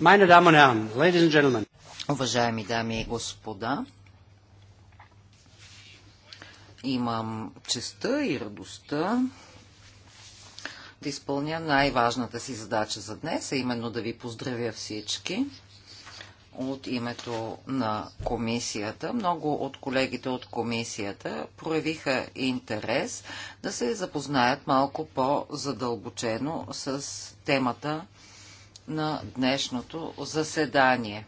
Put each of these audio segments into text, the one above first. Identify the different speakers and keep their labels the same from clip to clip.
Speaker 1: Meine Damen und Herren, Ladies and Gentlemen. Уважаеми дами и господа, имам честа и радостта да изпълня най-важната си задача за днес, а именно да ви поздравя всички от името на комисията. Много от колегите от комисията проявиха интерес да се запознаят малко по-задълбочено с темата на днешното заседание.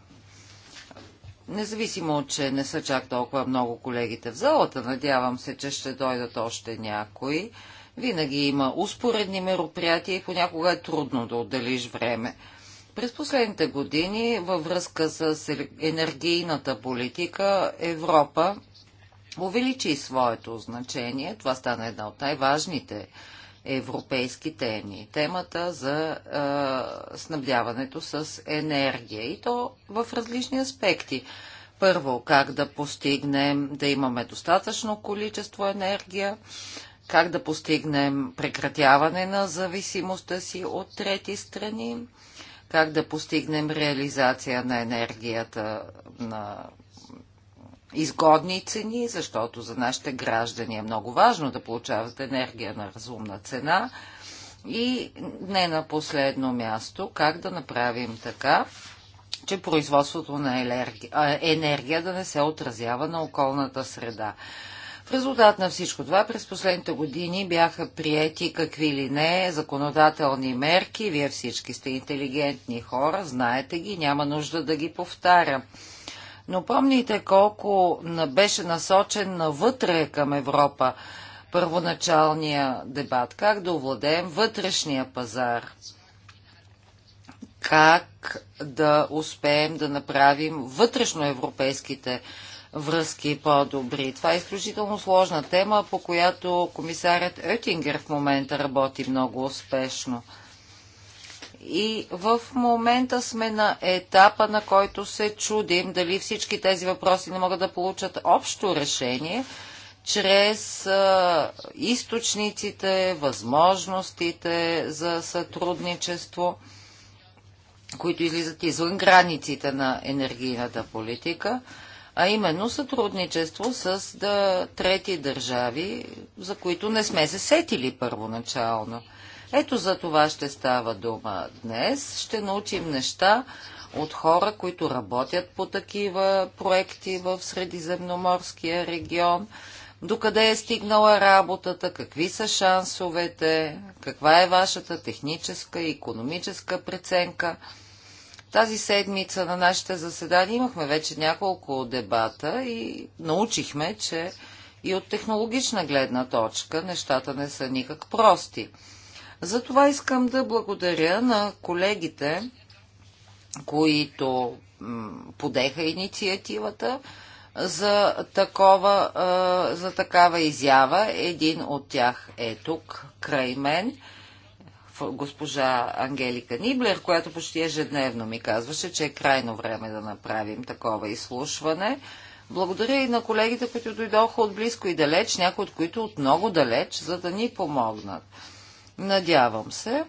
Speaker 1: Независимо, че не са чак толкова много колегите в залата, надявам се, че ще дойдат още някои. Винаги има успоредни мероприятия и понякога е трудно да отделиш време. През последните години, във връзка с енергийната политика, Европа увеличи своето значение. Това стана една от най-важните европейски теми. Темата за а, снабдяването с енергия и то в различни аспекти. Първо, как да постигнем да имаме достатъчно количество енергия, как да постигнем прекратяване на зависимостта си от трети страни, как да постигнем реализация на енергията на изгодни цени, защото за нашите граждани е много важно да получават енергия на разумна цена. И не на последно място, как да направим така, че производството на енергия, да не се отразява на околната среда. В резултат на всичко това през последните години бяха приети какви ли не законодателни мерки. Вие всички сте интелигентни хора, знаете ги, няма нужда да ги повтарям. Но помните колко беше насочен навътре към Европа първоначалния дебат. Как да овладеем вътрешния пазар? Как да успеем да направим вътрешноевропейските връзки по-добри? Това е изключително сложна тема, по която комисарят Етингер в момента работи много успешно. И в момента сме на етапа, на който се чудим дали всички тези въпроси не могат да получат общо решение чрез а, източниците, възможностите за сътрудничество, които излизат извън границите на енергийната политика, а именно сътрудничество с да, трети държави, за които не сме се сетили първоначално. Ето за това ще става дума днес. Ще научим неща от хора, които работят по такива проекти в Средиземноморския регион. Докъде е стигнала работата, какви са шансовете, каква е вашата техническа и економическа преценка. Тази седмица на нашите заседания имахме вече няколко дебата и научихме, че и от технологична гледна точка нещата не са никак прости. Затова искам да благодаря на колегите, които подеха инициативата за, такова, за такава изява. Един от тях е тук, край мен, госпожа Ангелика Ниблер, която почти ежедневно ми казваше, че е крайно време да направим такова изслушване. Благодаря и на колегите, които дойдоха от близко и далеч, някои от които от много далеч, за да ни помогнат. Надявам се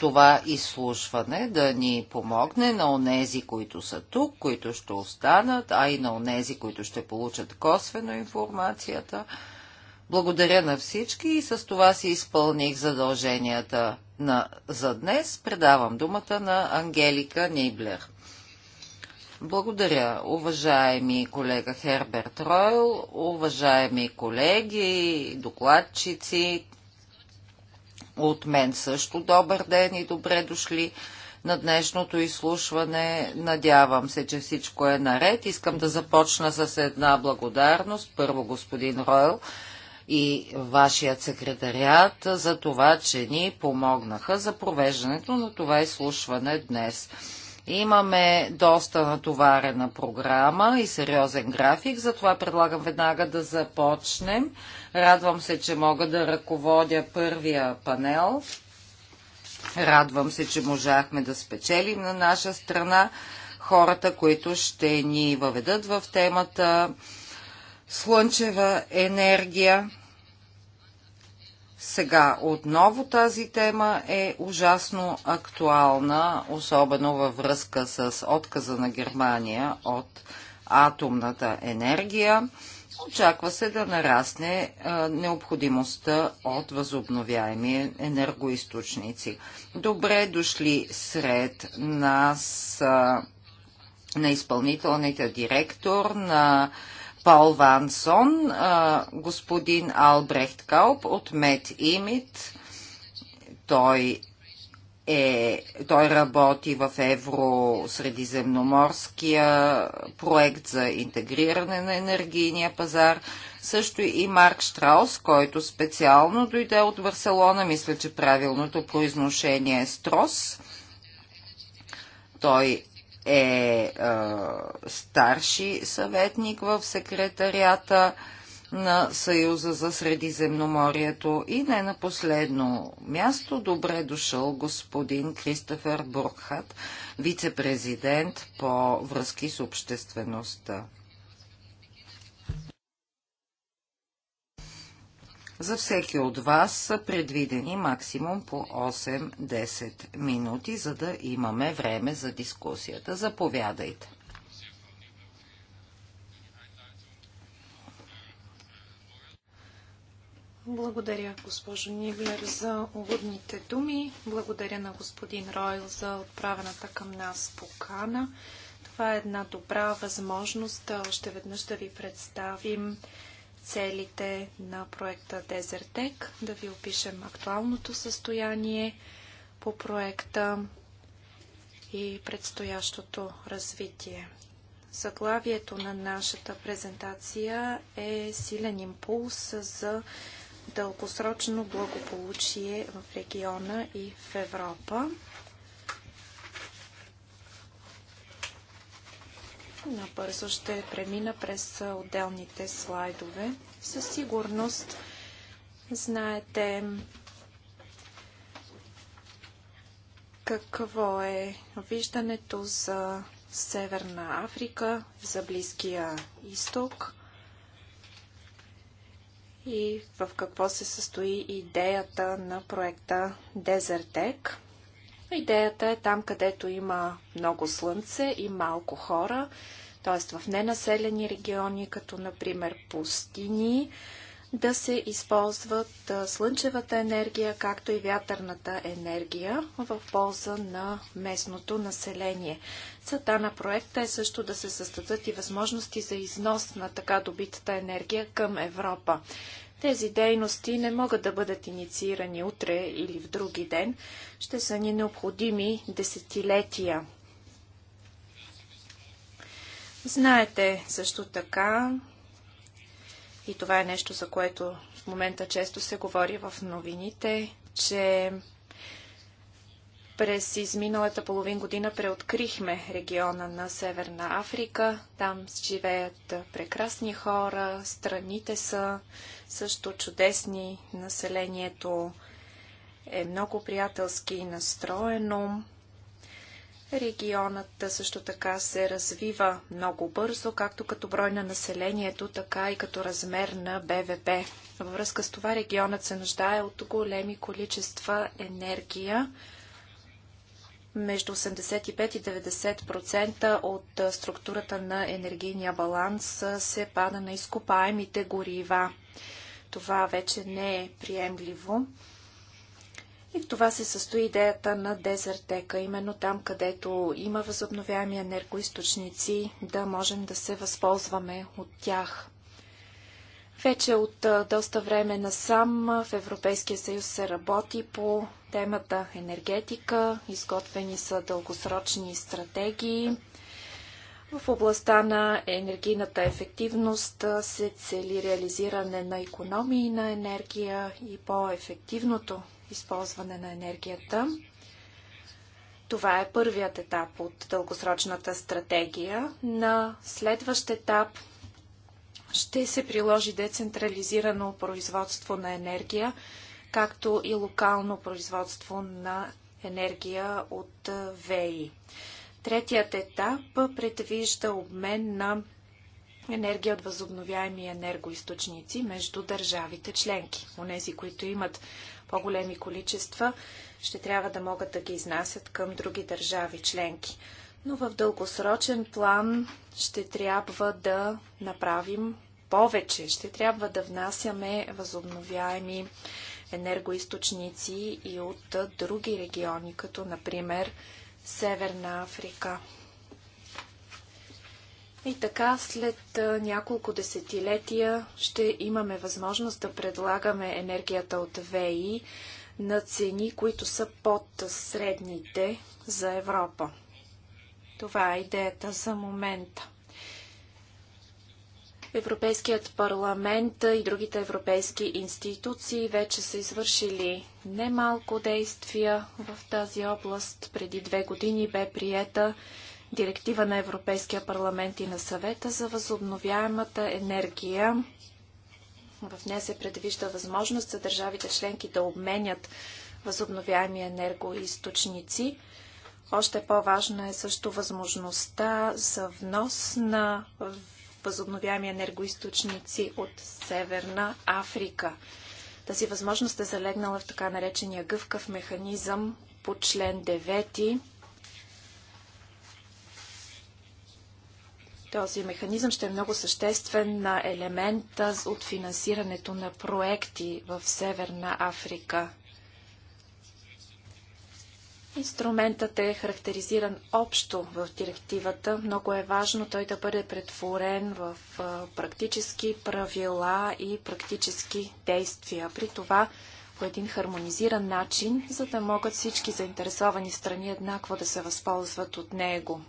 Speaker 1: това изслушване да ни помогне на онези, които са тук, които ще останат, а и на онези, които ще получат косвено информацията. Благодаря на всички и с това си изпълних задълженията на, за днес. Предавам думата на Ангелика Ниблер. Благодаря, уважаеми колега Херберт Ройл, уважаеми колеги, докладчици, от мен също добър ден и добре дошли на днешното изслушване. Надявам се, че всичко е наред. Искам да започна с една благодарност. Първо господин Ройл и вашият секретариат за това, че ни помогнаха за провеждането на това изслушване днес. Имаме доста натоварена програма и сериозен график, затова предлагам веднага да започнем Радвам се, че мога да ръководя първия панел. Радвам се, че можахме да спечелим на наша страна хората, които ще ни въведат в темата слънчева енергия. Сега отново тази тема е ужасно актуална, особено във връзка с отказа на Германия от атомната енергия. Очаква се да нарасне необходимостта от възобновяеми енергоисточници. Добре дошли сред нас на изпълнителните директор на Пол Вансон, господин Албрехт Кауп от Мед Имит. Той е, той работи в Евросредиземноморския проект за интегриране на енергийния пазар. Също и Марк Штраус, който специално дойде от Барселона, мисля, че правилното произношение е Строс. Той е, е старши съветник в секретарията. Е, на Съюза за Средиземноморието. И не на последно място, добре дошъл господин Кристофер Бургхат, вице-президент по връзки с обществеността. За всеки от вас са предвидени максимум по 8-10 минути, за да имаме време за дискусията. Заповядайте.
Speaker 2: Благодаря, госпожо Нивлер, за уводните думи. Благодаря на господин Ройл за отправената към нас покана. Това е една добра възможност да още веднъж да ви представим целите на проекта Desert да ви опишем актуалното състояние по проекта и предстоящото развитие. Заглавието на нашата презентация е силен импулс за дългосрочно благополучие в региона и в Европа. Набързо ще премина през отделните слайдове. Със сигурност знаете какво е виждането за Северна Африка, за Близкия изток и в какво се състои идеята на проекта Дезертек. Идеята е там, където има много слънце и малко хора, т.е. в ненаселени региони, като например пустини, да се използват слънчевата енергия, както и вятърната енергия в полза на местното население. Целта на проекта е също да се създадат и възможности за износ на така добитата енергия към Европа. Тези дейности не могат да бъдат инициирани утре или в други ден. Ще са ни необходими десетилетия. Знаете също така, и това е нещо, за което в момента често се говори в новините, че през изминалата половин година преоткрихме региона на Северна Африка. Там живеят прекрасни хора, страните са също чудесни, населението е много приятелски и настроено. Регионът също така се развива много бързо, както като брой на населението, така и като размер на БВП. Във връзка с това регионът се нуждае от големи количества енергия между 85 и 90% от структурата на енергийния баланс се пада на изкопаемите горива. Това вече не е приемливо. И в това се състои идеята на Дезертека, именно там, където има възобновяеми енергоисточници, да можем да се възползваме от тях. Вече от доста време насам в Европейския съюз се работи по темата енергетика, изготвени са дългосрочни стратегии. В областта на енергийната ефективност се цели реализиране на економии на енергия и по-ефективното използване на енергията. Това е първият етап от дългосрочната стратегия. На следващ етап ще се приложи децентрализирано производство на енергия, както и локално производство на енергия от ВЕИ. Третият етап предвижда обмен на енергия от възобновяеми енергоисточници между държавите членки. Онези, които имат по-големи количества, ще трябва да могат да ги изнасят към други държави членки но в дългосрочен план ще трябва да направим повече. Ще трябва да внасяме възобновяеми енергоисточници и от други региони, като например Северна Африка. И така, след няколко десетилетия ще имаме възможност да предлагаме енергията от ВИ на цени, които са под средните за Европа. Това е идеята за момента. Европейският парламент и другите европейски институции вече са извършили немалко действия в тази област. Преди две години бе приета директива на Европейския парламент и на съвета за възобновяемата енергия. В нея се предвижда възможност за държавите членки да обменят възобновяеми енергоисточници. Още по-важна е също възможността за внос на възобновяеми енергоисточници от Северна Африка. Тази възможност е залегнала в така наречения гъвкав механизъм по член 9. Този механизъм ще е много съществен на елемента от финансирането на проекти в Северна Африка. Инструментът е характеризиран общо в директивата. Много е важно той да бъде претворен в практически правила и практически действия. При това по един хармонизиран начин, за да могат всички заинтересовани страни еднакво да се възползват от него.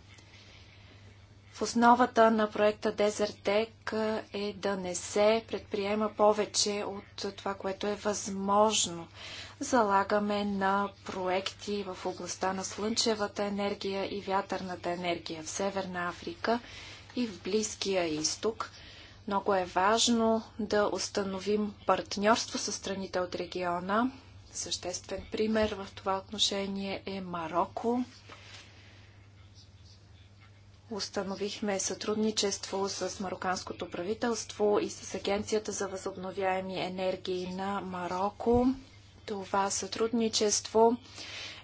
Speaker 2: В основата на проекта Дезертек е да не се предприема повече от това, което е възможно. Залагаме на проекти в областта на слънчевата енергия и вятърната енергия в Северна Африка и в Близкия изток. Много е важно да установим партньорство с страните от региона. Съществен пример в това отношение е Марокко. Установихме сътрудничество с мароканското правителство и с Агенцията за възобновяеми енергии на Марокко. Това сътрудничество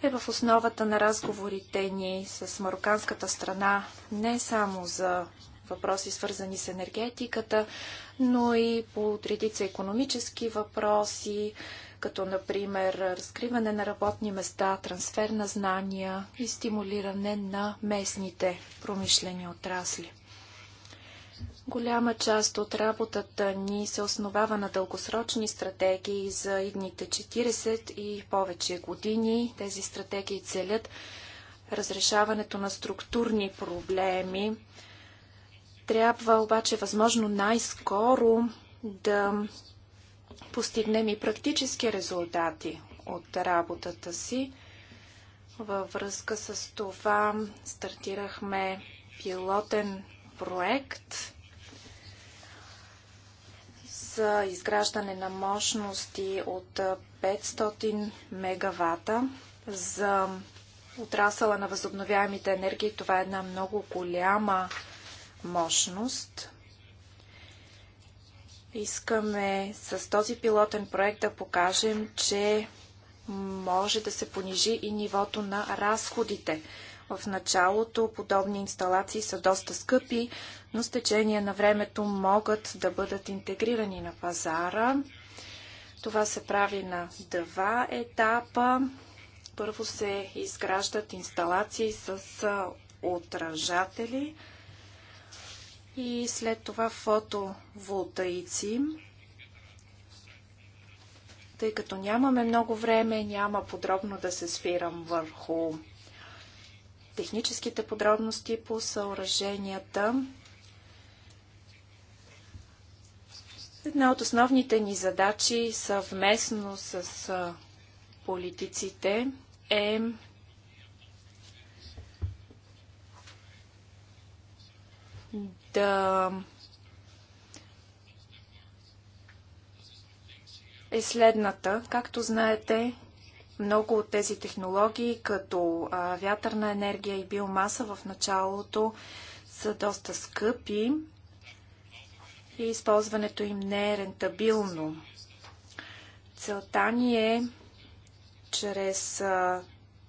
Speaker 2: е в основата на разговорите ни с мароканската страна не само за въпроси свързани с енергетиката, но и по редица економически въпроси, като например разкриване на работни места, трансфер на знания и стимулиране на местните промишлени отрасли. Голяма част от работата ни се основава на дългосрочни стратегии за идните 40 и повече години. Тези стратегии целят разрешаването на структурни проблеми. Трябва обаче възможно най-скоро да постигнем и практически резултати от работата си. Във връзка с това стартирахме пилотен проект за изграждане на мощности от 500 мегавата за отрасъла на възобновяемите енергии. Това е една много голяма мощност. Искаме с този пилотен проект да покажем, че може да се понижи и нивото на разходите. В началото подобни инсталации са доста скъпи, но с течение на времето могат да бъдат интегрирани на пазара. Това се прави на два етапа. Първо се изграждат инсталации с отражатели – и след това фотоволтаици. Тъй като нямаме много време, няма подробно да се спирам върху техническите подробности по съоръженията. Една от основните ни задачи съвместно с политиците е да е следната. Както знаете, много от тези технологии, като а, вятърна енергия и биомаса в началото са доста скъпи и използването им не е рентабилно. Целта ни е чрез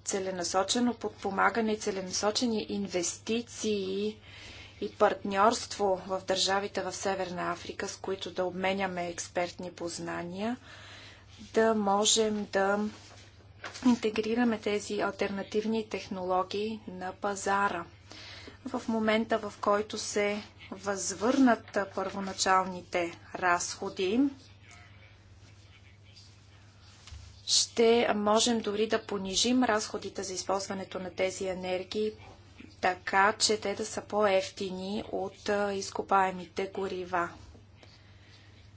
Speaker 2: целенасочено подпомагане и целенасочени инвестиции и партньорство в държавите в Северна Африка, с които да обменяме експертни познания, да можем да интегрираме тези альтернативни технологии на пазара. В момента, в който се възвърнат първоначалните разходи, ще можем дори да понижим разходите за използването на тези енергии така че те да са по-ефтини от изкопаемите горива.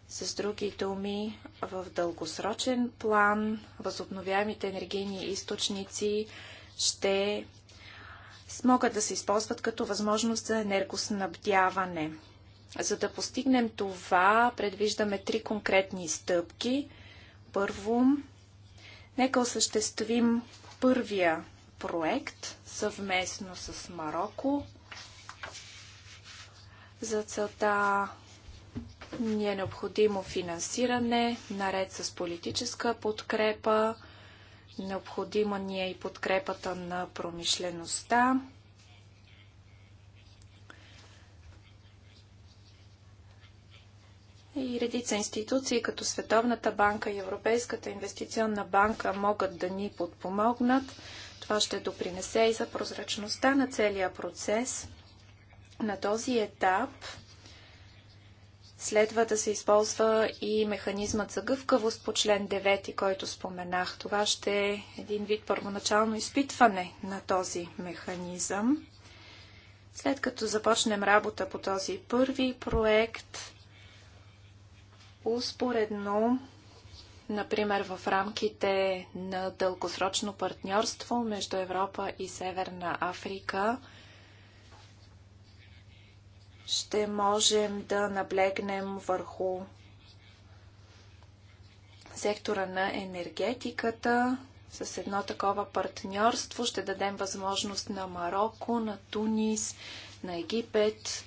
Speaker 2: С други думи, в дългосрочен план възобновяемите енергийни източници ще могат да се използват като възможност за енергоснабдяване. За да постигнем това, предвиждаме три конкретни стъпки. Първо, нека осъществим първия проект – съвместно с Марокко. За целта ни е необходимо финансиране, наред с политическа подкрепа, необходима ни е и подкрепата на промишлеността. И редица институции, като Световната банка и Европейската инвестиционна банка, могат да ни подпомогнат. Това ще допринесе и за прозрачността на целия процес. На този етап следва да се използва и механизмът за гъвкавост по член 9, който споменах. Това ще е един вид първоначално изпитване на този механизъм. След като започнем работа по този първи проект, успоредно Например, в рамките на дългосрочно партньорство между Европа и Северна Африка ще можем да наблегнем върху сектора на енергетиката. С едно такова партньорство ще дадем възможност на Марокко, на Тунис, на Египет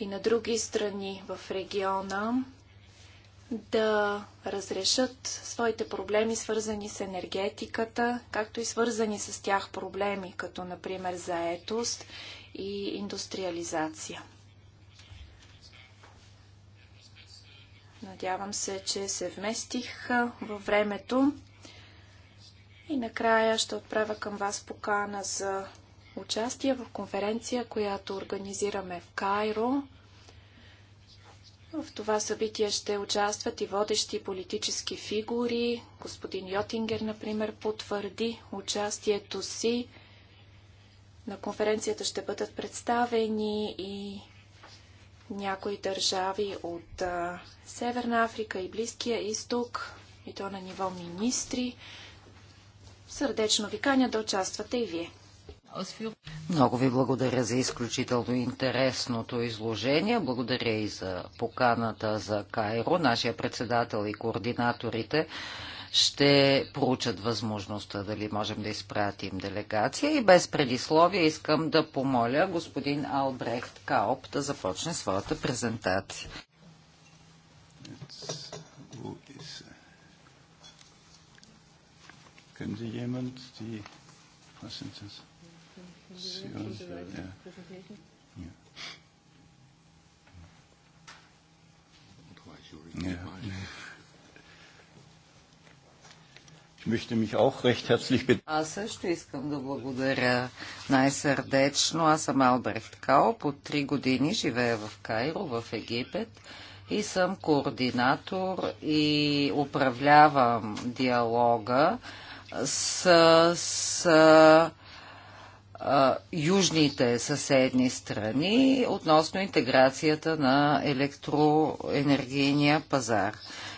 Speaker 2: и на други страни в региона да разрешат своите проблеми, свързани с енергетиката, както и свързани с тях проблеми, като например заетост и индустриализация. Надявам се, че се вместих във времето. И накрая ще отправя към вас покана за участие в конференция, която организираме в Кайро в това събитие ще участват и водещи политически фигури. Господин Йотингер, например, потвърди участието си. На конференцията ще бъдат представени и някои държави от Северна Африка и Близкия изток, и то на ниво министри. Сърдечно ви каня да участвате и вие.
Speaker 1: Много ви благодаря за изключително интересното изложение. Благодаря и за поканата за Кайро. Нашия председател и координаторите ще проучат възможността дали можем да изпратим делегация. И без предисловие искам да помоля господин Албрехт Каоп да започне своята презентация.
Speaker 3: Can Sie jemand die,
Speaker 1: аз също искам да благодаря най-сърдечно. Аз съм Албрехт Као. От три години живея в Кайро, в Египет и съм координатор и управлявам диалога с, с южните съседни страни относно интеграцията на електроенергийния пазар.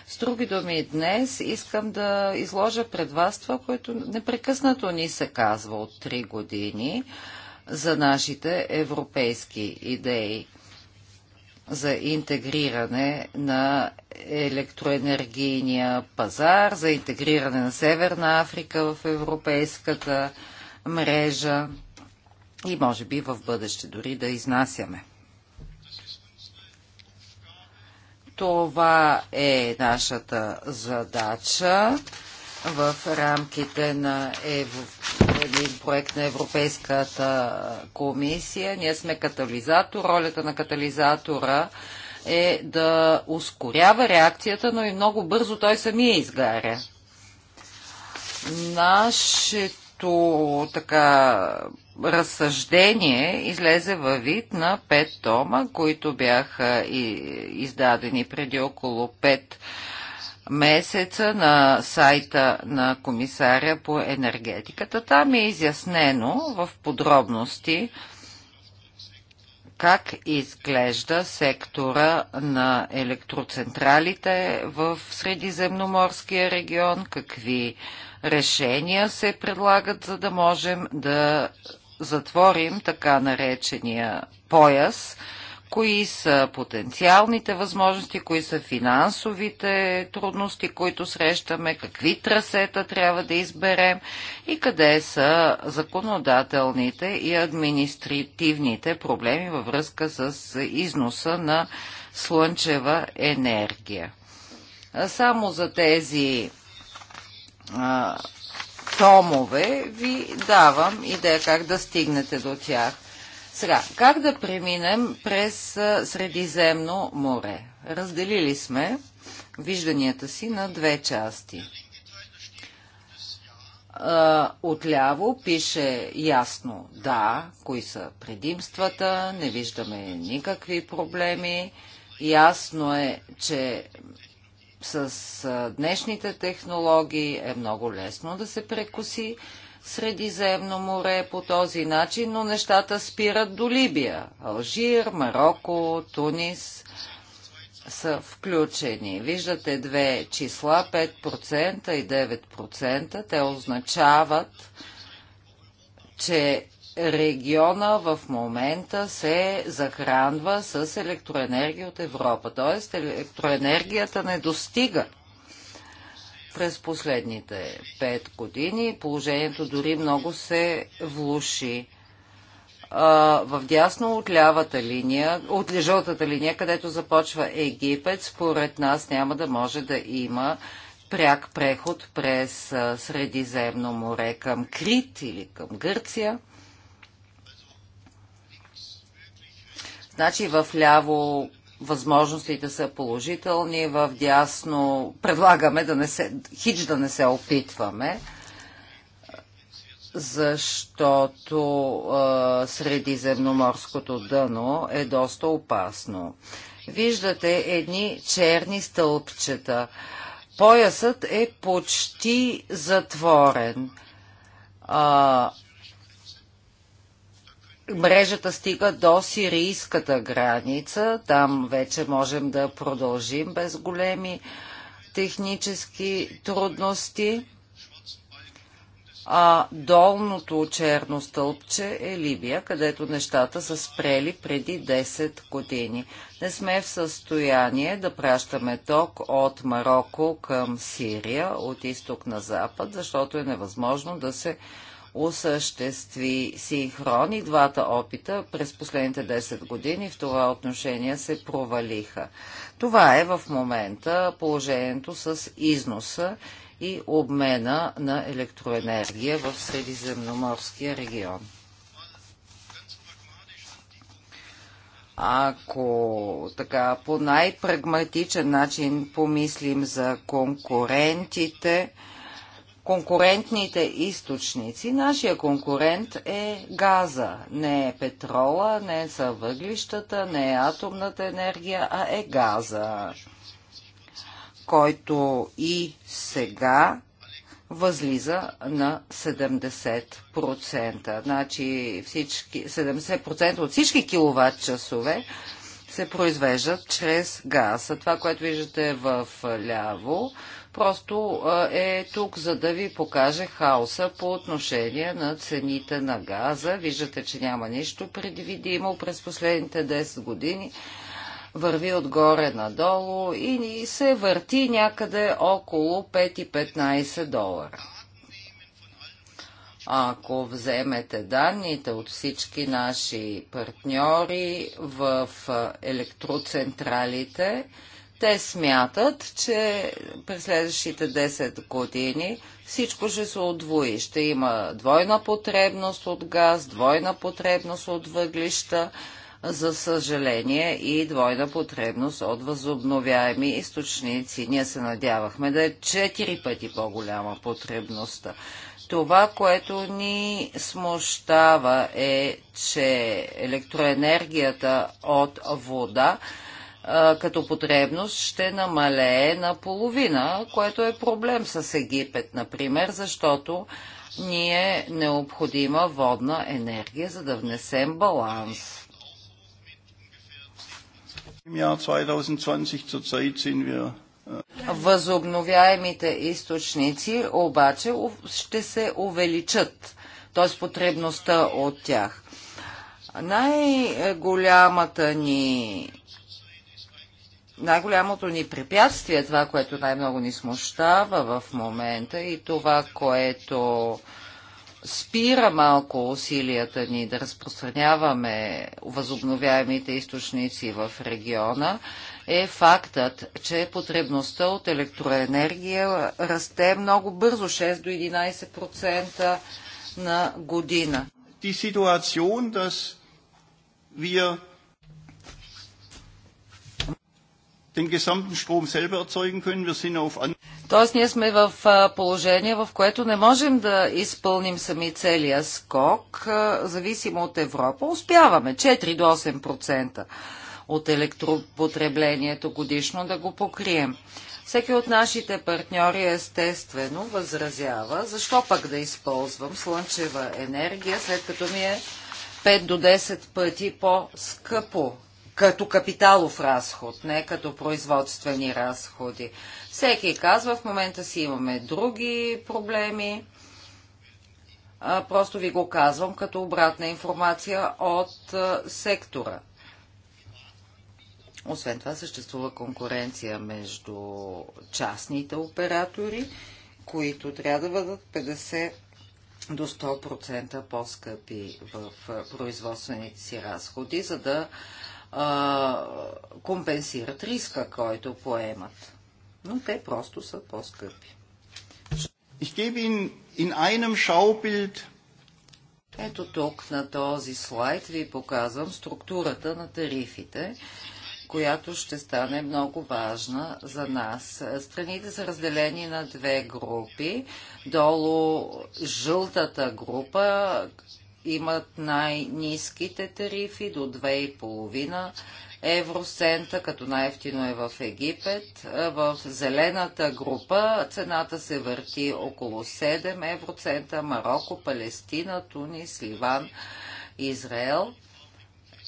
Speaker 1: С други думи, днес искам да изложа пред вас това, което непрекъснато ни се казва от три години за нашите европейски идеи за интегриране на електроенергийния пазар, за интегриране на Северна Африка в европейската мрежа и може би в бъдеще дори да изнасяме. Това е нашата задача в рамките на един проект на Европейската комисия. Ние сме катализатор. Ролята на катализатора е да ускорява реакцията, но и много бързо той самия изгаря. Нашето така разсъждение излезе във вид на пет тома, които бяха и, издадени преди около пет месеца на сайта на комисаря по енергетиката. Там е изяснено в подробности как изглежда сектора на електроцентралите в Средиземноморския регион, какви решения се предлагат, за да можем да затворим така наречения пояс, кои са потенциалните възможности, кои са финансовите трудности, които срещаме, какви трасета трябва да изберем и къде са законодателните и административните проблеми във връзка с износа на слънчева енергия. Само за тези томове, ви давам идея как да стигнете до тях. Сега, как да преминем през Средиземно море? Разделили сме вижданията си на две части. Отляво пише ясно да, кои са предимствата, не виждаме никакви проблеми. Ясно е, че с днешните технологии е много лесно да се прекуси Средиземно море по този начин, но нещата спират до Либия. Алжир, Марокко, Тунис са включени. Виждате две числа, 5% и 9%. Те означават, че региона в момента се захранва с електроенергия от Европа. Т.е. електроенергията не достига през последните пет години. Положението дори много се влуши. В дясно от лявата линия, от лежотата линия, където започва Египет, според нас няма да може да има пряк преход през Средиземно море към Крит или към Гърция. Значи в ляво възможностите са положителни, в дясно предлагаме да не се, хич да не се опитваме, защото а, средиземноморското дъно е доста опасно. Виждате едни черни стълбчета. Поясът е почти затворен. А, мрежата стига до сирийската граница. Там вече можем да продължим без големи технически трудности. А долното черно стълбче е Либия, където нещата са спрели преди 10 години. Не сме в състояние да пращаме ток от Марокко към Сирия, от изток на запад, защото е невъзможно да се осъществи синхрон и двата опита през последните 10 години в това отношение се провалиха. Това е в момента положението с износа и обмена на електроенергия в Средиземноморския регион. Ако така по най-прагматичен начин помислим за конкурентите, конкурентните източници. Нашия конкурент е газа, не е петрола, не са въглищата, не е атомната енергия, а е газа, който и сега възлиза на 70%. Значи всички, 70% от всички киловатт часове се произвеждат чрез газ. А това, което виждате в ляво, Просто е тук, за да ви покаже хаоса по отношение на цените на газа. Виждате, че няма нищо предвидимо през последните 10 години. Върви отгоре надолу и се върти някъде около 5,15 долара. Ако вземете данните от всички наши партньори в електроцентралите, те смятат, че през следващите 10 години всичко ще се отвои. Ще има двойна потребност от газ, двойна потребност от въглища, за съжаление и двойна потребност от възобновяеми източници. Ние се надявахме да е 4 пъти по-голяма потребността. Това, което ни смущава е, че електроенергията от вода като потребност ще намалее на половина, което е проблем с Египет, например, защото ни е необходима водна енергия, за да внесем баланс.
Speaker 3: Äh,
Speaker 1: Възобновяемите източници обаче ще се увеличат, т.е. потребността от тях. Най-голямата ни най-голямото ни препятствие, това, което най-много ни смущава в момента и това, което спира малко усилията ни да разпространяваме възобновяемите източници в региона, е фактът, че потребността от електроенергия расте много бързо, 6 до 11% на година. Die
Speaker 3: Situation, den gesamten Strom selber erzeugen können. Wir sind auf
Speaker 1: Тоест ние сме в положение, в което не можем да изпълним сами целия скок, зависимо от Европа. Успяваме 4 до 8% от електропотреблението годишно да го покрием. Всеки от нашите партньори естествено възразява, защо пък да използвам слънчева енергия, след като ми е 5 до 10 пъти по-скъпо като капиталов разход, не като производствени разходи. Всеки казва, в момента си имаме други проблеми. просто ви го казвам като обратна информация от сектора. Освен това съществува конкуренция между частните оператори, които трябва да бъдат 50 до 100% по-скъпи в производствените си разходи, за да а, компенсират риска, който поемат. Но те просто са по-скъпи. Ich gebe in einem Schaubild ето тук на този слайд ви показвам структурата на тарифите, която ще стане много важна за нас. Страните са разделени на две групи. Долу жълтата група, имат най-низките тарифи до 2,5 евроцента, като най-ефтино е в Египет. В зелената група цената се върти около 7 евроцента. Марокко, Палестина, Тунис, Ливан, Израел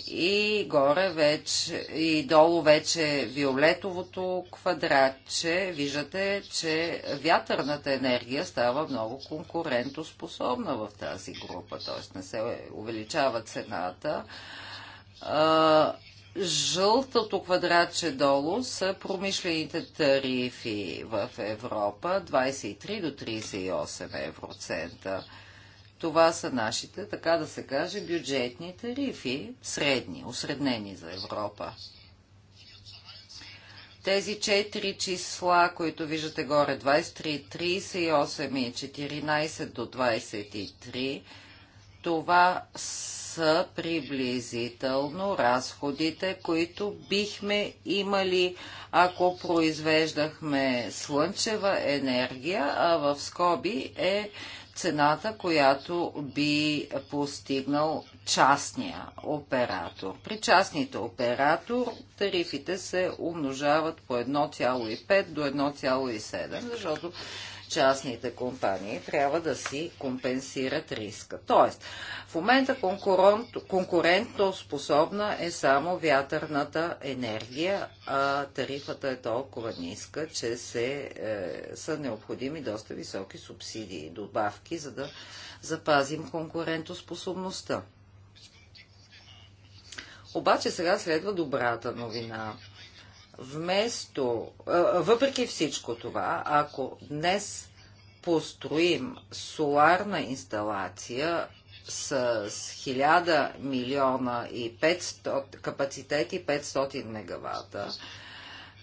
Speaker 1: и горе вече, и долу вече виолетовото квадратче, виждате, че вятърната енергия става много конкурентоспособна в тази група, т.е. не се увеличава цената. жълтото квадратче долу са промишлените тарифи в Европа, 23 до 38 евроцента. Това са нашите, така да се каже, бюджетни тарифи, средни, осреднени за Европа. Тези четири числа, които виждате горе, 23, 38 и 14 до 23, това са приблизително разходите, които бихме имали, ако произвеждахме слънчева енергия, а в скоби е цената, която би постигнал частния оператор. При частните оператор тарифите се умножават по 1,5 до 1,7, защото частните компании трябва да си компенсират риска. Тоест, в момента конкурентно способна е само вятърната енергия, а тарифата е толкова ниска, че се, е, са необходими доста високи субсидии и добавки, за да запазим конкурентоспособността. Обаче сега следва добрата новина – Вместо, въпреки всичко това, ако днес построим соларна инсталация с 1000 милиона и 500, капацитети 500 мегавата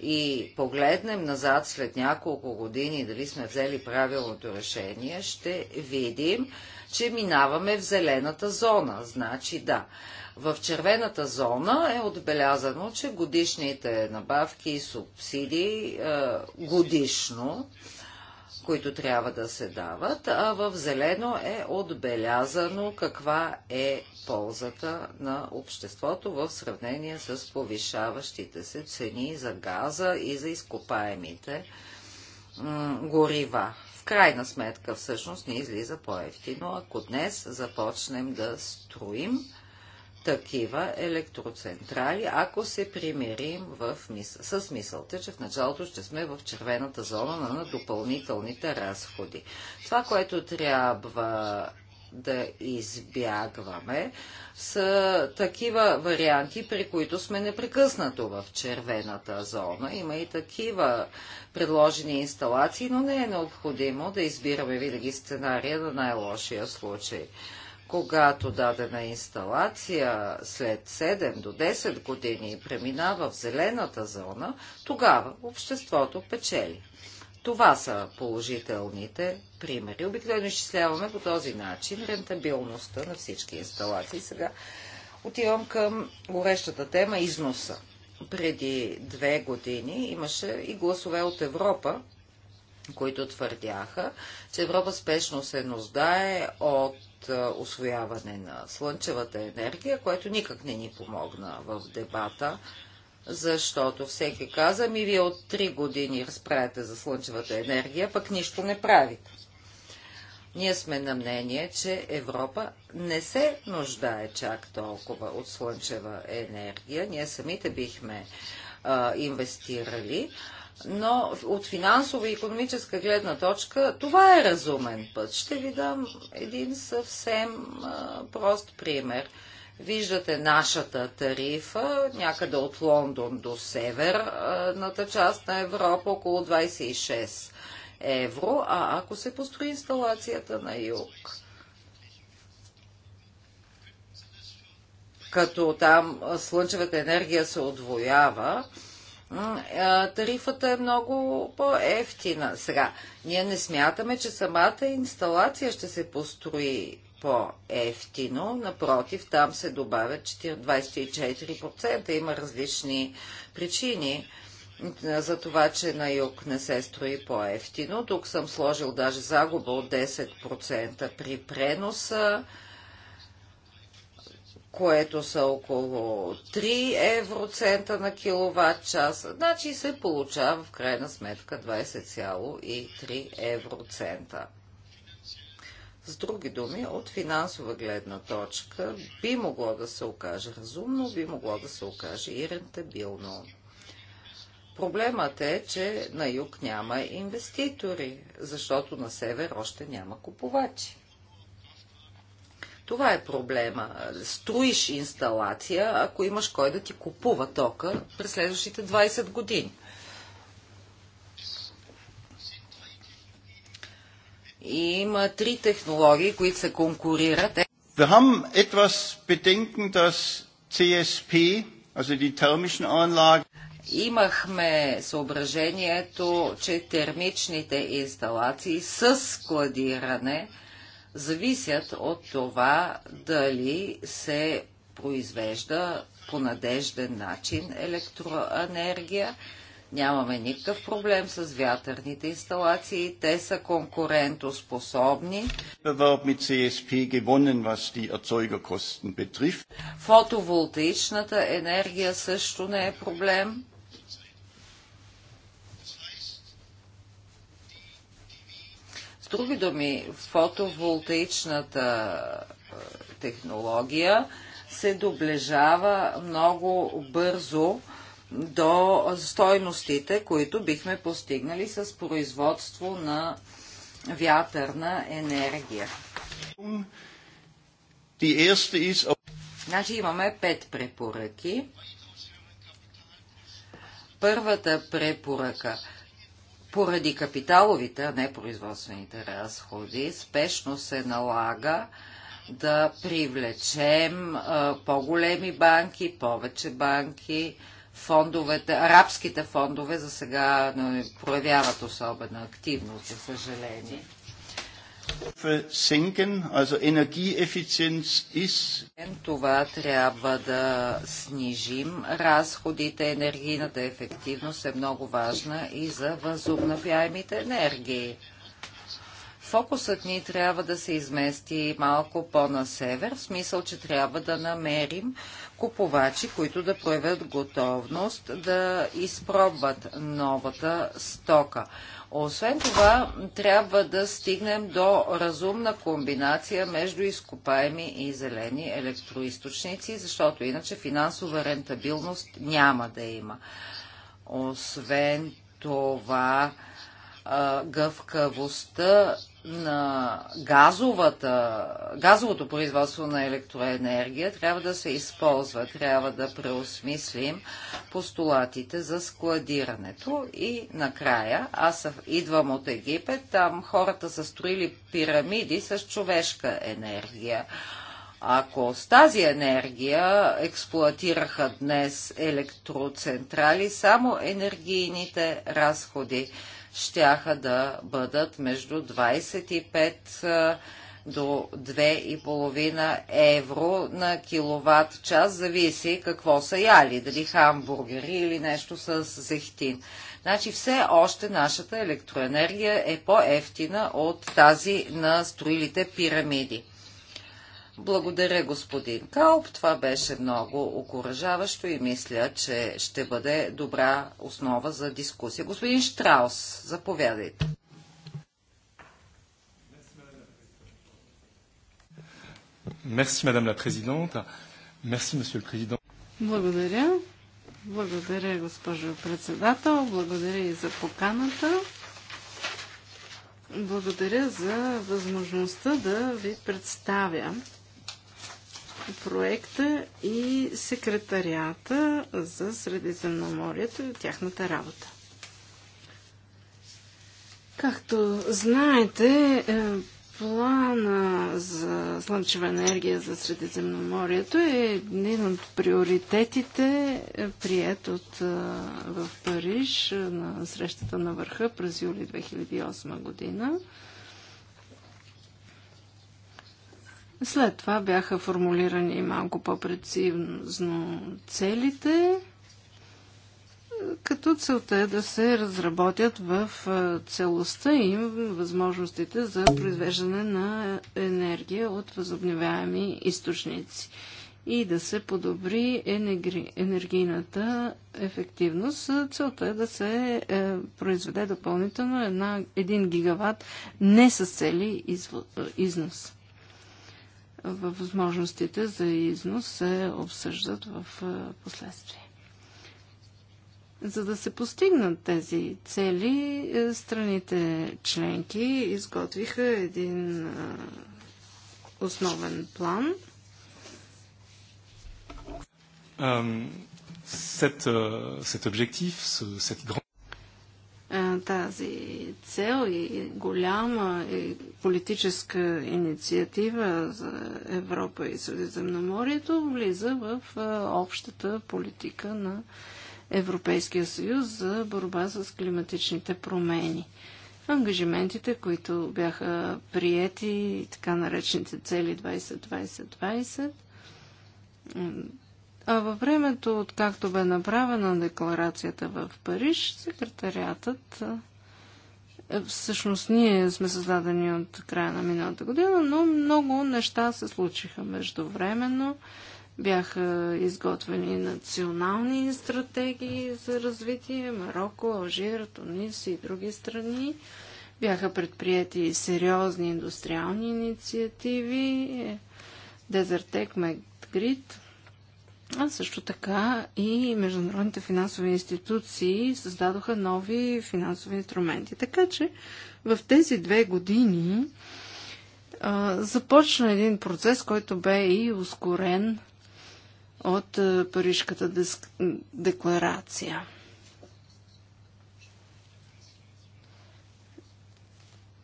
Speaker 1: и погледнем назад след няколко години дали сме взели правилното решение, ще видим, че минаваме в зелената зона. Значи да. В червената зона е отбелязано, че годишните набавки и субсидии е, годишно, които трябва да се дават, а в зелено е отбелязано каква е ползата на обществото в сравнение с повишаващите се цени за газа и за изкопаемите горива. В крайна сметка всъщност ни излиза по-ефтино, ако днес започнем да строим такива електроцентрали, ако се примирим в мис... с мисълта, че в началото ще сме в червената зона на допълнителните разходи. Това, което трябва да избягваме, са такива варианти, при които сме непрекъснато в червената зона. Има и такива предложени инсталации, но не е необходимо да избираме винаги сценария на най-лошия случай. Когато дадена инсталация след 7 до 10 години преминава в зелената зона, тогава обществото печели. Това са положителните примери. Обикновено изчисляваме по този начин рентабилността на всички инсталации. Сега отивам към горещата тема износа. Преди две години имаше и гласове от Европа, които твърдяха, че Европа спешно се нуждае от от освояване на слънчевата енергия, което никак не ни помогна в дебата, защото всеки каза ми вие от 3 години разправяте за слънчевата енергия, пък нищо не правите. Ние сме на мнение, че Европа не се нуждае чак толкова от слънчева енергия. Ние самите бихме а, инвестирали но от финансова и економическа гледна точка това е разумен път. Ще ви дам един съвсем а, прост пример. Виждате нашата тарифа някъде от Лондон до северната част на Европа около 26 евро, а ако се построи инсталацията на юг, като там слънчевата енергия се отвоява, тарифата е много по-ефтина. Сега, ние не смятаме, че самата инсталация ще се построи по-ефтино. Напротив, там се добавят 24%. Има различни причини за това, че на юг не се строи по-ефтино. Тук съм сложил даже загуба от 10% при преноса което са около 3 евроцента на киловатт час. Значи се получава в крайна сметка 20,3 евроцента. С други думи, от финансова гледна точка би могло да се окаже разумно, би могло да се окаже и рентабилно. Проблемът е, че на юг няма инвеститори, защото на север още няма купувачи. Това е проблема. Строиш инсталация, ако имаш кой да ти купува тока през следващите 20 години. И има три технологии, които се конкурират.
Speaker 3: Wir haben etwas Bedenken, dass CSP, also die thermischen Anlagen,
Speaker 1: Имахме съображението, че термичните инсталации с складиране зависят от това дали се произвежда по надежден начин електроенергия. Нямаме никакъв проблем с вятърните инсталации. Те са конкурентоспособни. Фотоволтаичната енергия също не е проблем. други думи, фотоволтаичната технология се доближава много бързо до стойностите, които бихме постигнали с производство на вятърна енергия. Значи имаме пет препоръки. Първата препоръка – поради капиталовите, а не производствените разходи, спешно се налага да привлечем по-големи банки, повече банки, фондовете, арабските фондове за сега проявяват особена активност, за съжаление
Speaker 3: senken, also
Speaker 1: Това трябва да снижим. Разходите, енергийната ефективност е много важна и за възобновяемите енергии. Фокусът ни трябва да се измести малко по-на север, в смисъл, че трябва да намерим купувачи, които да проявят готовност да изпробват новата стока. Освен това, трябва да стигнем до разумна комбинация между изкопаеми и зелени електроисточници, защото иначе финансова рентабилност няма да има. Освен това, гъвкавостта на газовата, газовото производство на електроенергия трябва да се използва, трябва да преосмислим постулатите за складирането. И накрая, аз идвам от Египет, там хората са строили пирамиди с човешка енергия. Ако с тази енергия експлуатираха днес електроцентрали, само енергийните разходи щяха да бъдат между 25 до 2,5 евро на киловатт час, зависи какво са яли, дали хамбургери или нещо с зехтин. Значи все още нашата електроенергия е по-ефтина от тази на строилите пирамиди. Благодаря, господин Калп. Това беше много окоръжаващо и мисля, че ще бъде добра основа за дискусия. Господин Штраус, заповядайте.
Speaker 4: Благодаря. Благодаря, госпожо председател. Благодаря и за поканата. Благодаря за възможността да ви представя проекта и секретарията за Средиземноморието и тяхната работа. Както знаете, е, плана за слънчева енергия за Средиземноморието е един от приоритетите, е, прият от, е, в Париж на срещата на върха през юли 2008 година. След това бяха формулирани малко по-прецизно целите, като целта е да се разработят в целостта им възможностите за произвеждане на енергия от възобновяеми източници и да се подобри енергийната ефективност. Целта е да се е, произведе допълнително 1 гигаватт не с цели е, износ възможностите за износ се обсъждат в е, последствие. За да се постигнат тези цели, е, страните членки изготвиха един е, основен план. Um, cet, uh, cet objectif, ce, cette grande тази цел и голяма и политическа инициатива за Европа и Средиземноморието влиза в общата политика на Европейския съюз за борба с климатичните промени. Ангажиментите, които бяха приети, така наречените цели 20-20-20, а във времето, откакто бе направена декларацията в Париж, секретариатът е, всъщност ние сме създадени от края на миналата година, но много неща се случиха междувременно. Бяха изготвени национални стратегии за развитие Марокко, Алжир, Тунис и други страни. Бяха предприяти сериозни индустриални инициативи, е, Дезертек, Мегрид. А също така и международните финансови институции създадоха нови финансови инструменти. Така че в тези две години а, започна един процес, който бе и ускорен от а, Парижката декларация.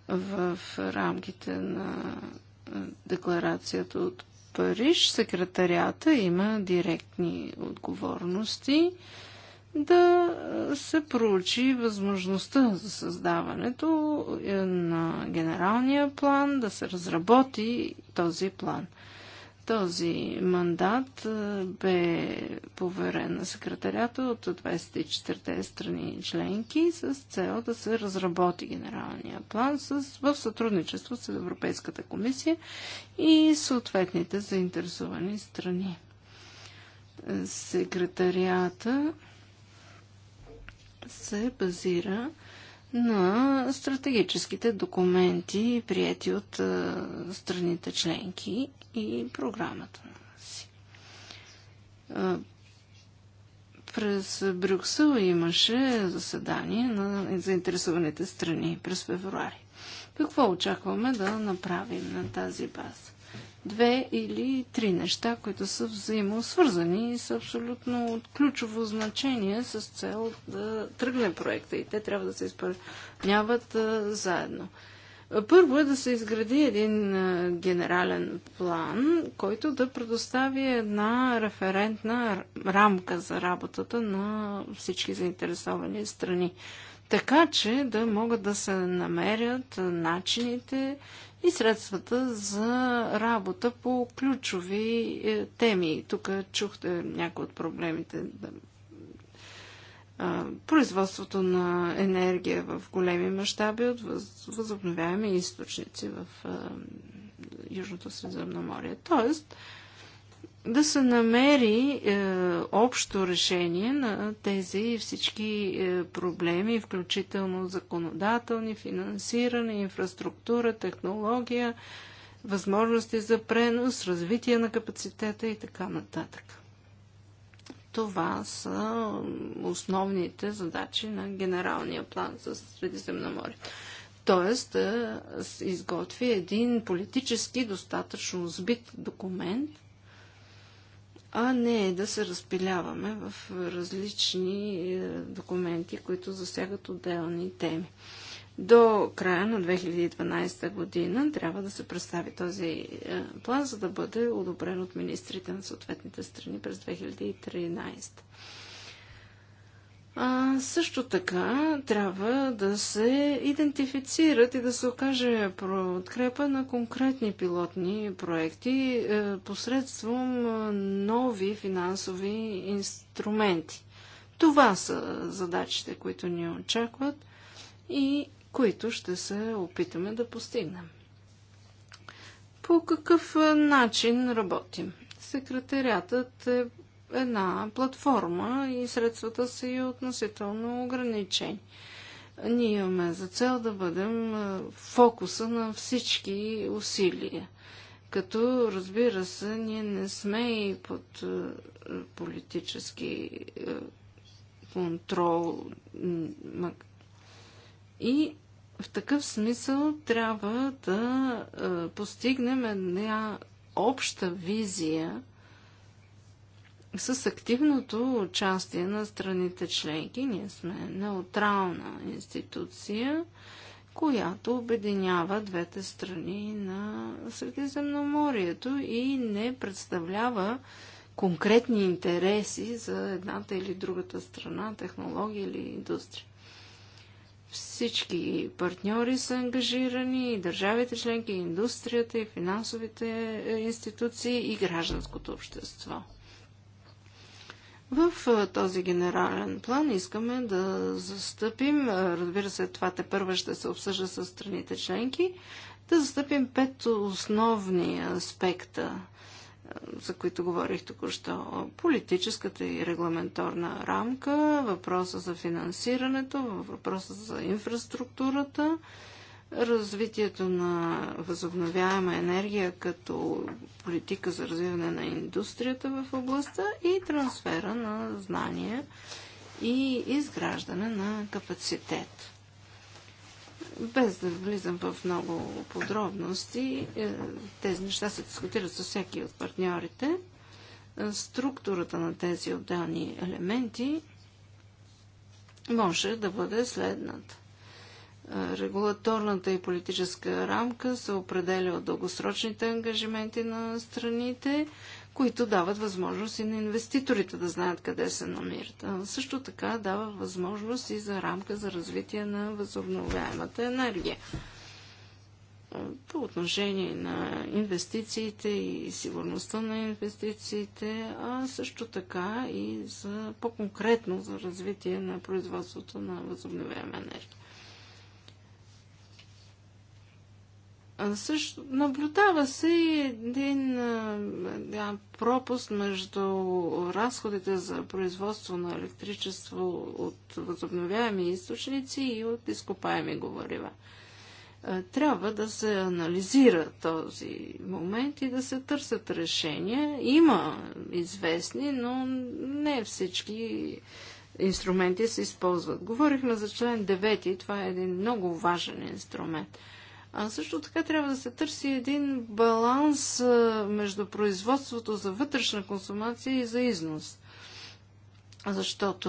Speaker 4: В рамките на декларацията от Париж секретарията има директни отговорности да се проучи възможността за създаването е, на генералния план, да се разработи този план. Този мандат е, бе поверен на секретарята от 24-те страни членки с цел да се разработи генералния план с, в сътрудничество с Европейската комисия и съответните заинтересовани страни. Секретарията се базира на стратегическите документи, прияти от страните членки и програмата си. през Брюксел имаше заседание на заинтересованите страни през февруари. Какво очакваме да направим на тази база? две или три неща, които са взаимосвързани и са абсолютно от ключово значение с цел да тръгне проекта и те трябва да се изпълняват заедно. Първо е да се изгради един генерален план, който да предостави една референтна рамка за работата на всички заинтересовани страни така че да могат да се намерят начините и средствата за работа по ключови е, теми. Тук чухте някои от проблемите. Производството на енергия в големи мащаби от възобновяеми източници в Южното Средиземноморие. Тоест, да се намери е, общо решение на тези всички е, проблеми, включително законодателни, финансиране, инфраструктура, технология, възможности за пренос, развитие на капацитета и така нататък. Това са основните задачи на генералния план за море. Тоест да е, изготви един политически достатъчно сбит документ, а не да се разпиляваме в различни е, документи, които засягат отделни теми. До края на 2012 година трябва да се представи този е, план, за да бъде одобрен от министрите на съответните страни през 2013. А, също така трябва да се идентифицират и да се окаже подкрепа на конкретни пилотни проекти а, е, посредством е, нови финансови инструменти. Това са задачите, които ни очакват и които ще се опитаме да постигнем. По какъв е, начин работим? Секретариатът е една платформа и средствата са и относително ограничени. Ние имаме за цел да бъдем е, фокуса на всички усилия. Като, разбира се, ние не сме и под е, политически е, контрол. И в такъв смисъл трябва да постигнем една обща визия с активното участие на страните членки ние сме неутрална институция, която обединява двете страни на Средиземноморието и не представлява конкретни интереси за едната или другата страна, технология или индустрия. Всички партньори са ангажирани, и държавите членки, и индустрията, и финансовите е, институции, и гражданското общество. В този генерален план искаме да застъпим, разбира се, това те първа ще се обсъжда с страните членки, да застъпим пет основни аспекта, за които говорих току-що. Политическата и регламенторна рамка, въпроса за финансирането, въпроса за инфраструктурата, развитието на възобновяема енергия като политика за развиване на индустрията в областта и трансфера на знания и изграждане на капацитет. Без да влизам в много подробности, е, тези неща се дискутират с всеки от партньорите. Структурата на тези отделни елементи може да бъде следната – Регулаторната и политическа рамка се определя от дългосрочните ангажименти на страните, които дават възможност и на инвеститорите да знаят къде се намират. също така дава възможност и за рамка за развитие на възобновяемата енергия. По отношение на инвестициите и сигурността на инвестициите, а също така и за по-конкретно за развитие на производството на възобновяема енергия. Също наблюдава се един да, пропуск между разходите за производство на електричество от възобновяеми източници и от изкопаеми горива. Трябва да се анализира този момент и да се търсят решения. Има известни, но не всички инструменти се използват. Говорихме за член 9, това е един много важен инструмент – а също така трябва да се търси един баланс между производството за вътрешна консумация и за износ. Защото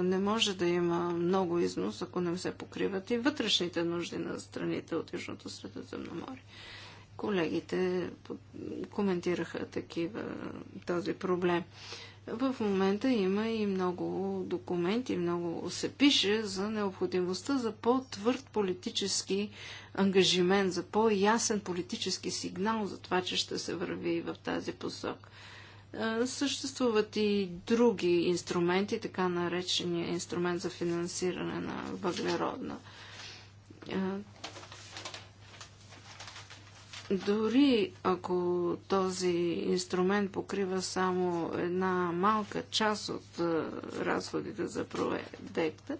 Speaker 4: е, не може да има много износ, ако не се покриват и вътрешните нужди на страните от Южното Средиземноморие. Колегите коментираха такива този проблем. В момента има и много документи, много се пише за необходимостта за по-твърд политически ангажимент, за по-ясен политически сигнал за това, че ще се върви в тази посока. Съществуват и други инструменти, така наречения инструмент за финансиране на въглеродна дори ако този инструмент покрива само една малка част от разходите за проекта,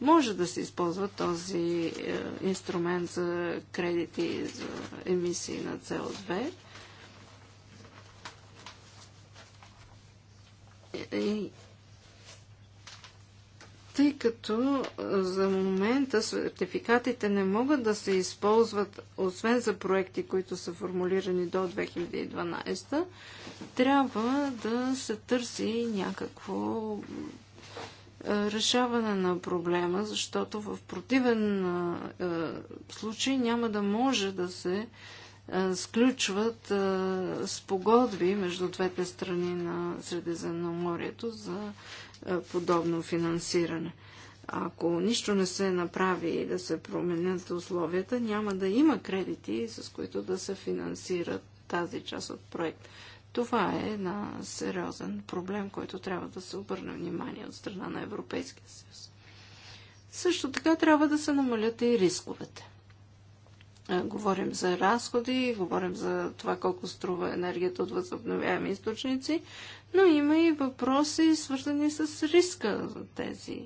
Speaker 4: може да се използва този е, инструмент за кредити за емисии на CO2. И тъй като за момента сертификатите не могат да се използват, освен за проекти, които са формулирани до 2012, трябва да се търси някакво решаване на проблема, защото в противен случай няма да може да се сключват спогодби между двете страни на Средиземноморието за е, подобно финансиране. Ако нищо не се направи и да се променят условията, няма да има кредити, с които да се финансират тази част от проект. Това е една сериозен проблем, който трябва да се обърне внимание от страна на Европейския съюз. Също така трябва да се намалят и рисковете. Е, говорим за разходи, говорим за това колко струва енергията от възобновяеми източници, но има и въпроси, свързани с риска за тези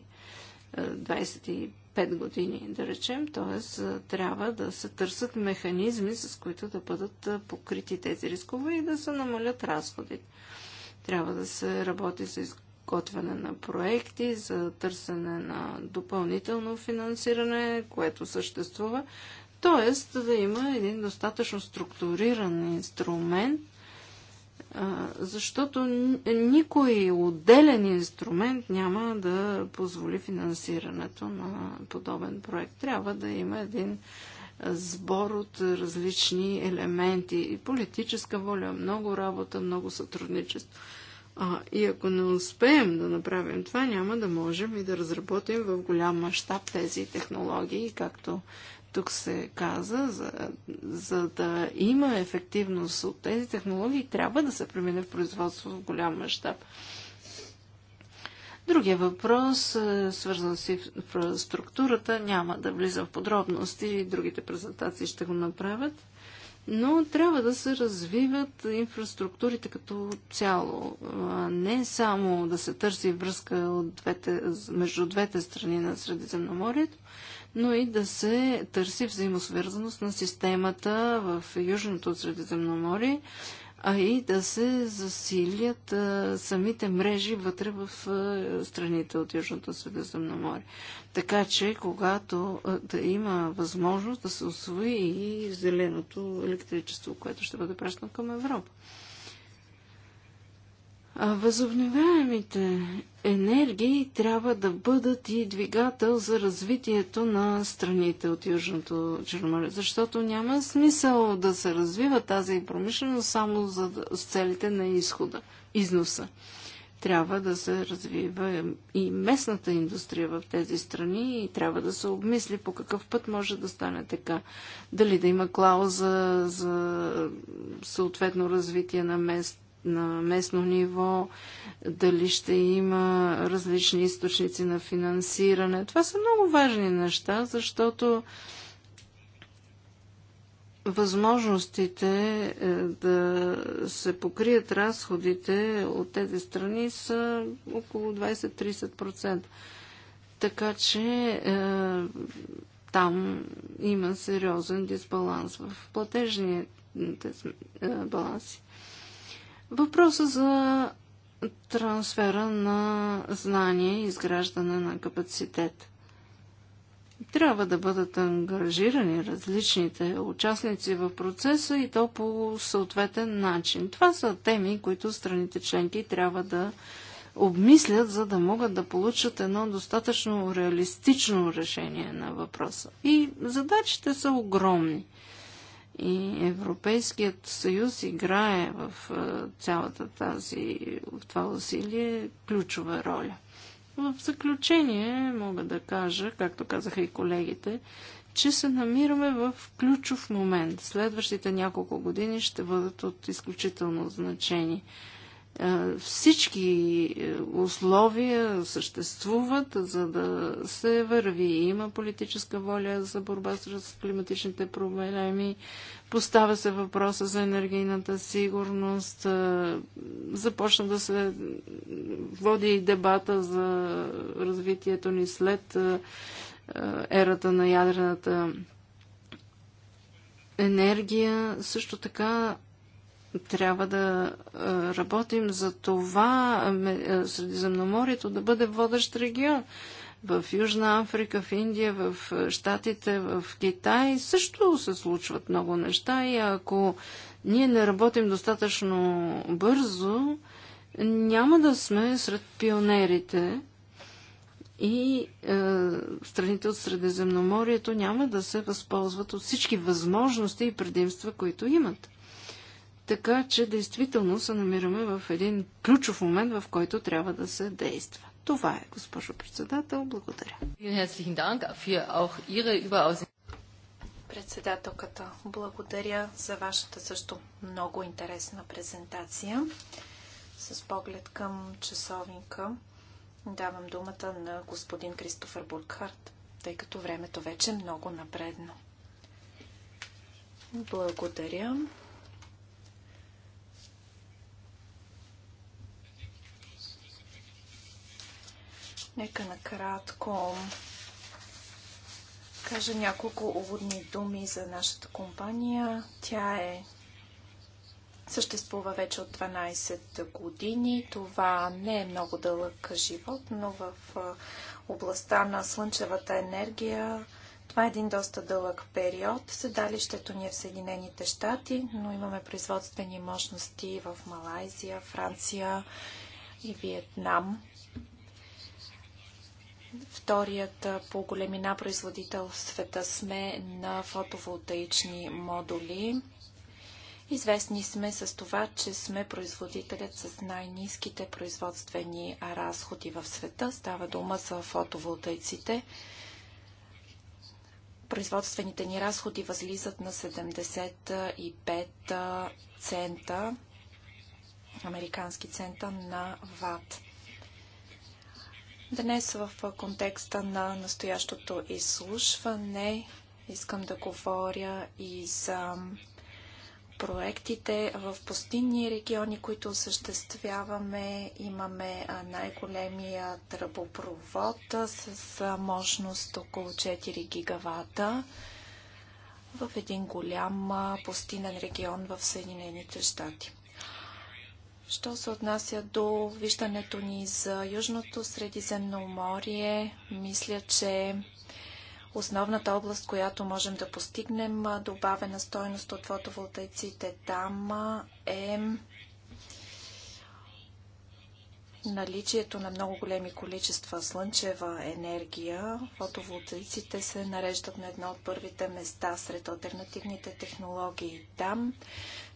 Speaker 4: 25 е, години, да речем. Т.е. трябва да се търсят механизми, с които да бъдат е, покрити тези рискове и да се намалят разходите. Трябва да се работи за изготвяне на проекти, за търсене на допълнително финансиране, което съществува, Тоест да има един достатъчно структуриран инструмент, защото никой отделен инструмент няма да позволи финансирането на подобен проект. Трябва да има един сбор от различни елементи и политическа воля, много работа, много сътрудничество. А, и ако не успеем да направим това, няма да можем и да разработим в голям мащаб тези технологии, както тук се каза, за, за да има ефективност от тези технологии, трябва да се премине в производство в голям мащаб. Другия въпрос, е, свързан с инфраструктурата, няма да влизам в подробности и другите презентации ще го направят, но трябва да се развиват инфраструктурите като цяло, не само да се търси връзка от двете, между двете страни на Средиземноморието, но и да се търси взаимосвързаност на системата в Южното Средиземноморие, а и да се засилят а, самите мрежи вътре в а, страните от Южното Средиземноморие. Така че, когато а, да има възможност да се освои и зеленото електричество, което ще бъде пращано към Европа. Възобновяемите енергии трябва да бъдат и двигател за развитието на страните от Южното Черноморие, защото няма смисъл да се развива тази промишленост само за, с целите на изхода, износа. Трябва да се развива и местната индустрия в тези страни и трябва да се обмисли по какъв път може да стане така. Дали да има клауза за съответно развитие на мест на местно ниво, дали ще има различни източници на финансиране. Това са много важни неща, защото възможностите е, да се покрият разходите от тези страни са около 20-30%. Така че е, там има сериозен дисбаланс в платежните е, баланси. Въпроса за трансфера на знания и изграждане на капацитет. Трябва да бъдат ангажирани различните участници в процеса и то по съответен начин. Това са теми, които страните членки трябва да обмислят, за да могат да получат едно достатъчно реалистично решение на въпроса. И задачите са огромни. И Европейският съюз играе в цялата тази, в това усилие ключова роля. В заключение мога да кажа, както казаха и колегите, че се намираме в ключов момент. Следващите няколко години ще бъдат от изключително значение. Всички е, условия съществуват, за да се върви. Има политическа воля за борба с климатичните проблеми. Поставя се въпроса за енергийната сигурност. Започна да се води и дебата за развитието ни след ерата на ядрената енергия. Също така трябва да е, работим за това е, Средиземноморието да бъде водещ регион. В Южна Африка, в Индия, в Штатите, е, в Китай също се случват много неща и ако ние не работим достатъчно бързо, няма да сме сред пионерите и е, страните от Средиземноморието няма да се възползват от всички възможности и предимства, които имат. Така че действително се намираме в един ключов момент, в който трябва да се действа. Това е, госпожо председател. Благодаря.
Speaker 2: Председателката, благодаря за вашата също много интересна презентация. С поглед към часовника давам думата на господин Кристофър Буркхарт, тъй като времето вече е много напредно. Благодаря. Нека накратко кажа няколко уводни думи за нашата компания. Тя е съществува вече от 12 години. Това не е много дълъг живот, но в областта на слънчевата енергия това е един доста дълъг период. Седалището ни е в Съединените щати, но имаме производствени мощности в Малайзия, Франция и Виетнам. Вторият по големина производител в света сме на фотоволтаични модули. Известни сме с това, че сме производителят с най-низките производствени разходи в света. Става дума за фотоволтаиците. Производствените ни разходи възлизат на 75 цента, американски цента на ват. Днес в контекста на настоящото изслушване искам да говоря и за проектите в пустинни региони, които осъществяваме. Имаме най-големия тръбопровод с мощност около 4 гигавата в един голям пустинен регион в Съединените щати. Що се отнася до виждането ни за Южното Средиземно море, мисля, че основната област, която можем да постигнем добавена стойност от фотоволтайците там е наличието на много големи количества слънчева енергия, фотоволтаиците се нареждат на едно от първите места сред альтернативните технологии там.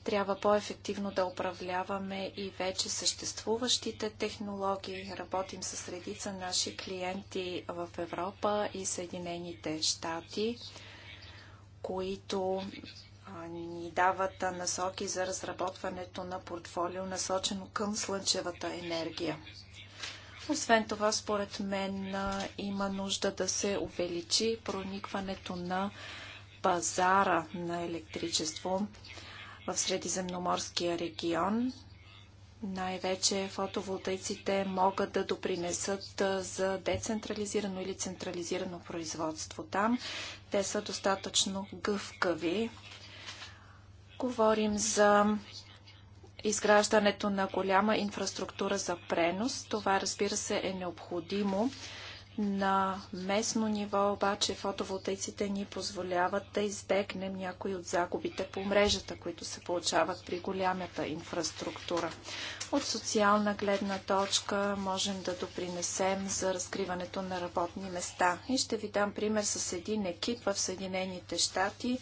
Speaker 2: Трябва по-ефективно да управляваме и вече съществуващите технологии. Работим с редица наши клиенти в Европа и Съединените щати, които ни дават насоки за разработването на портфолио, насочено към слънчевата енергия. Освен това, според мен има нужда да се увеличи проникването на пазара на електричество в Средиземноморския регион. Най-вече фотоволтаиците могат да допринесат за децентрализирано или централизирано производство там. Те са достатъчно гъвкави. Говорим за изграждането на голяма инфраструктура за пренос. Това, разбира се, е необходимо, на местно ниво обаче фотоволтейците ни позволяват да избегнем някои от загубите по мрежата, които се получават при голямата инфраструктура. От социална гледна точка можем да допринесем за разкриването на работни места. И ще ви дам пример с един екип в Съединените щати,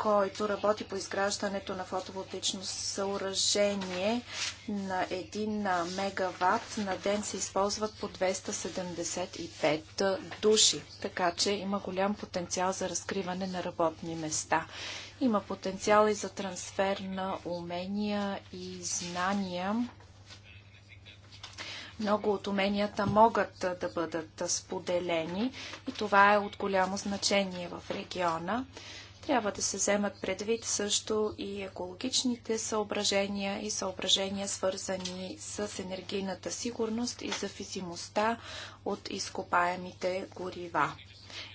Speaker 2: който работи по изграждането на фотоволтично съоръжение на 1 мегаватт на ден се използват по 275 души. Така че има голям потенциал за разкриване на работни места. Има потенциал и за трансфер на умения и знания. Много от уменията могат да бъдат споделени и това е от голямо значение в региона. Трябва да се вземат предвид също и екологичните съображения и съображения свързани с енергийната сигурност и зависимостта от изкопаемите горива.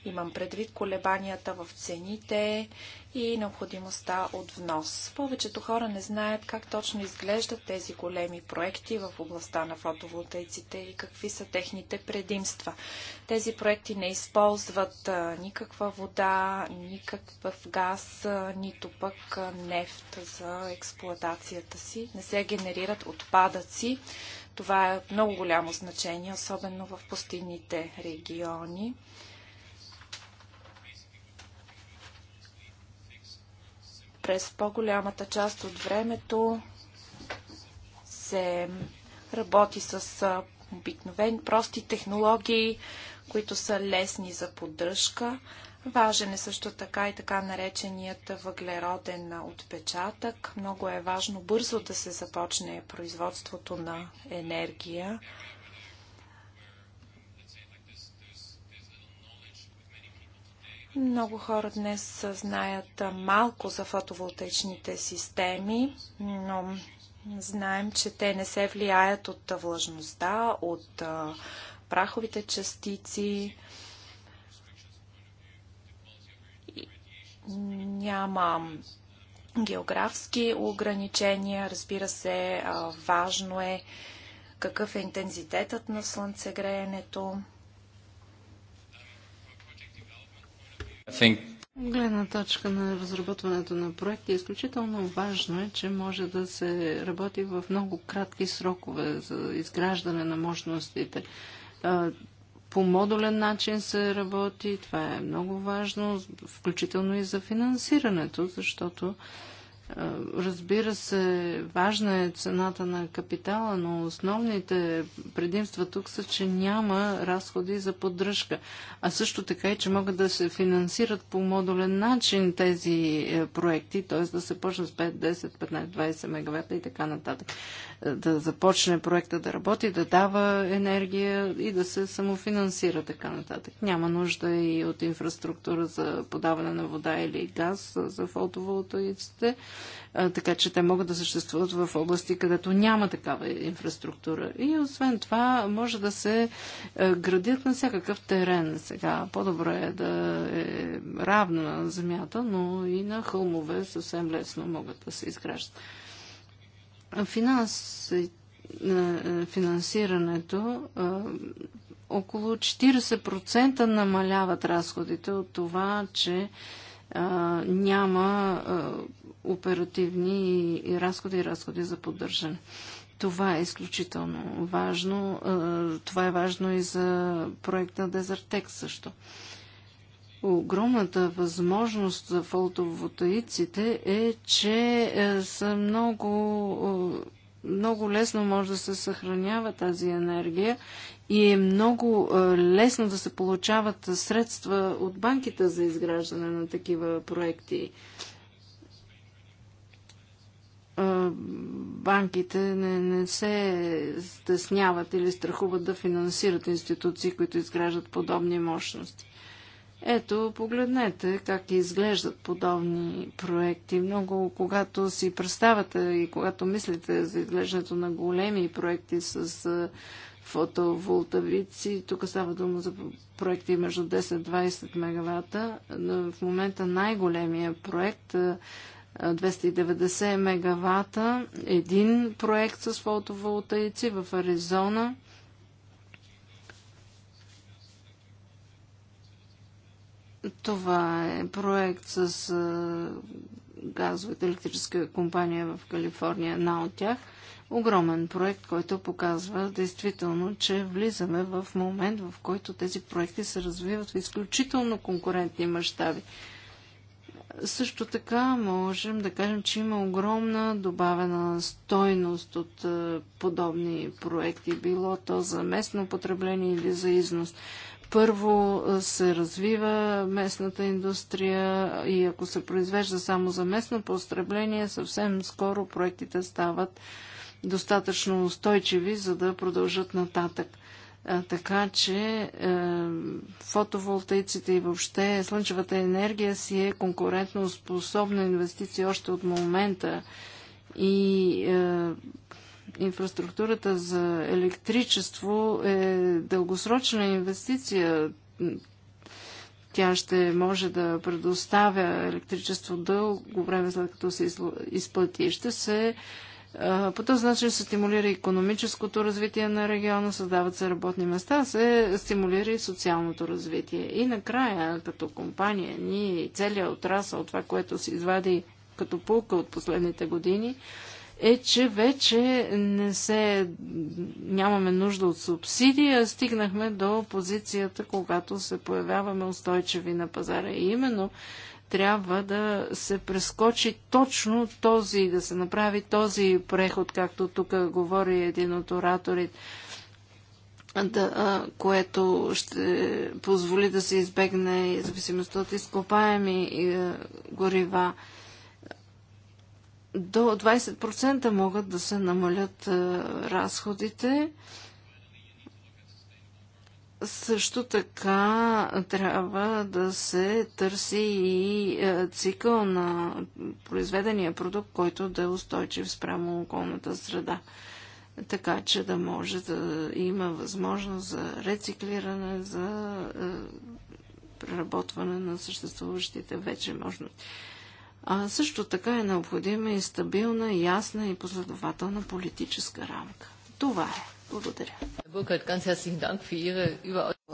Speaker 2: Имам предвид колебанията в цените и необходимостта от внос. Повечето хора не знаят как точно изглеждат тези големи проекти в областта на фотоволтейците и какви са техните предимства. Тези проекти не използват никаква вода, никакъв газ, нито пък нефт за експлоатацията си. Не се генерират отпадъци. Това е много голямо значение, особено в пустинните региони. през по-голямата част от времето се работи с обикновени прости технологии, които са лесни за поддръжка. Важен е също така и така нареченият въглероден отпечатък. Много е важно бързо да се започне производството на енергия. Много хора днес знаят малко за фотоволтечните системи, но знаем, че те не се влияят от влажността, от праховите частици. Няма географски ограничения. Разбира се, важно е какъв е интензитетът на слънцегреенето.
Speaker 3: think...
Speaker 4: Гледна точка на разработването на проекти, изключително важно е, че може да се работи в много кратки срокове за изграждане на мощностите. По модулен начин се работи, това е много важно, включително и за финансирането, защото е, разбира се, важна е цената на капитала, но основните предимства тук са, че няма разходи за поддръжка. А също така и, че могат да се финансират по модулен начин тези е, проекти, т.е. да се почне с 5, 10, 15, 20 мегавата и така нататък. Е, да започне проекта да работи, да дава енергия и да се самофинансира така нататък. Няма нужда и от инфраструктура за подаване на вода или газ за фотоволтоиците така че те могат да съществуват в области, където няма такава инфраструктура. И освен това, може да се е, градят на всякакъв терен. Сега по-добре е да е равна земята, но и на хълмове съвсем лесно могат да се изграждат. Финанс... Е, е, финансирането около 40% намаляват разходите от това, че няма оперативни разходи и разходи за поддържане. Това е изключително важно. Това е важно и за проекта Дезертек също. Огромната възможност за фотоволтаиците е, че са много, много лесно може да се съхранява тази енергия и е много е, лесно да се получават средства от банките за изграждане на такива проекти. Е, банките не, не се стесняват или страхуват да финансират институции, които изграждат подобни мощности. Ето, погледнете как изглеждат подобни проекти. Много, когато си представяте и когато мислите за изглеждането на големи проекти с е, фотоволтавици. Тук става дума за проекти между 10-20 мегавата. В момента най-големия проект 290 мегавата, един проект с фотоволтаици в Аризона. Това е проект с газовата електрическа компания в Калифорния, една от тях – огромен проект, който показва действително, че влизаме в момент, в който тези проекти се развиват в изключително конкурентни мащаби. Също така можем да кажем, че има огромна добавена стойност от е, подобни проекти, било то за местно потребление или за износ. Първо е, се развива местната индустрия и ако се произвежда само за местно потребление, съвсем скоро проектите стават достатъчно устойчиви, за да продължат нататък. Така че е, фотоволтаиците и въобще слънчевата енергия си е конкурентно способна инвестиция още от момента и е, инфраструктурата за електричество е дългосрочна инвестиция. Тя ще може да предоставя електричество дълго време след като се изплати. Ще се по този начин се стимулира економическото развитие на региона, създават се работни места, се стимулира и социалното развитие. И накрая, като компания, ние и целият отрасъл, това, което се извади като пулка от последните години, е, че вече не се, нямаме нужда от субсидия, стигнахме до позицията, когато се появяваме устойчиви на пазара. И именно трябва да се прескочи точно този, да се направи този преход, както тук говори един от ораторите, да, което ще позволи да се избегне зависимостта от изкопаеми горива. До 20% могат да се намалят разходите също така трябва да се търси и е, цикъл на произведения продукт, който да е устойчив спрямо околната среда. Така че да може да има възможност за рециклиране, за е, преработване на съществуващите вече можности. А също така е необходима и стабилна, ясна и последователна политическа рамка. Това е. Благодаря.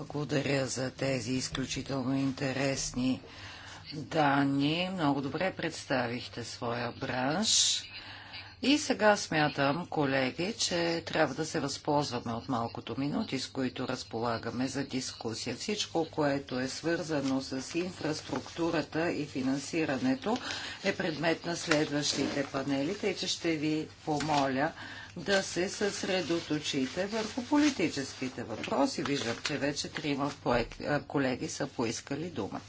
Speaker 1: Благодаря за тези изключително интересни данни. Много добре представихте своя бранш. И сега смятам, колеги, че трябва да се възползваме от малкото минути, с които разполагаме за дискусия. Всичко, което е свързано с инфраструктурата и финансирането, е предмет на следващите панели, тъй че ще ви помоля да се съсредоточите върху политическите въпроси. Виждам, че вече трима колеги са поискали думата.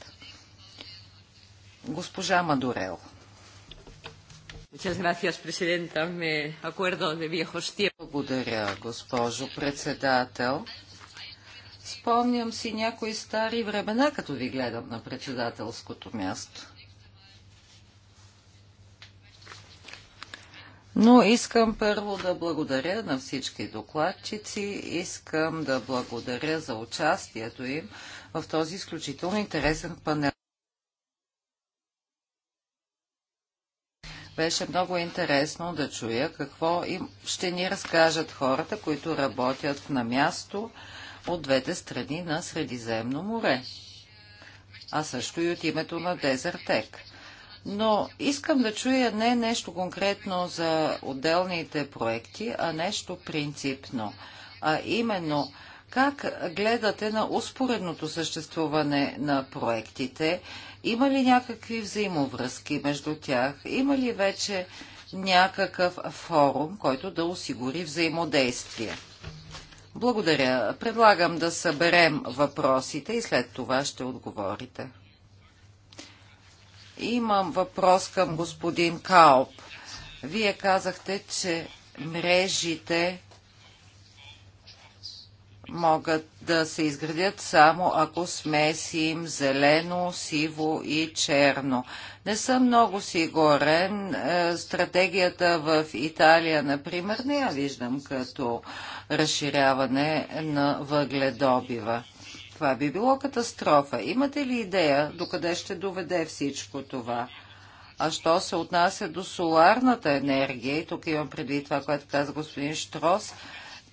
Speaker 1: Госпожа Мадурел. Благодаря, госпожо председател. Спомням си някои стари времена, като ви гледам на председателското място. Но искам първо да благодаря на всички докладчици, искам да благодаря за участието им в този изключително интересен панел. Беше много интересно да чуя какво им ще ни разкажат хората, които работят на място от двете страни на Средиземно море, а също и от името на Дезертек. Но искам да чуя не нещо конкретно за отделните проекти, а нещо принципно. А именно, как гледате на успоредното съществуване на проектите? Има ли някакви взаимовръзки между тях? Има ли вече някакъв форум, който да осигури взаимодействие? Благодаря. Предлагам да съберем въпросите и след това ще отговорите. Имам въпрос към господин Калп. Вие казахте, че мрежите могат да се изградят само ако смесим зелено, сиво и черно. Не съм много сигурен. Е, стратегията в Италия, например, не я виждам като разширяване на въгледобива. Това би било катастрофа. Имате ли идея докъде ще доведе всичко това? А що се отнася до соларната енергия, и тук имам предвид това, което каза господин Штрос,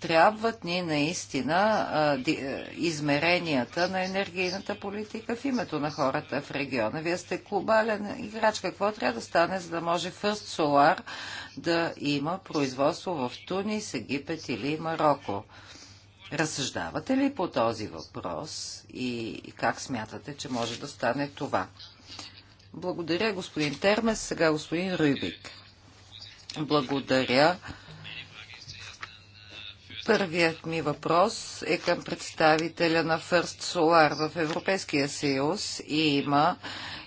Speaker 1: трябват ни наистина а, ди, измеренията на енергийната политика в името на хората в региона. Вие сте глобален играч. Какво трябва да стане, за да може First Solar да има производство в Тунис, Египет или Марокко? Разсъждавате ли по този въпрос и как смятате, че може да стане това? Благодаря, господин Термес. Сега господин Рюбик. Благодаря. Първият ми въпрос е към представителя на First Solar в Европейския съюз и има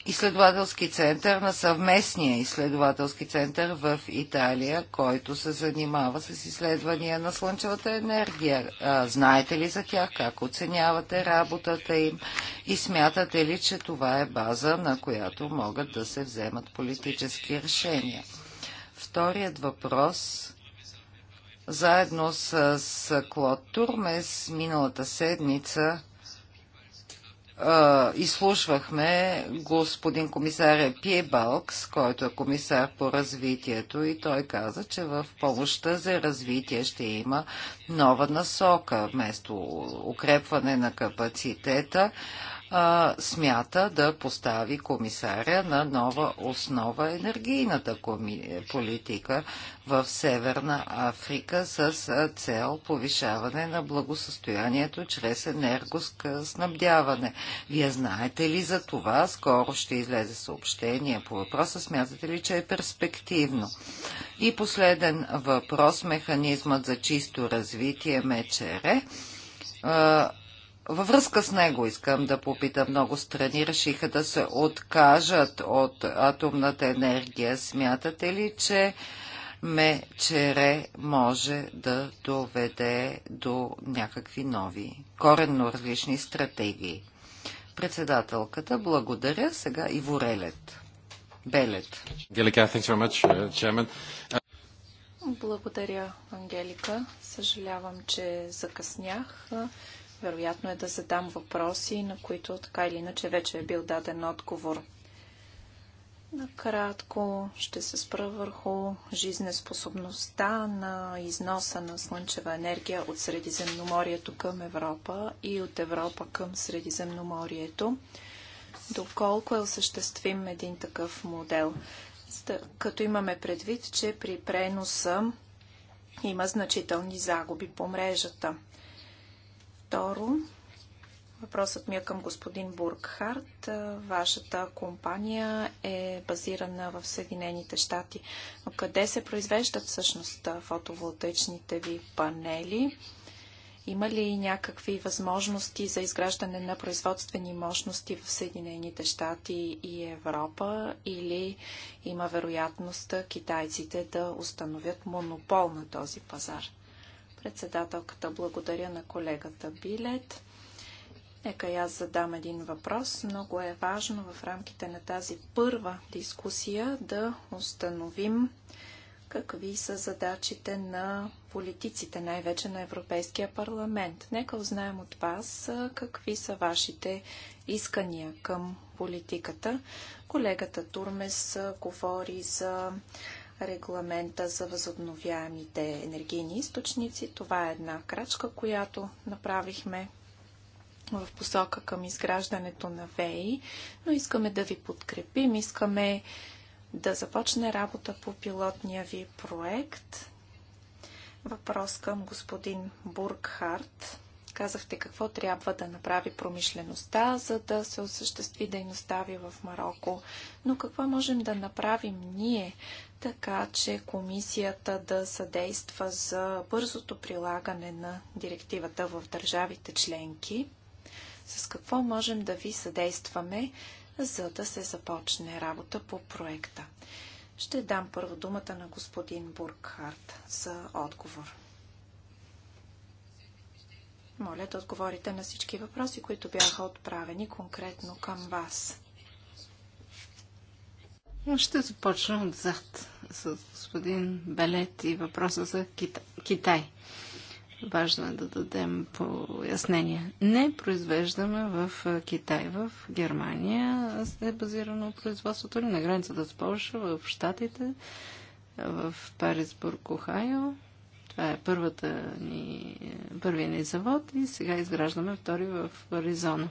Speaker 1: изследователски център на съвместния изследователски център в Италия, който се занимава с изследвания на слънчевата енергия. знаете ли за тях? Как оценявате работата им? И смятате ли, че това е база, на която могат да се вземат политически решения? Вторият въпрос заедно с Клод Турмес миналата седмица изслушвахме господин комисаря Балкс, който е комисар по развитието и той каза, че в помощта за развитие ще има нова насока вместо укрепване на капацитета а, смята да постави комисаря на нова основа енергийната коми... политика в Северна Африка с цел повишаване на благосъстоянието чрез енергоснабдяване. Вие знаете ли за това? Скоро ще излезе съобщение по въпроса. Смятате ли, че е перспективно? И последен въпрос. Механизмът за чисто развитие МЧР във връзка с него искам да попитам. Много страни решиха да се откажат от атомната енергия. Смятате ли, че мечере може да доведе до някакви нови, коренно различни стратегии? Председателката, благодаря. Сега и Ворелет. Белет.
Speaker 4: Uh,
Speaker 2: благодаря, Ангелика. Съжалявам, че закъснях. Вероятно е да задам въпроси, на които така или иначе вече е бил даден отговор. Накратко ще се спра върху жизнеспособността на износа на слънчева енергия от Средиземноморието към Европа и от Европа към Средиземноморието. Доколко е осъществим един такъв модел? Като имаме предвид, че при преноса има значителни загуби по мрежата. Второ, въпросът ми е към господин Бургхарт. Вашата компания е базирана в Съединените щати. Но къде се произвеждат всъщност фотоволтаичните ви панели? Има ли някакви възможности за изграждане на производствени мощности в Съединените щати и Европа или има вероятност китайците да установят монопол на този пазар? Председателката благодаря на колегата Билет. Нека и аз задам един въпрос. Много е важно в рамките на тази първа дискусия да установим какви са задачите на политиците, най-вече на Европейския парламент. Нека узнаем от вас какви са вашите искания към политиката. Колегата Турмес говори за регламента за възобновяемите енергийни източници. Това е една крачка, която направихме в посока към изграждането на ВЕИ, но искаме да ви подкрепим, искаме да започне работа по пилотния ви проект. Въпрос към господин Бургхарт. Казахте какво трябва да направи промишлеността, за да се осъществи дейността ви в Марокко. Но какво можем да направим ние, така че комисията да съдейства за бързото прилагане на директивата в държавите членки? С какво можем да ви съдействаме, за да се започне работа по проекта? Ще дам първо думата на господин Буркхарт за отговор. Моля да отговорите на всички въпроси, които бяха отправени конкретно към вас.
Speaker 4: Ще започна отзад с господин Белет и въпроса за Кита... Китай. Важно е да дадем пояснение. Не произвеждаме в Китай, в Германия е базирано производството ли на границата с Польша, в Штатите, в Парисбург, Охайо, това е първата ни, първия ни завод и сега изграждаме втори в Аризона.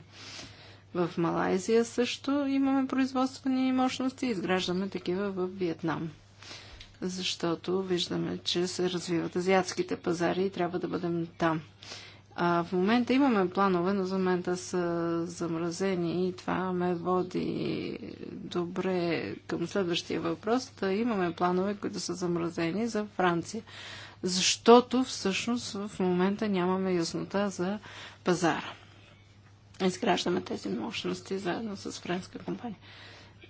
Speaker 4: В Малайзия също имаме производствени мощности, и изграждаме такива в Виетнам. Защото виждаме, че се развиват азиатските пазари и трябва да бъдем там. А, в момента имаме планове, но за момента са замразени и това ме води добре към следващия въпрос. Та имаме планове, които са замразени за Франция защото всъщност в момента нямаме яснота за пазара. Изграждаме тези мощности заедно с френска компания.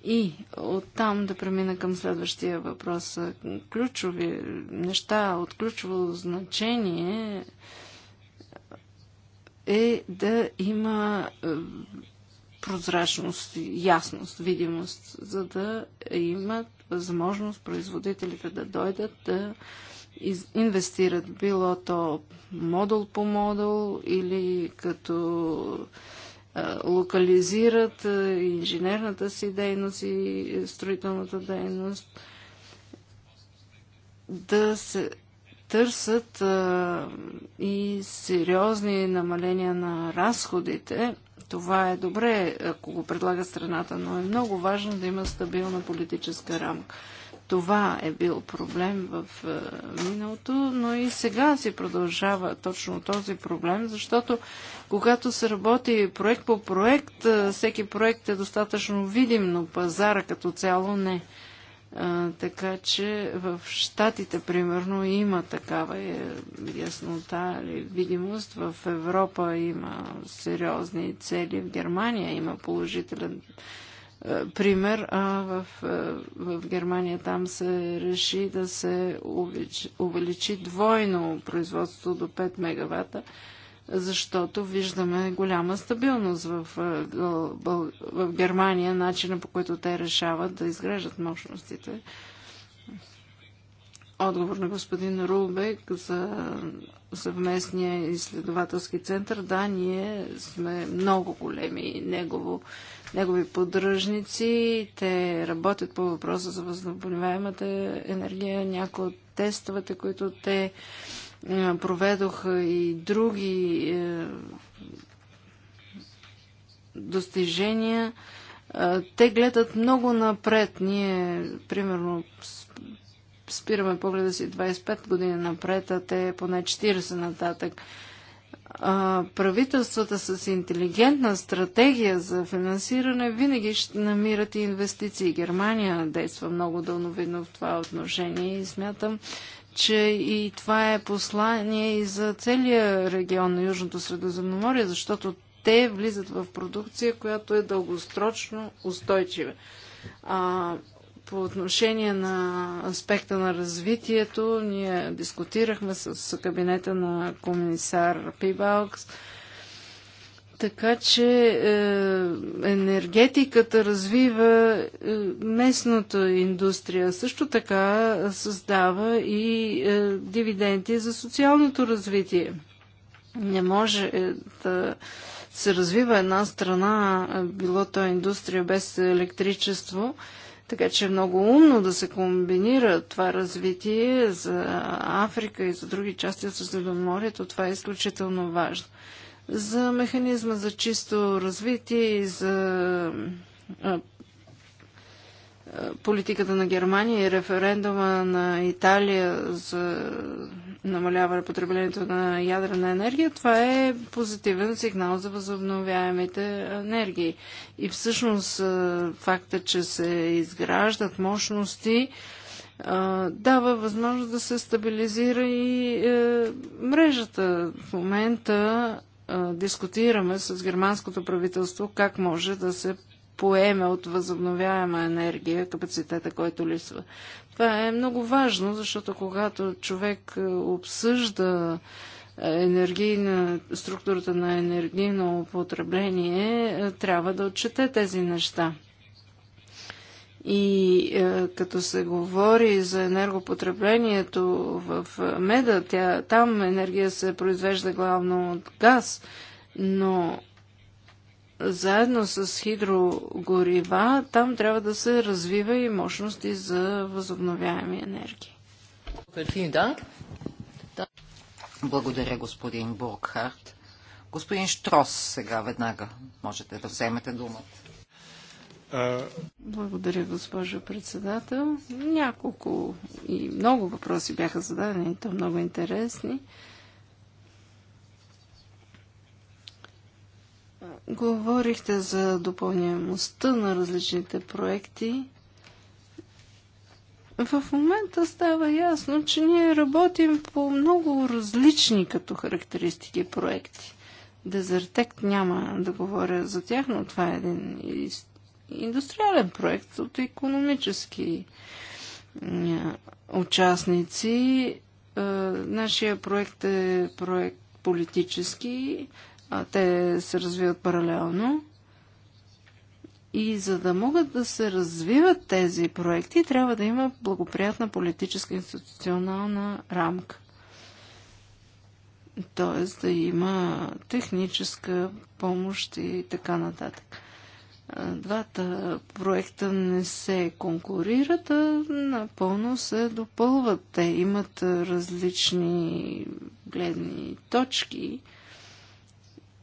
Speaker 4: И оттам да премина към следващия въпрос. Ключови неща от ключово значение е да има е, прозрачност, ясност, видимост, за да имат възможност производителите да дойдат да инвестират, било то модул по модул или като локализират инженерната си дейност и строителната дейност, да се търсят и сериозни намаления на разходите. Това е добре, ако го предлага страната, но е много важно да има стабилна политическа рамка. Това е бил проблем в е, миналото, но и сега се продължава точно този проблем, защото когато се работи проект по проект, е, всеки проект е достатъчно видим, но пазара като цяло не. Е, така че в Штатите, примерно, има такава е, яснота или видимост. В Европа има сериозни цели. В Германия има положителен е, пример, а в, е, в Германия там се реши да се увеличи, увеличи двойно производство до 5 мегавата, защото виждаме голяма стабилност в, в, е, в Германия, начина по който те решават да изграждат мощностите. Отговор на господин Рубек за съвместния изследователски център. Да, ние сме много големи негово негови поддръжници. Те работят по въпроса за възобновяемата енергия. Някои от тестовете, които те е, проведоха и други е, достижения, е, те гледат много напред. Ние, примерно, спираме погледа си 25 години напред, а те поне 40 нататък правителствата с интелигентна стратегия за финансиране винаги ще намират и инвестиции. Германия действа много дълновидно в това отношение и смятам, че и това е послание и за целия регион на Южното Средоземноморие, защото те влизат в продукция, която е дългосрочно устойчива. А, по отношение на аспекта на развитието, ние дискутирахме с кабинета на комисар Пибалкс, така че е, енергетиката развива е, местната индустрия, също така създава и е, дивиденти за социалното развитие. Не може е, да се развива една страна, е, било то индустрия без електричество, е, така че е много умно да се комбинира това развитие за Африка и за други части от Средоморието. Това е изключително важно. За механизма за чисто развитие и за политиката на Германия и референдума на Италия за намалява потреблението на ядрена енергия, това е позитивен сигнал за възобновяемите енергии. И всъщност факта, че се изграждат мощности, дава възможност да се стабилизира и е, мрежата. В момента дискутираме с германското правителство как може да се поеме от възобновяема енергия капацитета, който липсва. Това е много важно, защото когато човек е, обсъжда е, енергийна, структурата на енергийно потребление, е, трябва да отчете тези неща. И е, като се говори за енергопотреблението в меда, тя, там енергия се произвежда главно от газ, но заедно с хидрогорива, там трябва да се развива и мощности за възобновяеми енергии.
Speaker 1: Благодаря, господин Бургхарт. Господин Штрос, сега веднага можете да вземете думата.
Speaker 4: Благодаря, госпожо председател. Няколко и много въпроси бяха зададени, то много интересни. Говорихте за допълняемостта на различните проекти. В момента става ясно, че ние работим по много различни като характеристики проекти. Дезертект няма да говоря за тях, но това е един индустриален проект от економически участници. Е, нашия проект е проект политически, те се развиват паралелно. И за да могат да се развиват тези проекти, трябва да има благоприятна политическа институционална рамка. Тоест да има техническа помощ и така нататък. Двата проекта не се конкурират, а напълно се допълват. Те имат различни гледни точки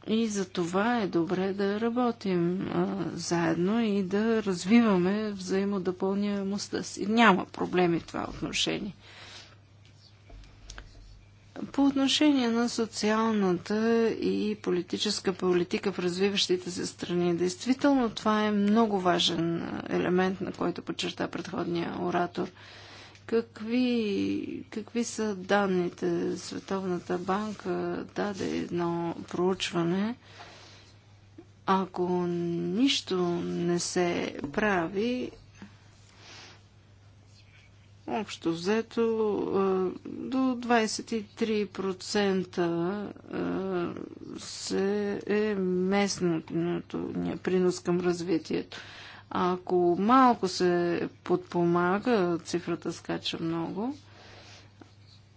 Speaker 4: и за това е добре да работим а, заедно и да развиваме взаимодопълняемостта си. Няма проблеми в това отношение. По отношение на социалната и политическа политика в развиващите се страни, действително това е много важен елемент, на който подчерта предходния оратор – Какви, какви са данните? Световната банка даде едно проучване. Ако нищо не се прави, общо взето до 23% се е местното принос към развитието. Ако малко се подпомага, цифрата скача много.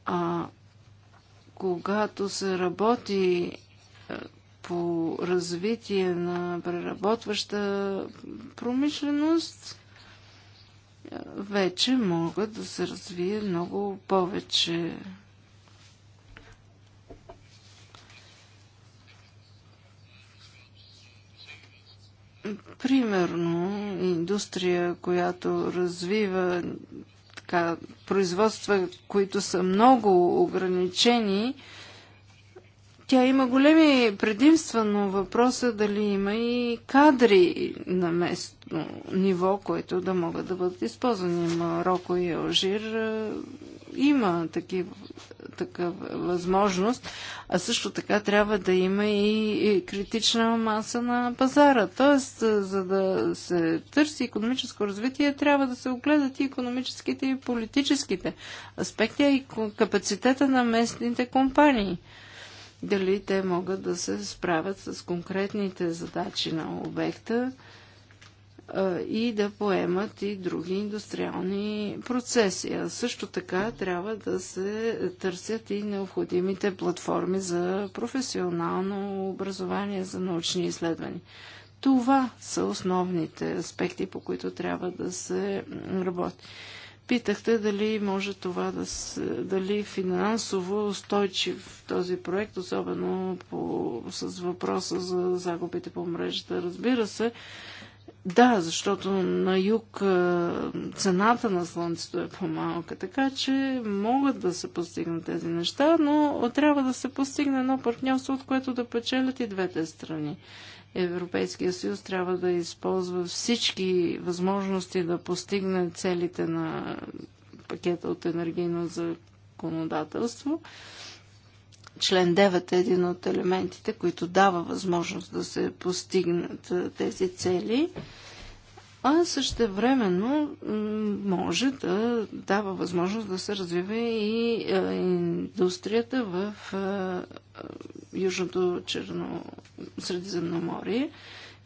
Speaker 4: А когато се работи е, по развитие на преработваща промишленост, е, вече могат да се развие много повече Примерно, индустрия, която развива така, производства, които са много ограничени, тя има големи предимства, но въпроса е дали има и кадри на местно ниво, които да могат да бъдат използвани. Има роко и Алжир има такива така възможност, а също така трябва да има и критична маса на пазара. Тоест, за да се търси економическо развитие, трябва да се огледат и економическите и политическите аспекти, а и капацитета на местните компании дали те могат да се справят с конкретните задачи на обекта и да поемат и други индустриални процеси. А също така трябва да се търсят и необходимите платформи за професионално образование, за научни изследвания. Това са основните аспекти, по които трябва да се работи. Питахте дали може това да се, дали финансово устойчив този проект, особено по, с въпроса за загубите по мрежата. Разбира се, да, защото на юг цената на слънцето е по-малка, така че могат да се постигнат тези неща, но трябва да се постигне едно партньорство, от което да печелят и двете страни. Европейския съюз трябва да използва всички възможности да постигне целите на пакета от енергийно законодателство Член 9 е един от елементите, които дава възможност да се постигнат тези цели, а също времено може да дава възможност да се развива и индустрията в Южното Черно Средиземноморие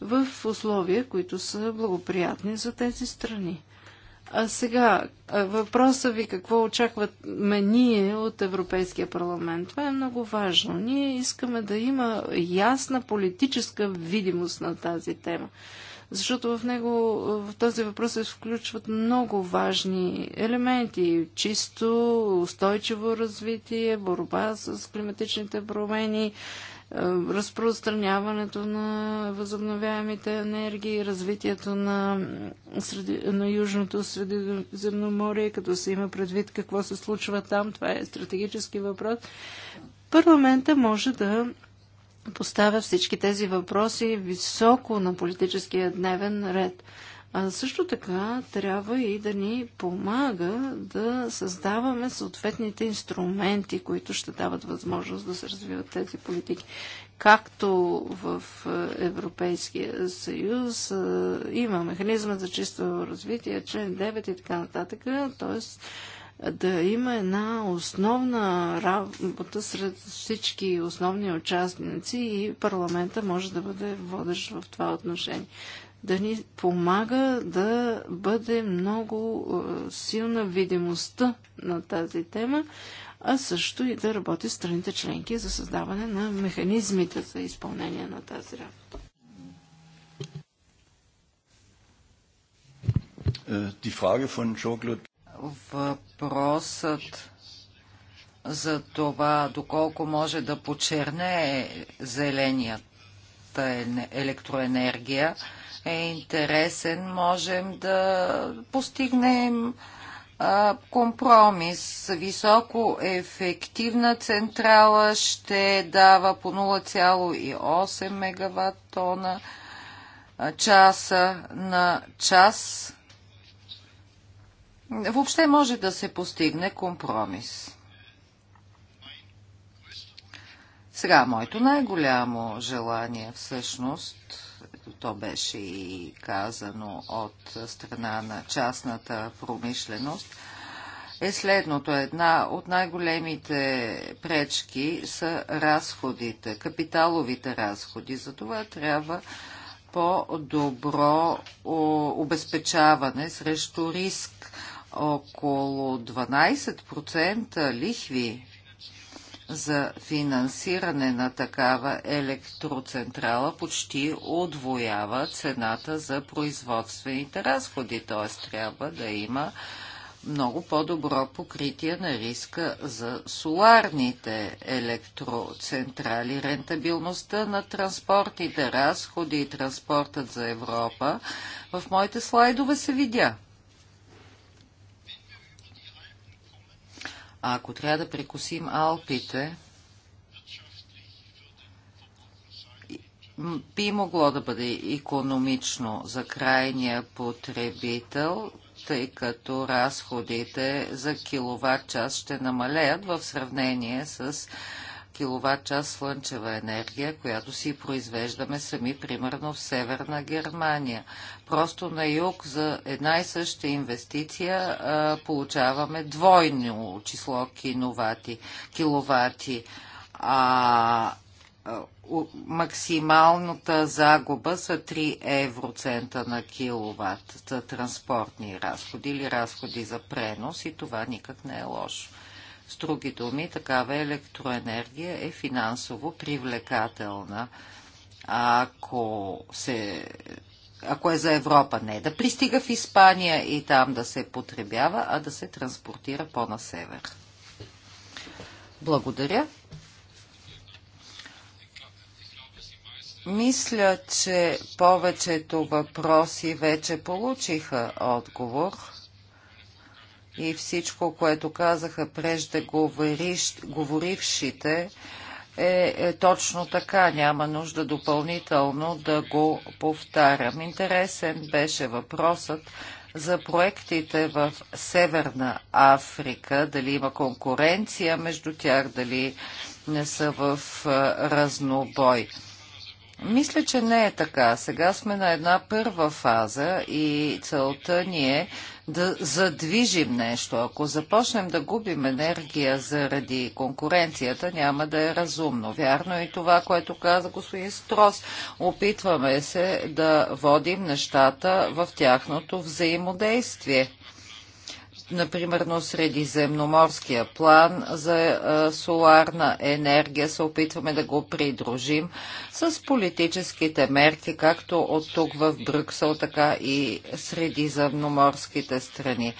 Speaker 4: в условия, които са благоприятни за тези страни. А сега, въпросът ви какво очакваме ние от Европейския парламент. Това е много важно. Ние искаме да има ясна политическа видимост на тази тема. Защото в него, в този въпрос се включват много важни елементи. Чисто, устойчиво развитие, борба с климатичните промени, е, разпространяването на възобновяемите енергии, развитието на, среди, на Южното Средиземноморие, като се има предвид какво се случва там, това е стратегически въпрос. Парламента може да поставя всички тези въпроси високо на политическия дневен ред. А също така трябва и да ни помага да създаваме съответните инструменти, които ще дават възможност да се развиват тези политики. Както в е, Европейския съюз е, има механизма за чисто развитие, член 9 и така нататък, т.е да има една основна работа сред всички основни участници и парламента може да бъде водещ в това отношение да ни помага да бъде много е, силна видимостта на тази тема, а също и да работи страните членки за създаване на механизмите за изпълнение на тази работа.
Speaker 3: Е,
Speaker 1: Въпросът за това доколко може да почерне зеленият електроенергия е интересен, можем да постигнем компромис. Високо ефективна централа ще дава по 0,8 мегаватт тона часа на час. Въобще може да се постигне компромис. Сега, моето най-голямо желание всъщност – както то беше и казано от страна на частната промишленост, е следното. Една от най-големите пречки са разходите, капиталовите разходи. Затова трябва по-добро обезпечаване срещу риск. Около 12% лихви за финансиране на такава електроцентрала почти отвоява цената за производствените разходи, т.е. трябва да има много по-добро покритие на риска за соларните електроцентрали. Рентабилността на транспортните разходи и транспортът за Европа в моите слайдове се видя. А ако трябва да прекусим Алпите, би могло да бъде економично за крайния потребител, тъй като разходите за киловатт час ще намалеят в сравнение с кВт слънчева енергия, която си произвеждаме сами, примерно в Северна Германия. Просто на юг за една и съща инвестиция а, получаваме двойно число киновати, киловати. А, а максималната загуба са 3 евроцента на киловатт за транспортни разходи или разходи за пренос и това никак не е лошо. С други думи, такава електроенергия е финансово привлекателна. Ако, се, ако е за Европа, не да пристига в Испания и там да се потребява, а да се транспортира по-на север. Благодаря. Мисля, че повечето въпроси вече получиха отговор и всичко, което казаха говорившите, е, е точно така. Няма нужда допълнително да го повтарям. Интересен беше въпросът за проектите в Северна Африка, дали има конкуренция между тях, дали не са в е, разнобой. Мисля, че не е така. Сега сме на една първа фаза и целта ни е да задвижим нещо. Ако започнем да губим енергия заради конкуренцията, няма да е разумно. Вярно е и това, което каза господин Строс. Опитваме се да водим нещата в тяхното взаимодействие например, на средиземноморския план за е, соларна енергия се опитваме да го придружим с политическите мерки, както от тук в Брюксел, така и средиземноморските страни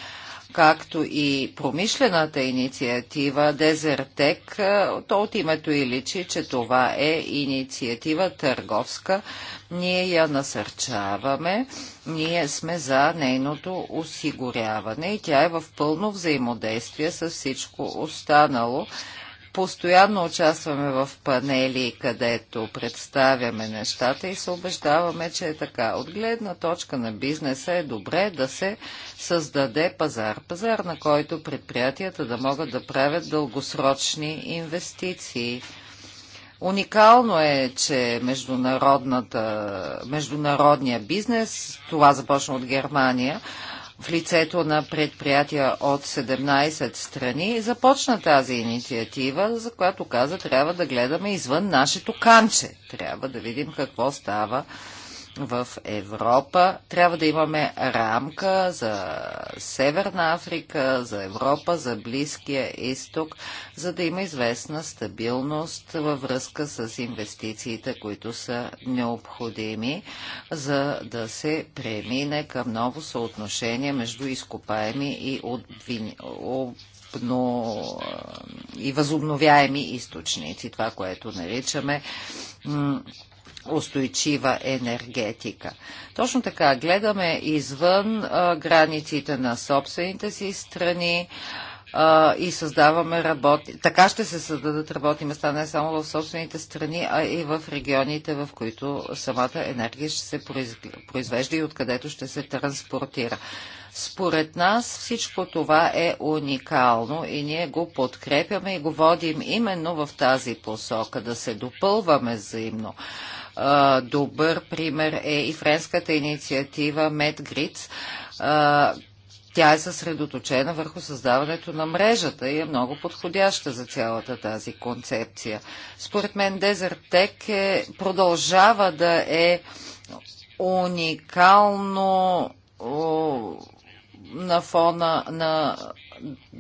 Speaker 1: както и промишлената инициатива Дезертек, е, то от името и личи, че това е инициатива търговска. Ние я насърчаваме ние сме за нейното осигуряване и тя е в пълно взаимодействие с всичко останало. Постоянно участваме в панели, където представяме нещата и се убеждаваме, че е така. От гледна точка на бизнеса е добре да се създаде пазар. Пазар, на който предприятията да могат да правят дългосрочни инвестиции – Уникално е, че международния бизнес, това започна от Германия, в лицето на предприятия от 17 страни започна тази инициатива, за която каза, трябва да гледаме извън нашето канче. Трябва да видим какво става в Европа. Трябва да имаме рамка за Северна Африка, за Европа, за Близкия изток, за да има известна стабилност във връзка с инвестициите, които са необходими, за да се премине към ново съотношение между изкопаеми и обвини и възобновяеми източници, това, което наричаме устойчива енергетика. Точно така, гледаме извън а, границите на собствените си страни а, и създаваме работи. Така ще се създадат работни места не само в собствените страни, а и в регионите, в които самата енергия ще се произвежда и откъдето ще се транспортира. Според нас всичко това е уникално и ние го подкрепяме и го водим именно в тази посока, да се допълваме взаимно добър пример е и френската инициатива MedGrids. Тя е съсредоточена върху създаването на мрежата и е много подходяща за цялата тази концепция. Според мен Tech е, продължава да е уникално о, на фона на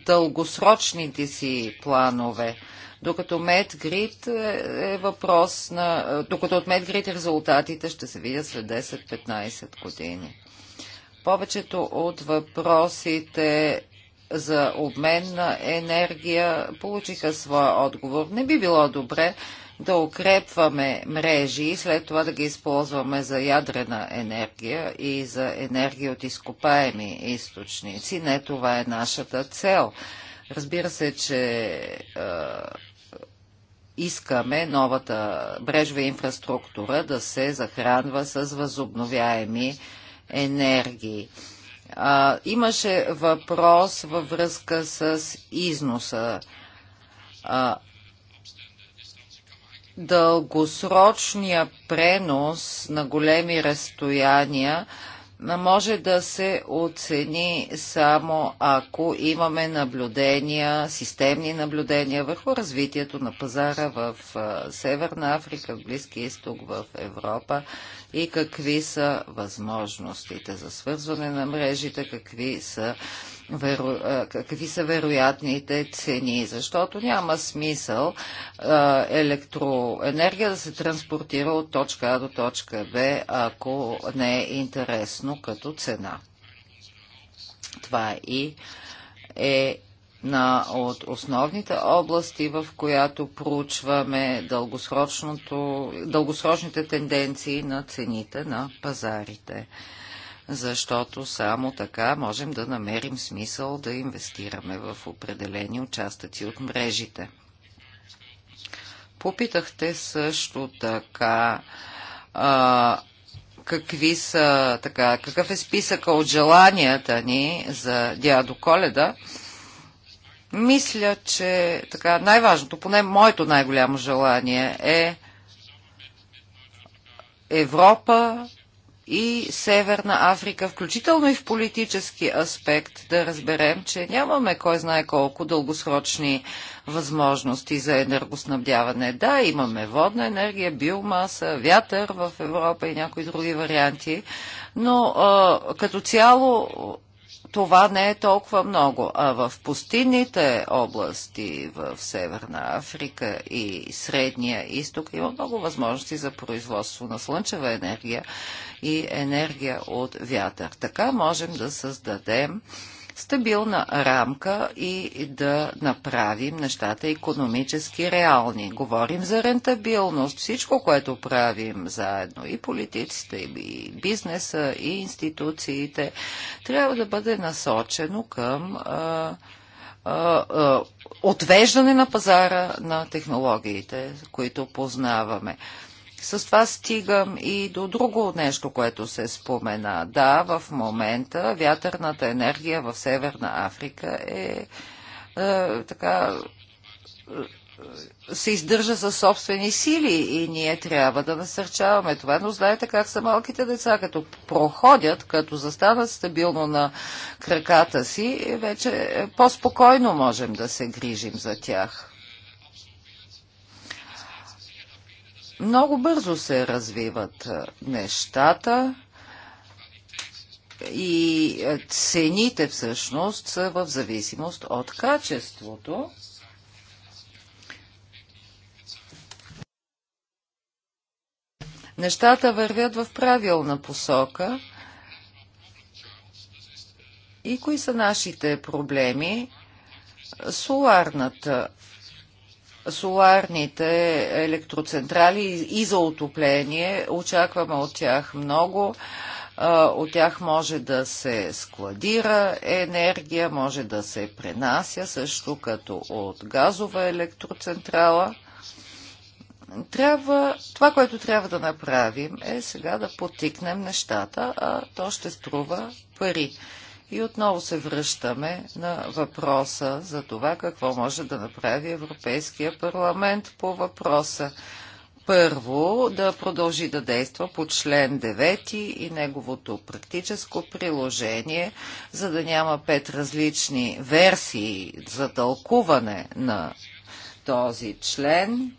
Speaker 1: дългосрочните си планове докато Медгрид е, е въпрос на... Е, докато от Медгрид резултатите ще се видят след 10-15 години. Повечето от въпросите за обмен на енергия получиха своя отговор. Не би било добре да укрепваме мрежи и след това да ги използваме за ядрена енергия и за енергия от изкопаеми източници. Не това е нашата цел. Разбира се, че е, искаме новата брежва инфраструктура да се захранва с възобновяеми енергии. А, имаше въпрос във връзка с износа. А, дългосрочния пренос на големи разстояния може да се оцени само ако имаме наблюдения, системни наблюдения върху развитието на пазара в Северна Африка, в Близки изток, в Европа и какви са възможностите за свързване на мрежите, какви са веро... какви са вероятните цени, защото няма смисъл електроенергия да се транспортира от точка А до точка Б, ако не е интересно като цена. Това и е на от основните области, в която проучваме дългосрочните тенденции на цените на пазарите защото само така можем да намерим смисъл да инвестираме в определени участъци от мрежите. Попитахте също така а, какви са, така, какъв е списъка от желанията ни за дядо Коледа. Мисля, че така, най-важното, поне моето най-голямо желание е Европа и Северна Африка, включително и в политически аспект, да разберем, че нямаме кой знае колко дългосрочни възможности за енергоснабдяване. Да, имаме водна енергия, биомаса, вятър в Европа и някои други варианти, но а, като цяло това не е толкова много. А в пустинните области в Северна Африка и Средния изток има много възможности за производство на слънчева енергия и енергия от вятър. Така можем да създадем стабилна рамка и да направим нещата економически реални. Говорим за рентабилност. Всичко, което правим заедно и политиците, и бизнеса, и институциите, трябва да бъде насочено към а, отвеждане на пазара на технологиите, които познаваме. С това стигам и до друго нещо, което се спомена. Да, в момента вятърната енергия в Северна Африка е, е така е, се издържа със собствени сили и ние трябва да насърчаваме това. Но знаете как са малките деца, като проходят, като застанат стабилно на краката си, вече по-спокойно можем да се грижим за тях. Много бързо се развиват нещата и цените всъщност са в зависимост от качеството. Нещата вървят в правилна посока. И кои са нашите проблеми? Соларната соларните електроцентрали и за отопление. Очакваме от тях много. От тях може да се складира енергия, може да се пренася също като от газова електроцентрала трябва, това, което трябва да направим е сега да потикнем нещата, а то ще струва пари. И отново се връщаме на въпроса за това какво може да направи Европейския парламент по въпроса. Първо, да продължи да действа по член 9 и неговото практическо приложение, за да няма пет различни версии за тълкуване на този член.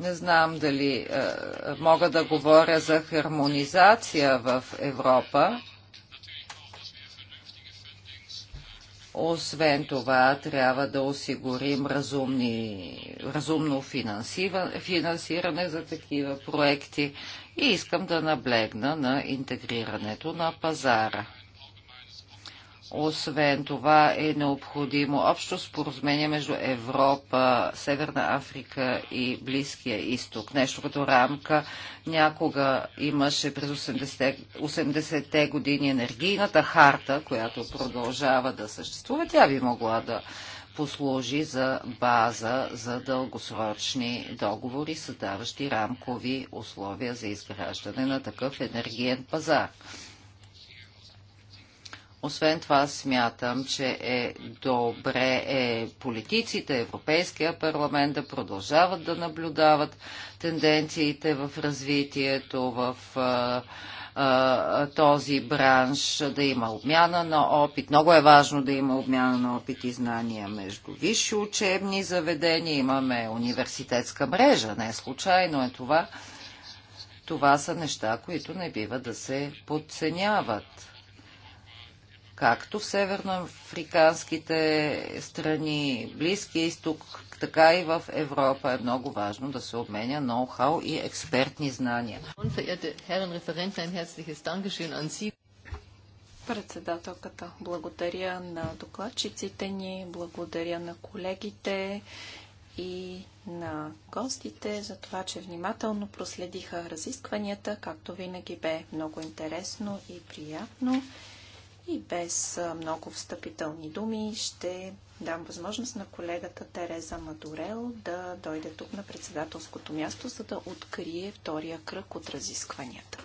Speaker 1: Не знам дали е, е мога да говоря за хармонизация в Европа Освен това, трябва да осигурим разумни, разумно финансиране за такива проекти и искам да наблегна на интегрирането на пазара. Освен това е необходимо общо споразумение между Европа, Северна Африка и Близкия изток. Нещо като рамка някога имаше през 80-те 80 години енергийната харта, която продължава да съществува. Тя би могла да послужи за база за дългосрочни договори, създаващи рамкови условия за изграждане на такъв енергиен пазар. Освен това смятам, че е добре е политиците, Европейския парламент да продължават да наблюдават тенденциите в развитието, в този бранш, да има обмяна на опит. Много е важно да има обмяна на опит и знания между висши учебни заведения. Имаме университетска мрежа, не е случайно е това. Това са неща, които не бива да се подценяват както в северноафриканските страни, Близкия изток, така и в Европа е много важно да се обменя ноу-хау и експертни знания.
Speaker 2: Председателката, благодаря на докладчиците ни, благодаря на колегите и на гостите за това, че внимателно проследиха разискванията, както винаги бе много интересно и приятно. И без много встъпителни думи ще дам възможност на колегата Тереза Мадурел да дойде тук на председателското място, за да открие втория кръг от разискванията.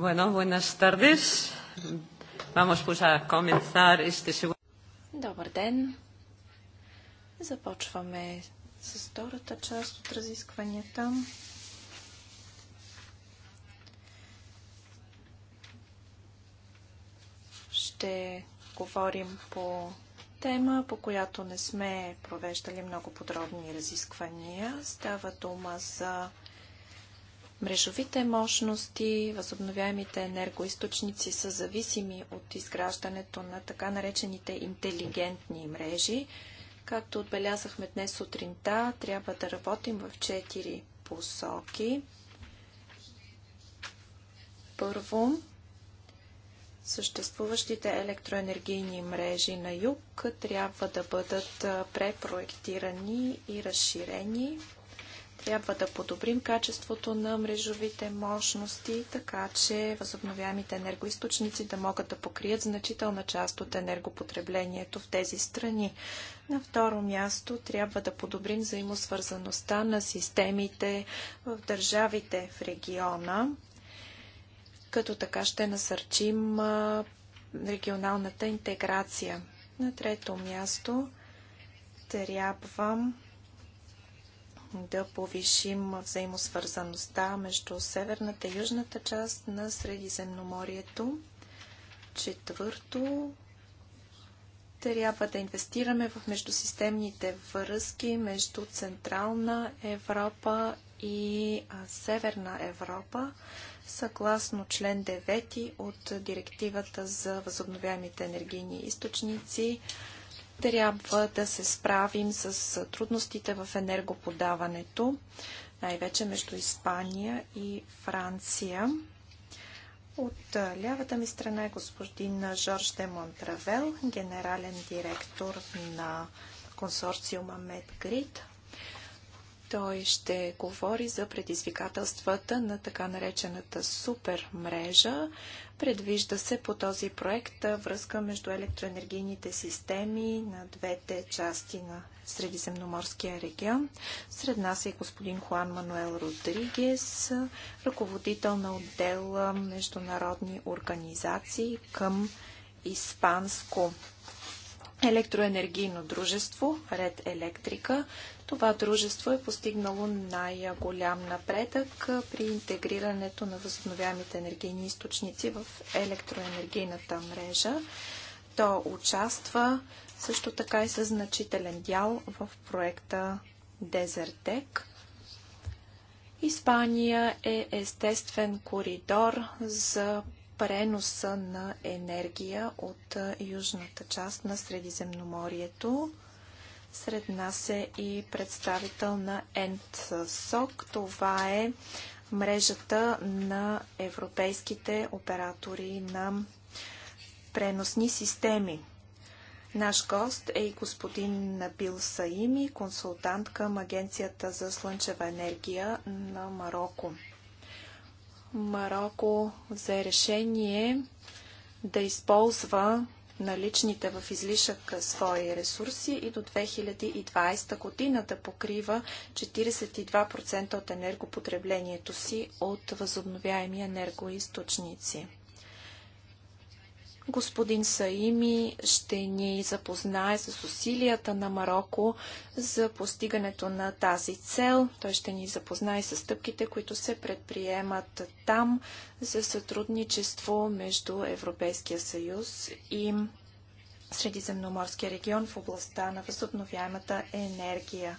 Speaker 1: Bueno, buenas tardes. Vamos pues a comenzar este segundo.
Speaker 2: Добър ден. Започваме с втората част от разискванията. Ще говорим по тема, по която не сме провеждали много подробни разисквания. Става дума за Мрежовите мощности, възобновяемите енергоисточници са зависими от изграждането на така наречените интелигентни мрежи. Както отбелязахме днес сутринта, трябва да работим в четири посоки. Първо, съществуващите електроенергийни мрежи на юг трябва да бъдат препроектирани и разширени трябва да подобрим качеството на мрежовите мощности, така че възобновяемите енергоисточници да могат да покрият значителна част от енергопотреблението в тези страни. На второ място трябва да подобрим взаимосвързаността на системите в държавите в региона, като така ще насърчим регионалната интеграция. На трето място трябва да повишим взаимосвързаността между северната и южната част на Средиземноморието. Четвърто, трябва да инвестираме в междусистемните връзки между Централна Европа и Северна Европа, съгласно член 9 от Директивата за възобновяемите енергийни източници. Трябва да се справим с трудностите в енергоподаването, най-вече между Испания и Франция. От лявата ми страна е господин Жорж де Монтравел, генерален директор на консорциума Медгрид. Той ще говори за предизвикателствата на така наречената супермрежа, Предвижда се по този проект връзка между електроенергийните системи на двете части на Средиземноморския регион. Сред нас е господин Хуан Мануел Родригес, ръководител на отдел международни организации към Испанско електроенергийно дружество Ред Електрика. Това дружество е постигнало най-голям напредък при интегрирането на възобновяемите енергийни източници в електроенергийната мрежа. То участва също така и със значителен дял в проекта Дезертек. Испания е естествен коридор за преноса на енергия от южната част на Средиземноморието сред нас е и представител на ENTSOC. Това е мрежата на европейските оператори на преносни системи. Наш гост е и господин Набил Саими, консултант към Агенцията за слънчева енергия на Марокко. Марокко взе решение да използва наличните в излишък свои ресурси и до 2020 година да покрива 42% от енергопотреблението си от възобновяеми енергоисточници. Господин Саими ще ни запознае с усилията на Марокко за постигането на тази цел. Той ще ни запознае с стъпките, които се предприемат там за сътрудничество между Европейския съюз и Средиземноморския регион в областта на възобновяемата енергия.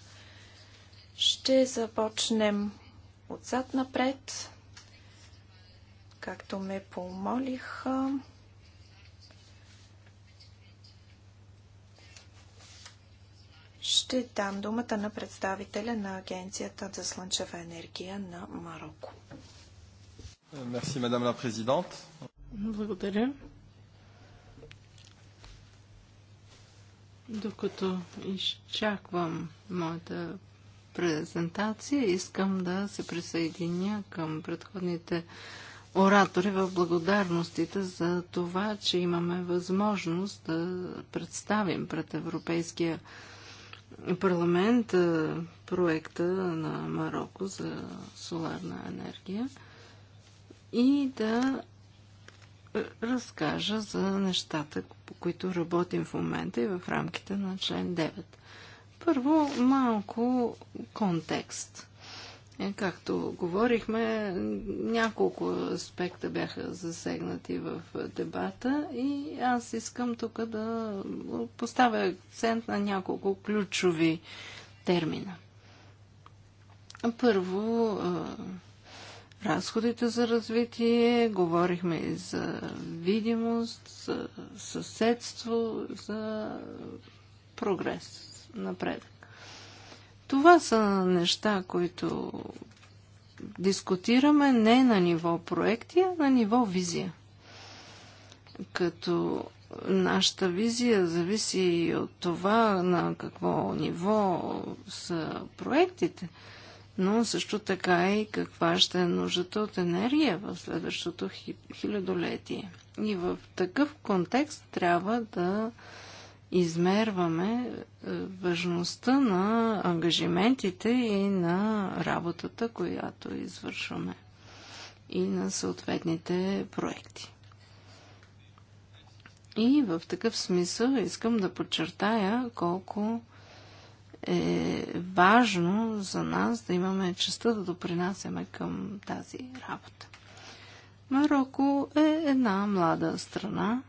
Speaker 2: Ще започнем отзад напред, както ме помолиха. ще дам думата на представителя на Агенцията за слънчева енергия на Марокко.
Speaker 3: Мерси, мадам ла президент.
Speaker 2: Благодаря.
Speaker 4: Докато изчаквам моята презентация, искам да се присъединя към предходните оратори в благодарностите за това, че имаме възможност да представим пред Европейския парламент проекта на Марокко за соларна енергия и да е, разкажа за нещата, по които работим в момента и в рамките на член 9. Първо, малко контекст. Е, както говорихме, няколко аспекта бяха засегнати в дебата и аз искам тук да поставя акцент на няколко ключови термина. Първо, разходите за развитие, говорихме и за видимост, за съседство, за прогрес, напредък. Това са неща, които дискутираме не на ниво проекти, а на ниво визия. Като нашата визия зависи и от това на какво ниво са проектите, но също така и каква ще е нуждата от енергия в следващото хилядолетие. И в такъв контекст трябва да измерваме е, важността на ангажиментите и на работата, която извършваме и на съответните проекти. И в такъв смисъл искам да подчертая колко е важно за нас да имаме честа да допринасяме към тази работа. Марокко е една млада страна,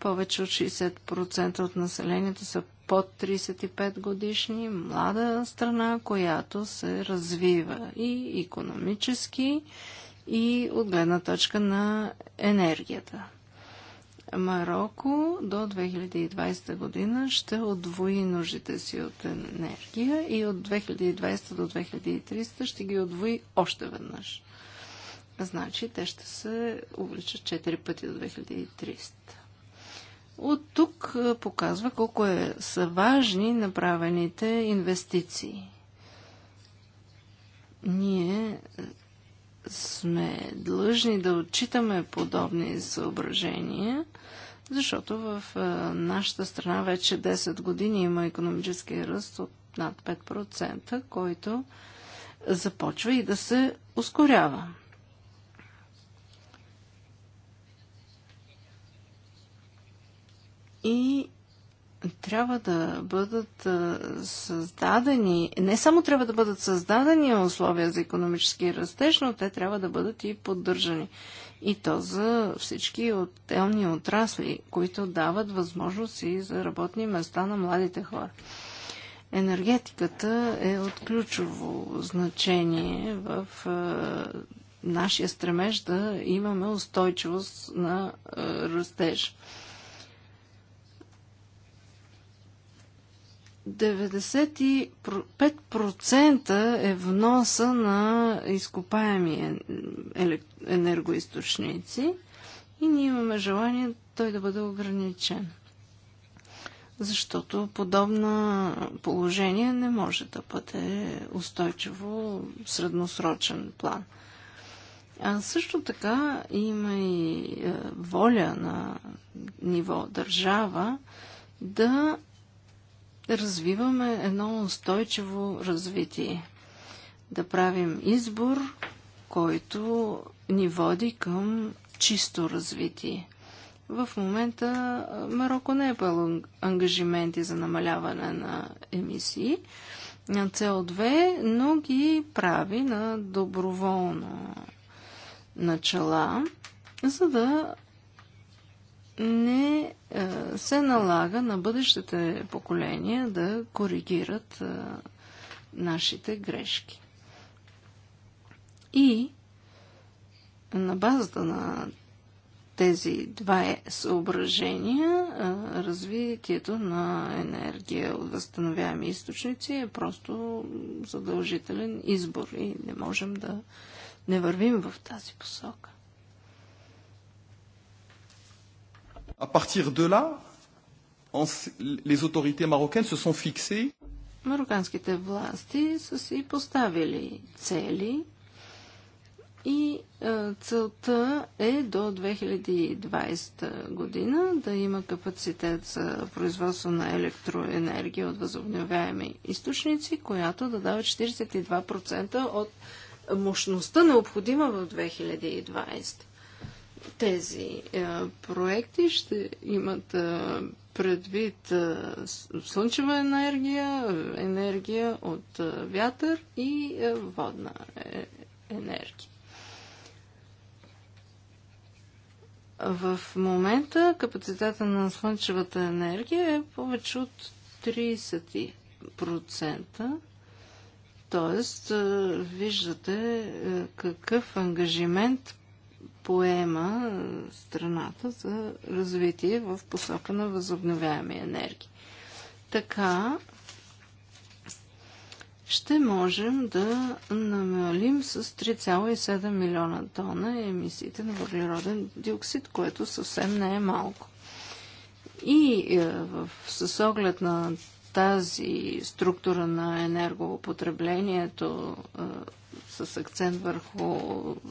Speaker 4: повече от 60% от населението са под 35 годишни, млада страна, която се развива и економически, и от гледна точка на енергията. Марокко до 2020 година ще отвои нуждите си от енергия и от 2020 до 2030 ще ги отвои още веднъж. Значи те ще се увеличат 4 пъти до 2300. От тук показва колко е, са важни направените инвестиции. Ние сме длъжни да отчитаме подобни съображения, защото в нашата страна вече 10 години има економически ръст от над 5%, който започва и да се ускорява. и трябва да бъдат създадени, не само трябва да бъдат създадени условия за економически растеж, но те трябва да бъдат и поддържани. И то за всички отделни отрасли, които дават възможност и за работни места на младите хора. Енергетиката е от ключово значение в нашия стремеж да имаме устойчивост на растеж. 95% е вноса на изкопаеми енергоисточници и ние имаме желание той да бъде ограничен. Защото подобно положение не може да бъде устойчиво в средносрочен план. А също така има и е, воля на ниво държава да развиваме едно устойчиво развитие. Да правим избор, който ни води към чисто развитие. В момента Марокко не е пълно ангажименти за намаляване на емисии на CO2, но ги прави на доброволно начала, за да не е, се налага на бъдещите поколения да коригират е, нашите грешки. И на базата на тези два е съображения, развитието на енергия от възстановяеми източници е просто задължителен избор и не можем да не вървим в тази посока.
Speaker 3: À partir de là, les autorités marocaines se sont fixées.
Speaker 4: Мароканските власти са си поставили цели и е, целта е до 2020 година да има капацитет за производство на електроенергия от възобновяеми източници, която да дава 42% от мощността необходима в 2020. Тези е, проекти ще имат е, предвид е, слънчева енергия, енергия от вятър и водна енергия. В момента капацитета на слънчевата енергия е повече от 30%. Тоест, виждате какъв ангажимент поема е, страната за развитие в посока на възобновяеми енергии. Така ще можем да намалим с 3,7 милиона тона емисиите на въглероден диоксид, което съвсем не е малко. И е, в, с оглед на тази структура на енергопотреблението с акцент върху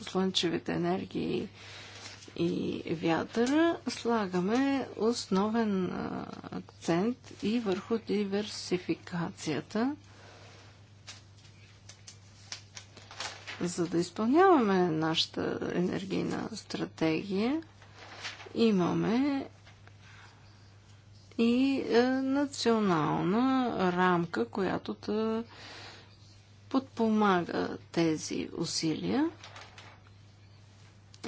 Speaker 4: слънчевите енергии и вятъра, слагаме основен акцент и върху диверсификацията, за да изпълняваме нашата енергийна стратегия. Имаме и е, национална рамка, която да подпомага тези усилия.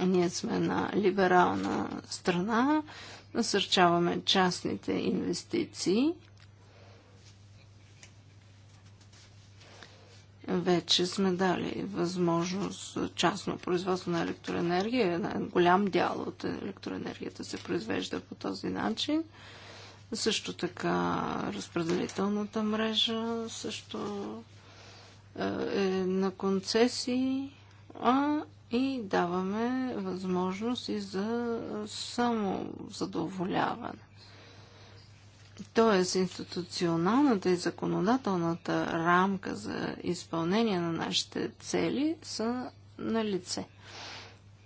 Speaker 4: Ние сме на либерална страна, насърчаваме частните инвестиции. Вече сме дали възможност частно производство на електроенергия. Голям дял от електроенергията се произвежда по този начин. Също така разпределителната мрежа също е, е на концесии, а и даваме възможност и за само задоволяване. Тоест, институционалната и законодателната рамка за изпълнение на нашите цели са на лице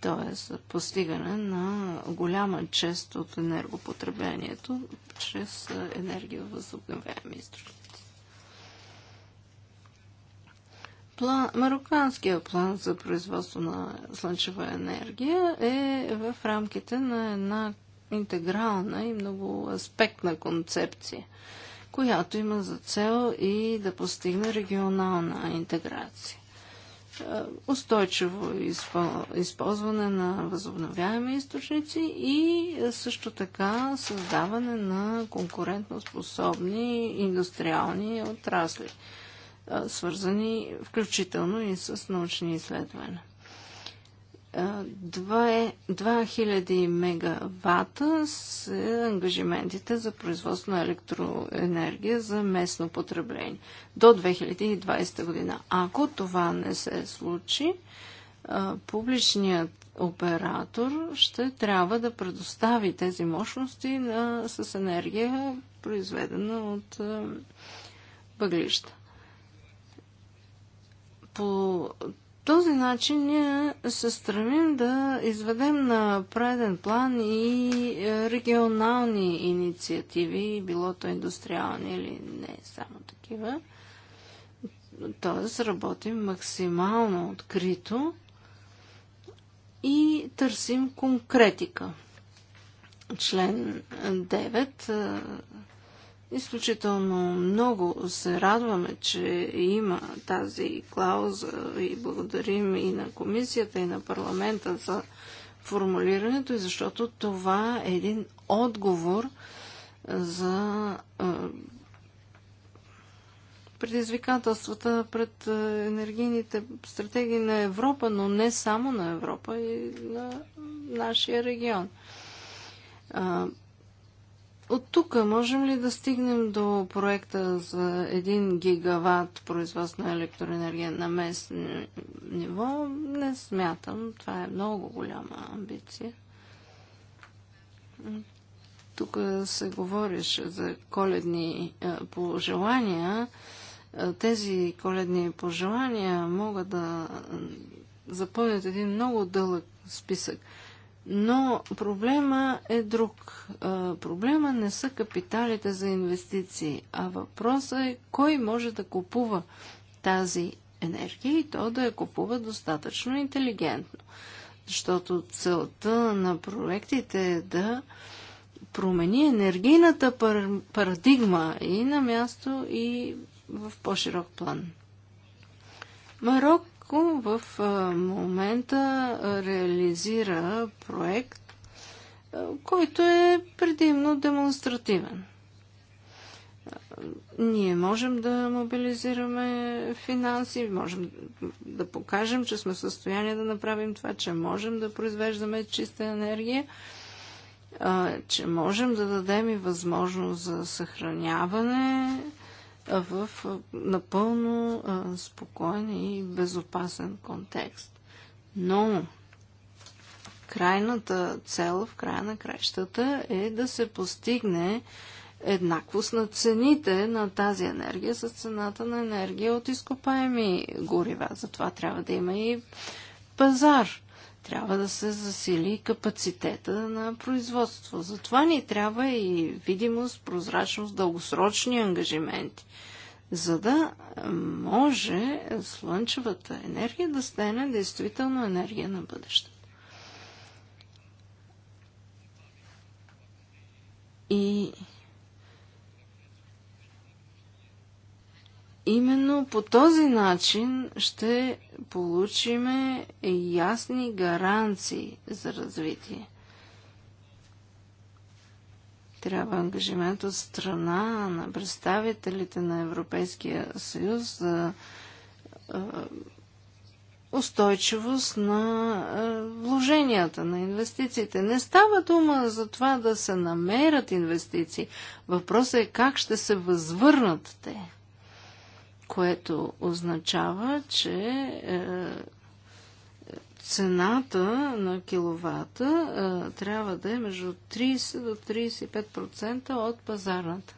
Speaker 4: т.е. постигане на голяма чест от енергопотреблението чрез енергия възобновяеми източници. План, марокканския план за производство на слънчева енергия е в рамките на една интегрална и много аспектна концепция, която има за цел и да постигне регионална интеграция. Е, устойчиво използване на възобновяеми източници и е, също така създаване на конкурентоспособни индустриални отрасли, е, свързани включително и с научни изследвания. 2000 е, е- мегавата с ангажиментите за производство на електроенергия за местно потребление до 2020 година. Ако това не се случи, е, публичният оператор ще трябва да предостави тези мощности на, с енергия, произведена от въглища по този начин ние се стремим да изведем на преден план и е, регионални инициативи, било то индустриални или не само такива. Тоест работим максимално открито и търсим конкретика. Член 9 Изключително много се радваме, че има тази клауза и благодарим и на комисията, и на парламента за формулирането, защото това е един отговор за предизвикателствата пред енергийните стратегии на Европа, но не само на Европа и на нашия регион. От тук можем ли да стигнем до проекта за 1 гигаватт производство на електроенергия на местно ниво? Не смятам. Това е много голяма амбиция. Тук се говореше за коледни е, пожелания. Е, тези коледни пожелания могат да запълнят един много дълъг списък. Но проблема е друг. Проблема не са капиталите за инвестиции, а въпросът е кой може да купува тази енергия и то да я купува достатъчно интелигентно. Защото целта на проектите е да промени енергийната пар... парадигма и на място, и в по-широк план. Марок Марко в момента реализира проект, който е предимно демонстративен. Ние можем да мобилизираме финанси, можем да покажем, че сме в състояние да направим това, че можем да произвеждаме чиста енергия, че можем да дадем и възможност за съхраняване в напълно спокоен и безопасен контекст. Но крайната цел, в края на кращата е да се постигне еднаквост на цените на тази енергия с цената на енергия от изкопаеми горива. Затова трябва да има и пазар. Трябва да се засили капацитета на производство. Затова ни трябва и видимост, прозрачност, дългосрочни ангажименти, за да е, може слънчевата енергия да стане действително енергия на бъдещето. И Именно по този начин ще получиме ясни гаранции за развитие. Трябва ангажимент от страна на представителите на Европейския съюз за устойчивост на вложенията, на инвестициите. Не става дума за това да се намерят инвестиции. Въпросът е как ще се възвърнат те което означава, че е, цената на киловата е, трябва да е между 30 до 35% от пазарната.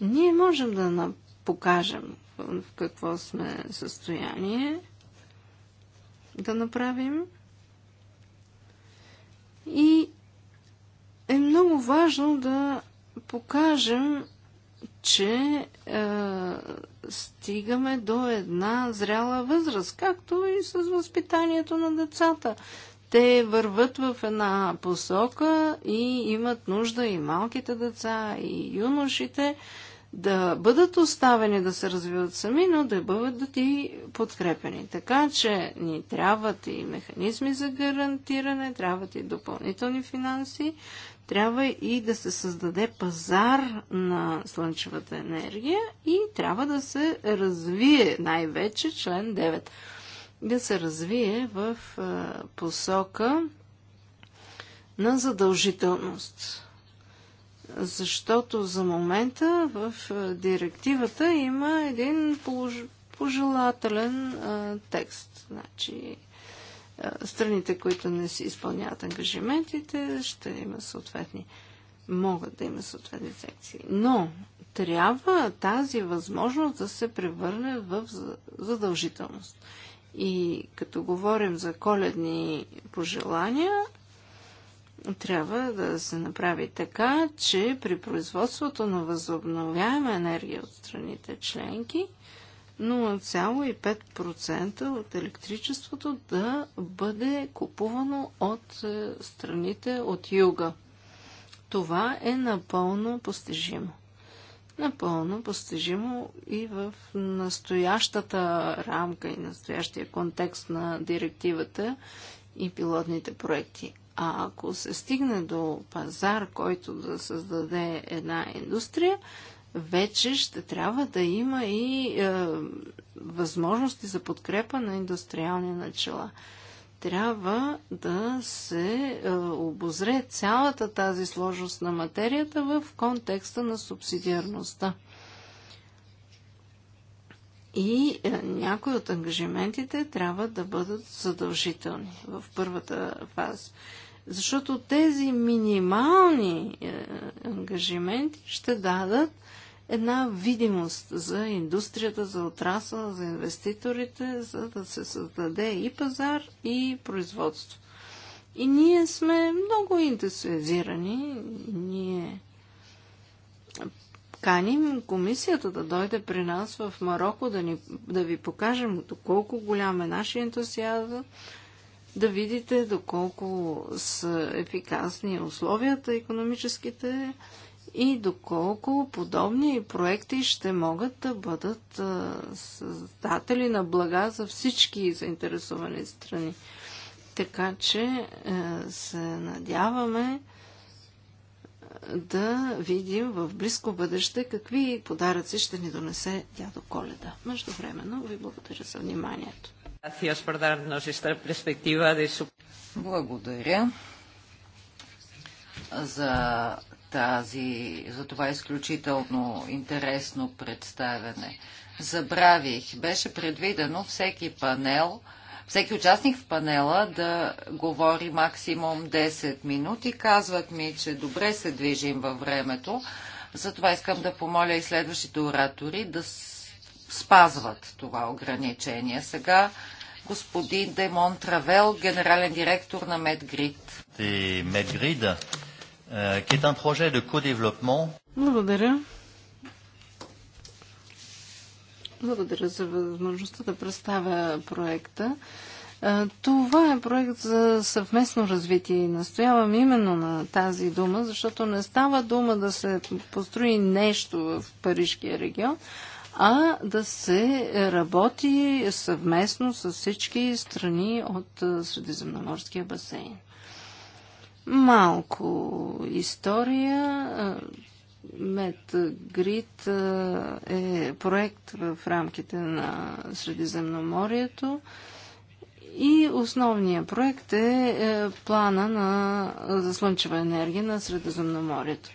Speaker 4: Ние можем да покажем в какво сме състояние да направим и е много важно да покажем че е, стигаме до една зряла възраст, както и с възпитанието на децата. Те върват в една посока и имат нужда и малките деца, и юношите да бъдат оставени да се развиват сами, но да бъдат и подкрепени. Така че ни трябват и механизми за гарантиране, трябват и допълнителни финанси, трябва и да се създаде пазар на слънчевата енергия и трябва да се развие най-вече член 9. Да се развие в посока на задължителност. Защото за момента в директивата има един пожелателен текст. Значи, страните, които не си изпълняват ангажиментите, ще има съответни могат да има съответни секции. Но трябва тази възможност да се превърне в задължителност. И като говорим за коледни пожелания, трябва да се направи така, че при производството на възобновяема енергия от страните членки – 0,5% от електричеството да бъде купувано от е, страните от юга. Това е напълно постижимо. Напълно постижимо и в настоящата рамка и настоящия контекст на директивата и пилотните проекти. А ако се стигне до пазар, който да създаде една индустрия, вече ще трябва да има и е, възможности за подкрепа на индустриални начала. Трябва да се е, обозре цялата тази сложност на материята в контекста на субсидиарността. И е, някои от ангажиментите трябва да бъдат задължителни в първата фаза. Защото тези минимални е, ангажименти ще дадат една видимост за индустрията, за отраса, за инвеститорите, за да се създаде и пазар, и производство. И ние сме много интенсивизирани. Ние каним комисията да дойде при нас в Марокко, да, ни, да ви покажем доколко голям е нашия ентусиазъм, да видите доколко са ефикасни условията економическите, и доколко подобни проекти ще могат да бъдат създатели на блага за всички заинтересовани страни. Така че е, се надяваме е, да видим в близко бъдеще какви подаръци ще ни донесе дядо Коледа. Между времено ви благодаря за вниманието.
Speaker 1: Благодаря за тази, за това изключително интересно представяне. Забравих. Беше предвидено всеки панел, всеки участник в панела да говори максимум 10 минути. Казват ми, че добре се движим във времето. Затова искам да помоля и следващите оратори да спазват това ограничение. Сега господин Демон Травел, генерален директор на Медгрид.
Speaker 3: Е, Медгрида Euh, qui est un projet de co-développement.
Speaker 4: Благодаря. Благодаря за възможността да представя проекта. Е, това е проект за съвместно развитие и настоявам именно на тази дума, защото не става дума да се построи нещо в Парижкия регион, а да се работи съвместно с всички страни от е, Средиземноморския басейн. Малко история. Медгрид е проект в рамките на Средиземноморието и основният проект е, е плана на, за слънчева енергия на Средиземноморието.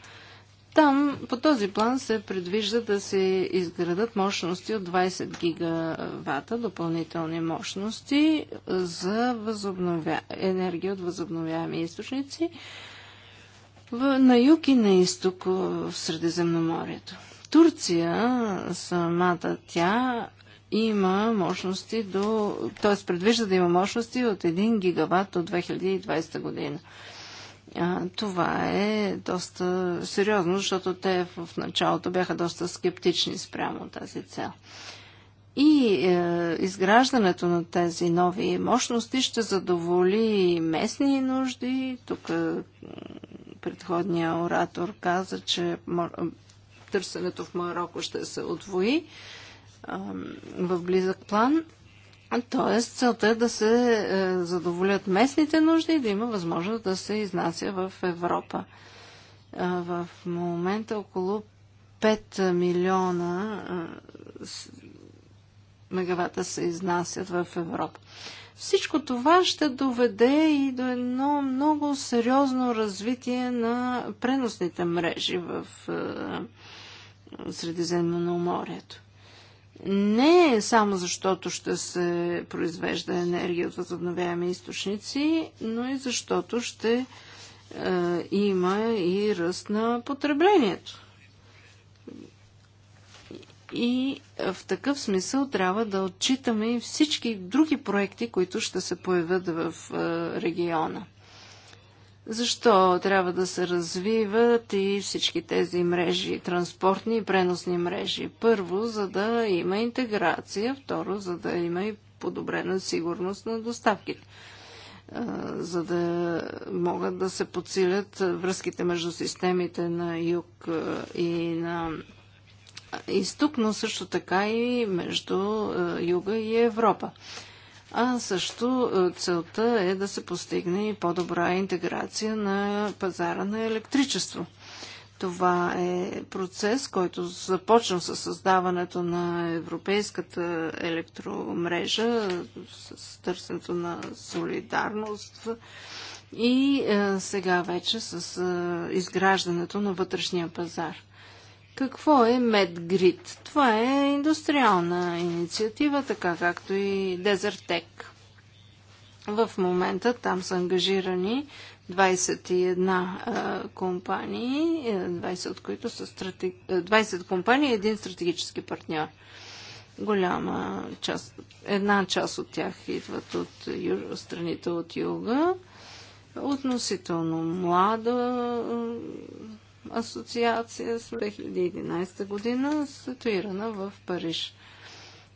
Speaker 4: Там по този план се предвижда да се изградат мощности от 20 гигавата, допълнителни мощности за възобновя... енергия от възобновяеми източници в... на юг и на изток в Средиземноморието. Турция, самата тя, има мощности до... т.е. предвижда да има мощности от 1 гигават до 2020 година това е доста сериозно, защото те в началото бяха доста скептични спрямо тази цел. И е, изграждането на тези нови мощности ще задоволи местни нужди. Тук предходният оратор каза, че търсенето в Марокко ще се отвои е, в близък план. Тоест, целта е да се е, задоволят местните нужди и да има възможност да се изнася в Европа. Е, в момента около 5 милиона е, мегавата се изнасят в Европа. Всичко това ще доведе и до едно много сериозно развитие на преносните мрежи в Средиземноморието не е само защото ще се произвежда енергия от възобновяеми източници, но и защото ще е, има и ръст на потреблението. И в такъв смисъл трябва да отчитаме и всички други проекти, които ще се появят в е, региона. Защо трябва да се развиват и всички тези мрежи, транспортни и преносни мрежи? Първо, за да има интеграция, второ, за да има и подобрена сигурност на доставките за да могат да се подсилят връзките между системите на юг и на изток, но също така и между юга и Европа а също е, целта е да се постигне и по-добра интеграция на пазара на електричество. Това е процес, който започна с създаването на европейската електромрежа, с търсенето на солидарност и е, сега вече с е, изграждането на вътрешния пазар. Какво е MedGrid? Това е индустриална инициатива, така както и Desert В момента там са ангажирани 21 компании, 20 е, от които са стратег... 20 компании и един стратегически партньор. Голяма част, една част от тях идват от страните от юга. Относително млада асоциация с 2011 година, ситуирана в Париж.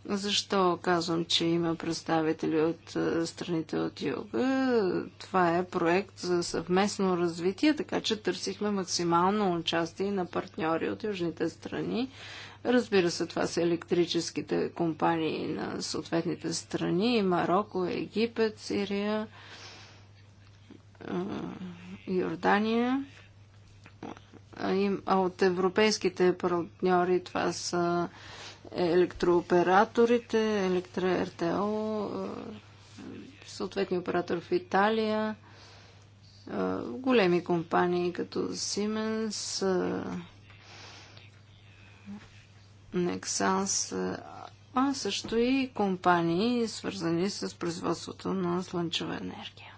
Speaker 4: Защо казвам, че има представители от е, страните от юга? Това е проект за съвместно развитие, така че търсихме максимално участие на партньори от южните страни. Разбира се, това са електрическите компании на съответните страни Марокко, Египет, Сирия, е, Йордания а от европейските партньори това са електрооператорите, електро РТО, съответни оператор в Италия, големи компании като Siemens, Nexans, а също и компании свързани с производството на слънчева енергия.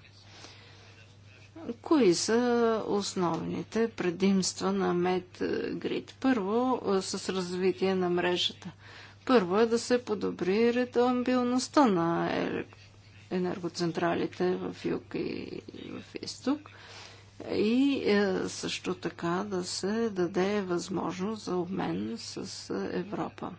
Speaker 4: Кои са основните предимства на MedGrid? Първо, с развитие на мрежата. Първо е да се подобри ретомбилността на е- енергоцентралите в юг и в изток. И е, също така да се даде възможност за обмен с Европа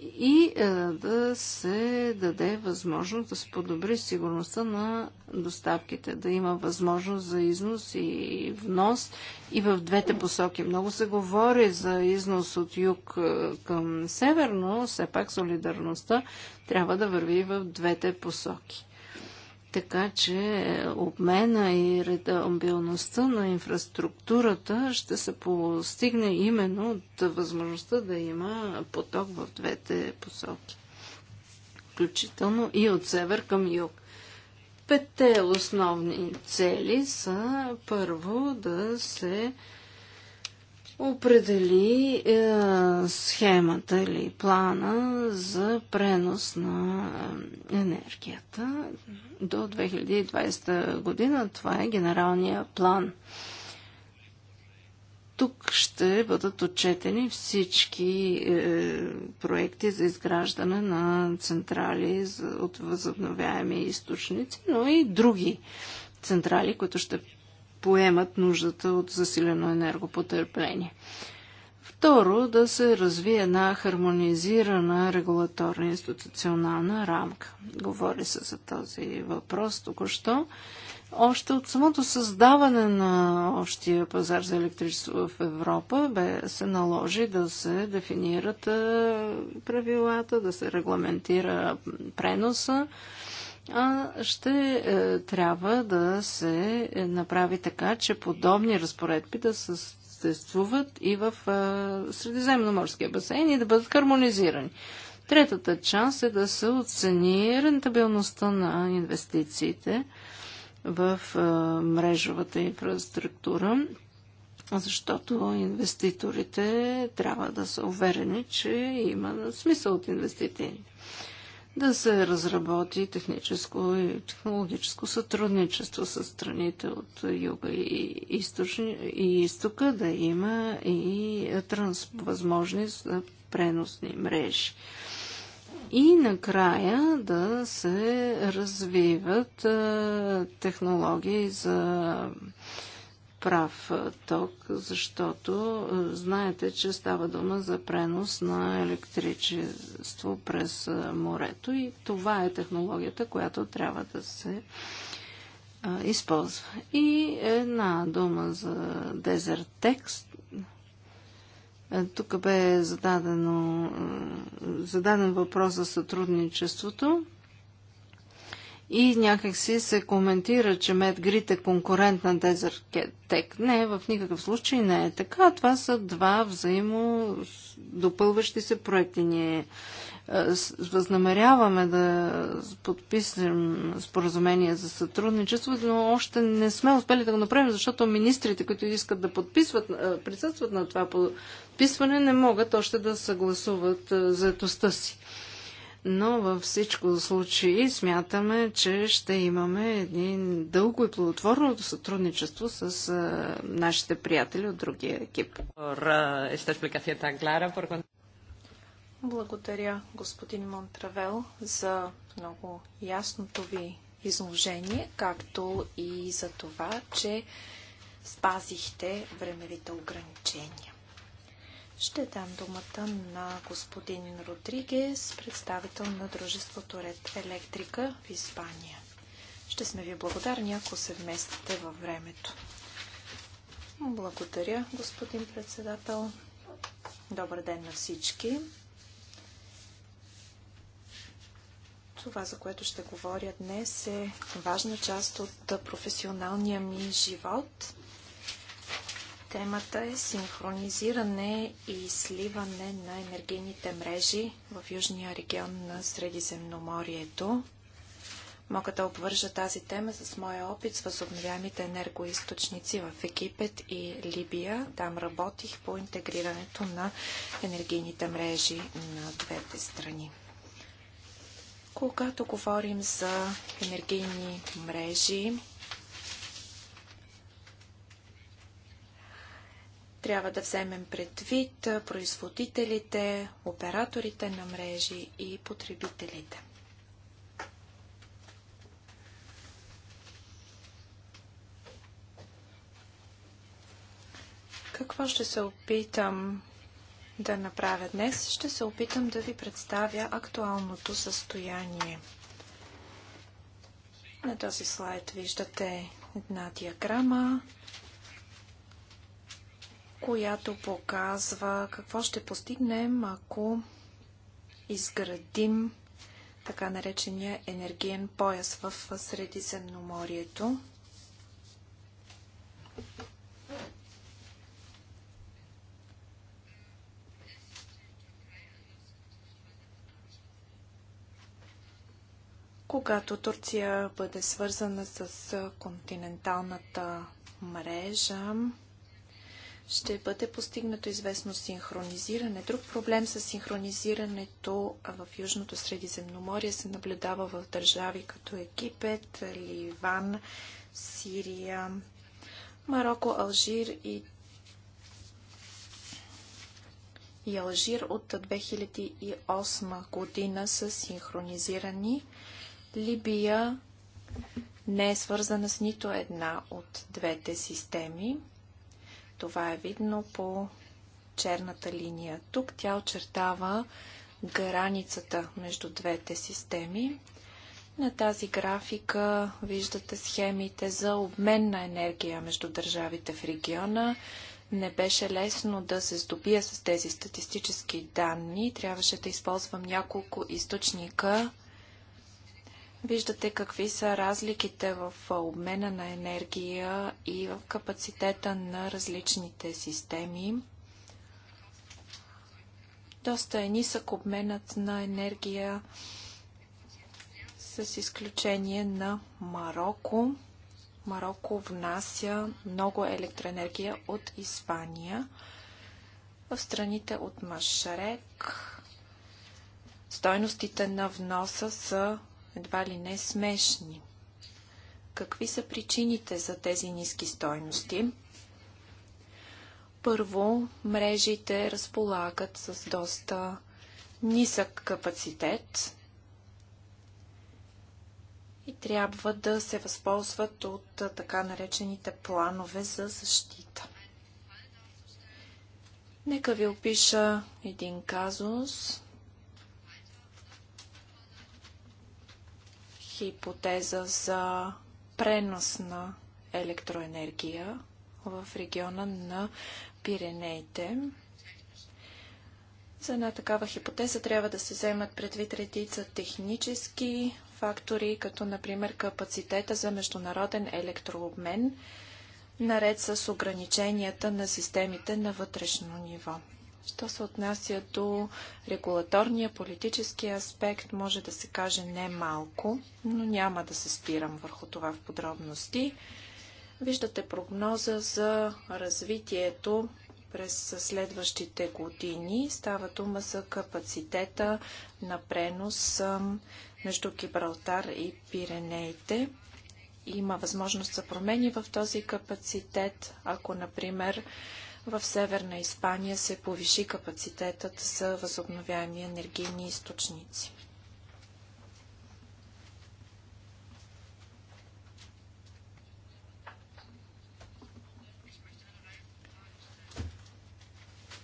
Speaker 4: и е, да се даде възможност да се подобри сигурността на доставките, да има възможност за износ и внос и в двете посоки. Много се говори за износ от юг е, към север, но все пак солидарността трябва да върви в двете посоки. Така че обмена и редамбилността на инфраструктурата ще се постигне именно от възможността да има поток в двете посоки. Включително и от север към юг. Петте основни цели са първо да се определи е, схемата или плана за пренос на е, енергията до 2020 година. Това е генералния план. Тук ще бъдат отчетени всички е, проекти за изграждане на централи за, от възобновяеми източници, но и други централи, които ще поемат нуждата от засилено енергопотърпление. Второ, да се развие една хармонизирана регулаторна институционална рамка. Говори се за този въпрос току-що. Още от самото създаване на общия пазар за електричество в Европа бе, се наложи да се дефинират правилата, да се регламентира преноса а ще е, трябва да се направи така, че подобни разпоредби да съществуват и в е, Средиземноморския басейн и да бъдат хармонизирани. Третата част е да се оцени рентабилността на инвестициите в е, мрежовата инфраструктура, защото инвеститорите трябва да са уверени, че има смисъл от инвестициите да се разработи техническо и технологическо сътрудничество с страните от юга и, източни, и изтока, да има и транс, за преносни мрежи. И накрая да се развиват а, технологии за а, прав ток, защото знаете, че става дума за пренос на електричество през морето и това е технологията, която трябва да се използва. И една дума за Text. Тук бе зададено, зададен въпрос за сътрудничеството и някак си се коментира, че Медгрид е конкурент на Tech. Не, в никакъв случай не е така. Това са два взаимо допълващи се проекти. Ние е, възнамеряваме да подписам споразумение за сътрудничество, но още не сме успели да го направим, защото министрите, които искат да подписват, е, присъстват на това подписване, не могат още да съгласуват е, заетостта си но във всичко случаи смятаме, че ще имаме един дълго и плодотворно сътрудничество с а, нашите приятели от другия екип.
Speaker 2: Благодаря, господин Монтравел, за много ясното ви изложение, както и за това, че спазихте времевите ограничения. Ще дам думата на господин Родригес, представител на дружеството Ред Електрика в Испания. Ще сме ви благодарни, ако се вместите във времето. Благодаря, господин председател. Добър ден на всички. Това, за което ще говоря днес, е важна част от професионалния ми живот – Темата е синхронизиране и сливане на енергийните мрежи в южния регион на Средиземноморието. Мога да обвържа тази тема с моя опит с възобновяемите енергоисточници в Египет и Либия. Там работих по интегрирането на енергийните мрежи на двете страни. Когато говорим за енергийни мрежи, Трябва да вземем предвид производителите, операторите на мрежи и потребителите. Какво ще се опитам да направя днес? Ще се опитам да ви представя актуалното състояние. На този слайд виждате една диаграма, която показва какво ще постигнем, ако изградим така наречения енергиен пояс в Средиземноморието. Когато Турция бъде свързана с континенталната мрежа, ще бъде постигнато известно синхронизиране. Друг проблем с синхронизирането в Южното Средиземноморие се наблюдава в държави като Египет, Ливан, Сирия, Марокко, Алжир и и Алжир от 2008 година са синхронизирани. Либия не е свързана с нито една от двете системи. Това е видно по черната линия. Тук тя очертава границата между двете системи. На тази графика виждате схемите за обмен на енергия между държавите в региона. Не беше лесно да се здобия с тези статистически данни. Трябваше да използвам няколко източника Виждате какви са разликите в обмена на енергия и в капацитета на различните системи. Доста е нисък обменът на енергия с изключение на Марокко. Марокко внася много електроенергия от Испания. В страните от Машрек стойностите на вноса са едва ли не смешни. Какви са причините за тези ниски стойности? Първо, мрежите разполагат с доста нисък капацитет и трябва да се възползват от така наречените планове за защита. Нека ви опиша един казус, хипотеза за пренос на електроенергия в региона на Пиренеите. За една такава хипотеза трябва да се вземат предвид редица технически фактори, като например капацитета за международен електрообмен, наред с ограниченията на системите на вътрешно ниво. Що се отнася до регулаторния, политически аспект, може да се каже не малко, но няма да се спирам върху това в подробности. Виждате прогноза за развитието през следващите години. Става дума за капацитета на пренос между Гибралтар и Пиренеите. Има възможност за промени в този капацитет, ако, например, в Северна Испания се повиши капацитетът за възобновяеми енергийни източници.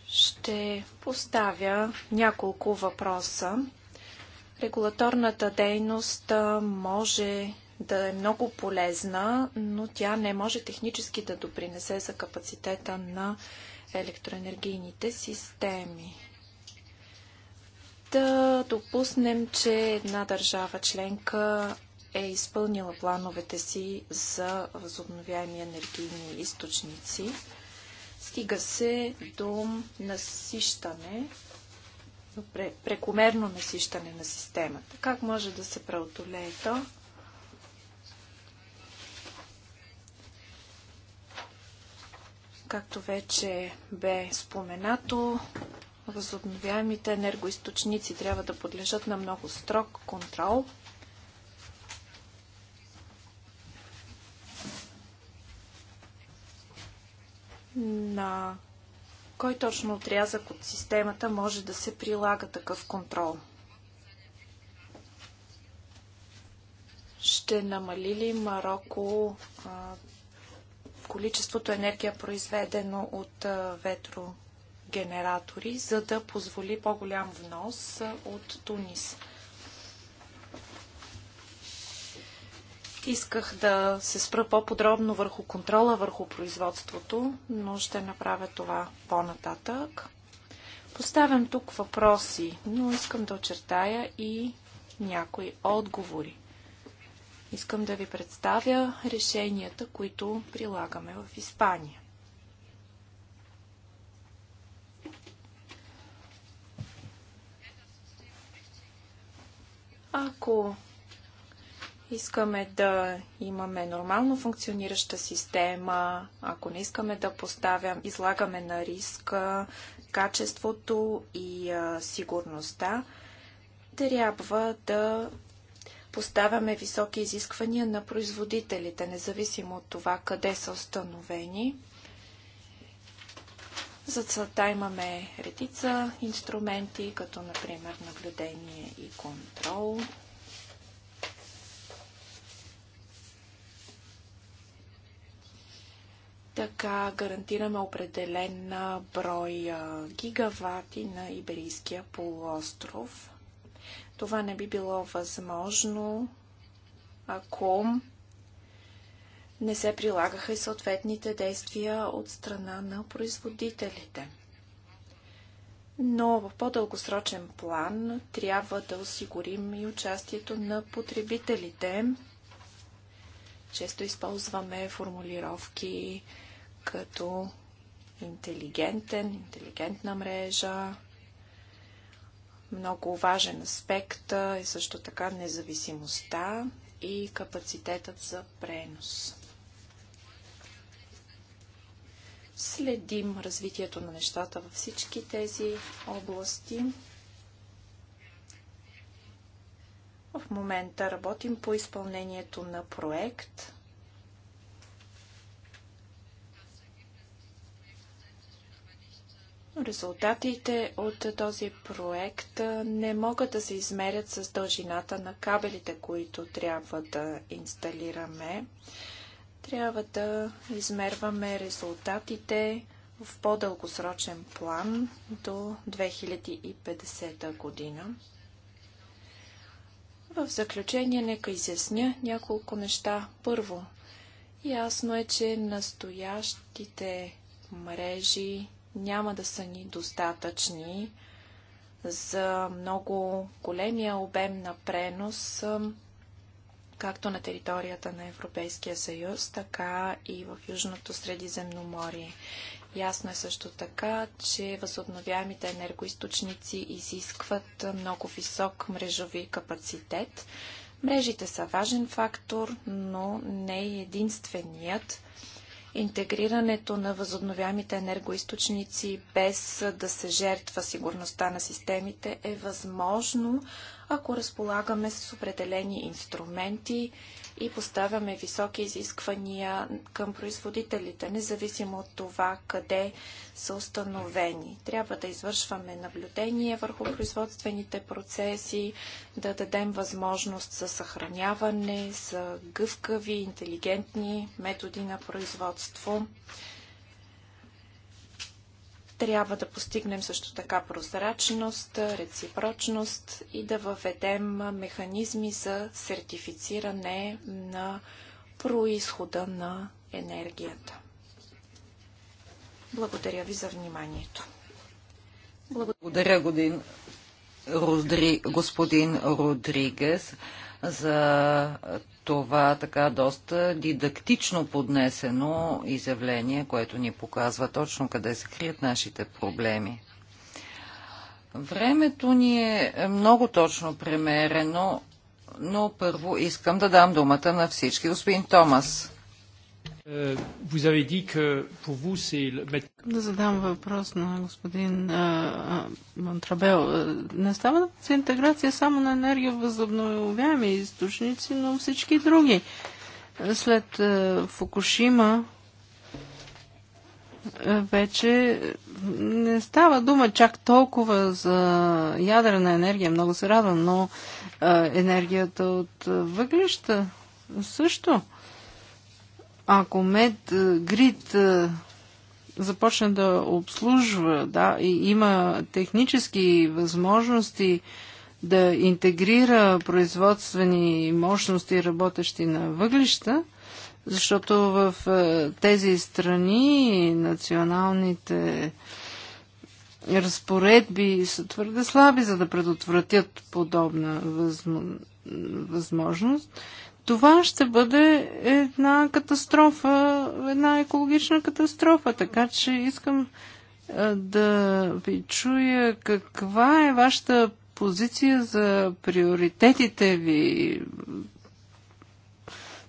Speaker 2: ще поставя няколко въпроса. Регулаторната дейност може да е много полезна, но тя не може технически да допринесе за капацитета на електроенергийните системи. Да допуснем, че една държава членка е изпълнила плановете си за възобновяеми енергийни източници. Стига се до насищане, прекомерно насищане на системата. Как може да се преодолее то? Както вече бе споменато, възобновяемите енергоисточници трябва да подлежат на много строг контрол. На кой точно отрязък от системата може да се прилага такъв контрол? Ще намали ли Марокко количеството енергия, произведено от ветрогенератори, за да позволи по-голям внос от Тунис. Исках да се спра по-подробно върху контрола върху производството, но ще направя това по-нататък. Поставям тук въпроси, но искам да очертая и някои отговори. Искам да ви представя решенията, които прилагаме в Испания. Ако искаме да имаме нормално функционираща система, ако не искаме да поставям, излагаме на риск качеството и а, сигурността, трябва да поставяме високи изисквания на производителите, независимо от това къде са установени. За целта имаме редица инструменти, като например наблюдение и контрол. Така гарантираме определен брой гигавати на Иберийския полуостров – това не би било възможно, ако не се прилагаха и съответните действия от страна на производителите. Но в по-дългосрочен план трябва да осигурим и участието на потребителите. Често използваме формулировки като интелигентен, интелигентна мрежа, много важен аспект е също така независимостта и капацитетът за пренос. Следим развитието на нещата във всички тези области. В момента работим по изпълнението на проект Резултатите от този проект не могат да се измерят с дължината на кабелите, които трябва да инсталираме. Трябва да измерваме резултатите в по-дългосрочен план до 2050 година. В заключение нека изясня няколко неща. Първо, ясно е, че настоящите мрежи няма да са ни достатъчни за много големия обем на пренос, както на територията на Европейския съюз, така и в Южното Средиземноморие. Ясно е също така, че възобновяемите енергоисточници изискват много висок мрежови капацитет. Мрежите са важен фактор, но не единственият интегрирането на възобновяемите енергоисточници без да се жертва сигурността на системите е възможно, ако разполагаме с определени инструменти и поставяме високи изисквания към производителите, независимо от това къде са установени. Трябва да извършваме наблюдение върху производствените процеси, да дадем възможност за съхраняване, за гъвкави, интелигентни методи на производство. Трябва да постигнем също така прозрачност, реципрочност и да въведем механизми за сертифициране на происхода на енергията. Благодаря ви за вниманието. Благодаря,
Speaker 1: господин, господин Родригес за това така доста дидактично поднесено изявление, което ни показва точно къде се крият нашите проблеми. Времето ни е много точно премерено, но първо искам да дам думата на
Speaker 4: всички. Господин Томас. Да задам въпрос на господин Монтрабел. Е, не става да за интеграция само на енергия възобновяеми източници, но всички други. След е, Фукушима е, вече не става дума чак толкова за ядрена енергия, много се радвам, но енергията от въглища също ако е, Грид е, започне да обслужва, да, и има технически възможности да интегрира производствени мощности, работещи на въглища, защото в е, тези страни националните разпоредби са твърде слаби, за да предотвратят подобна възможност това ще бъде една катастрофа, една екологична катастрофа. Така че искам е, да ви чуя каква е вашата позиция за приоритетите ви.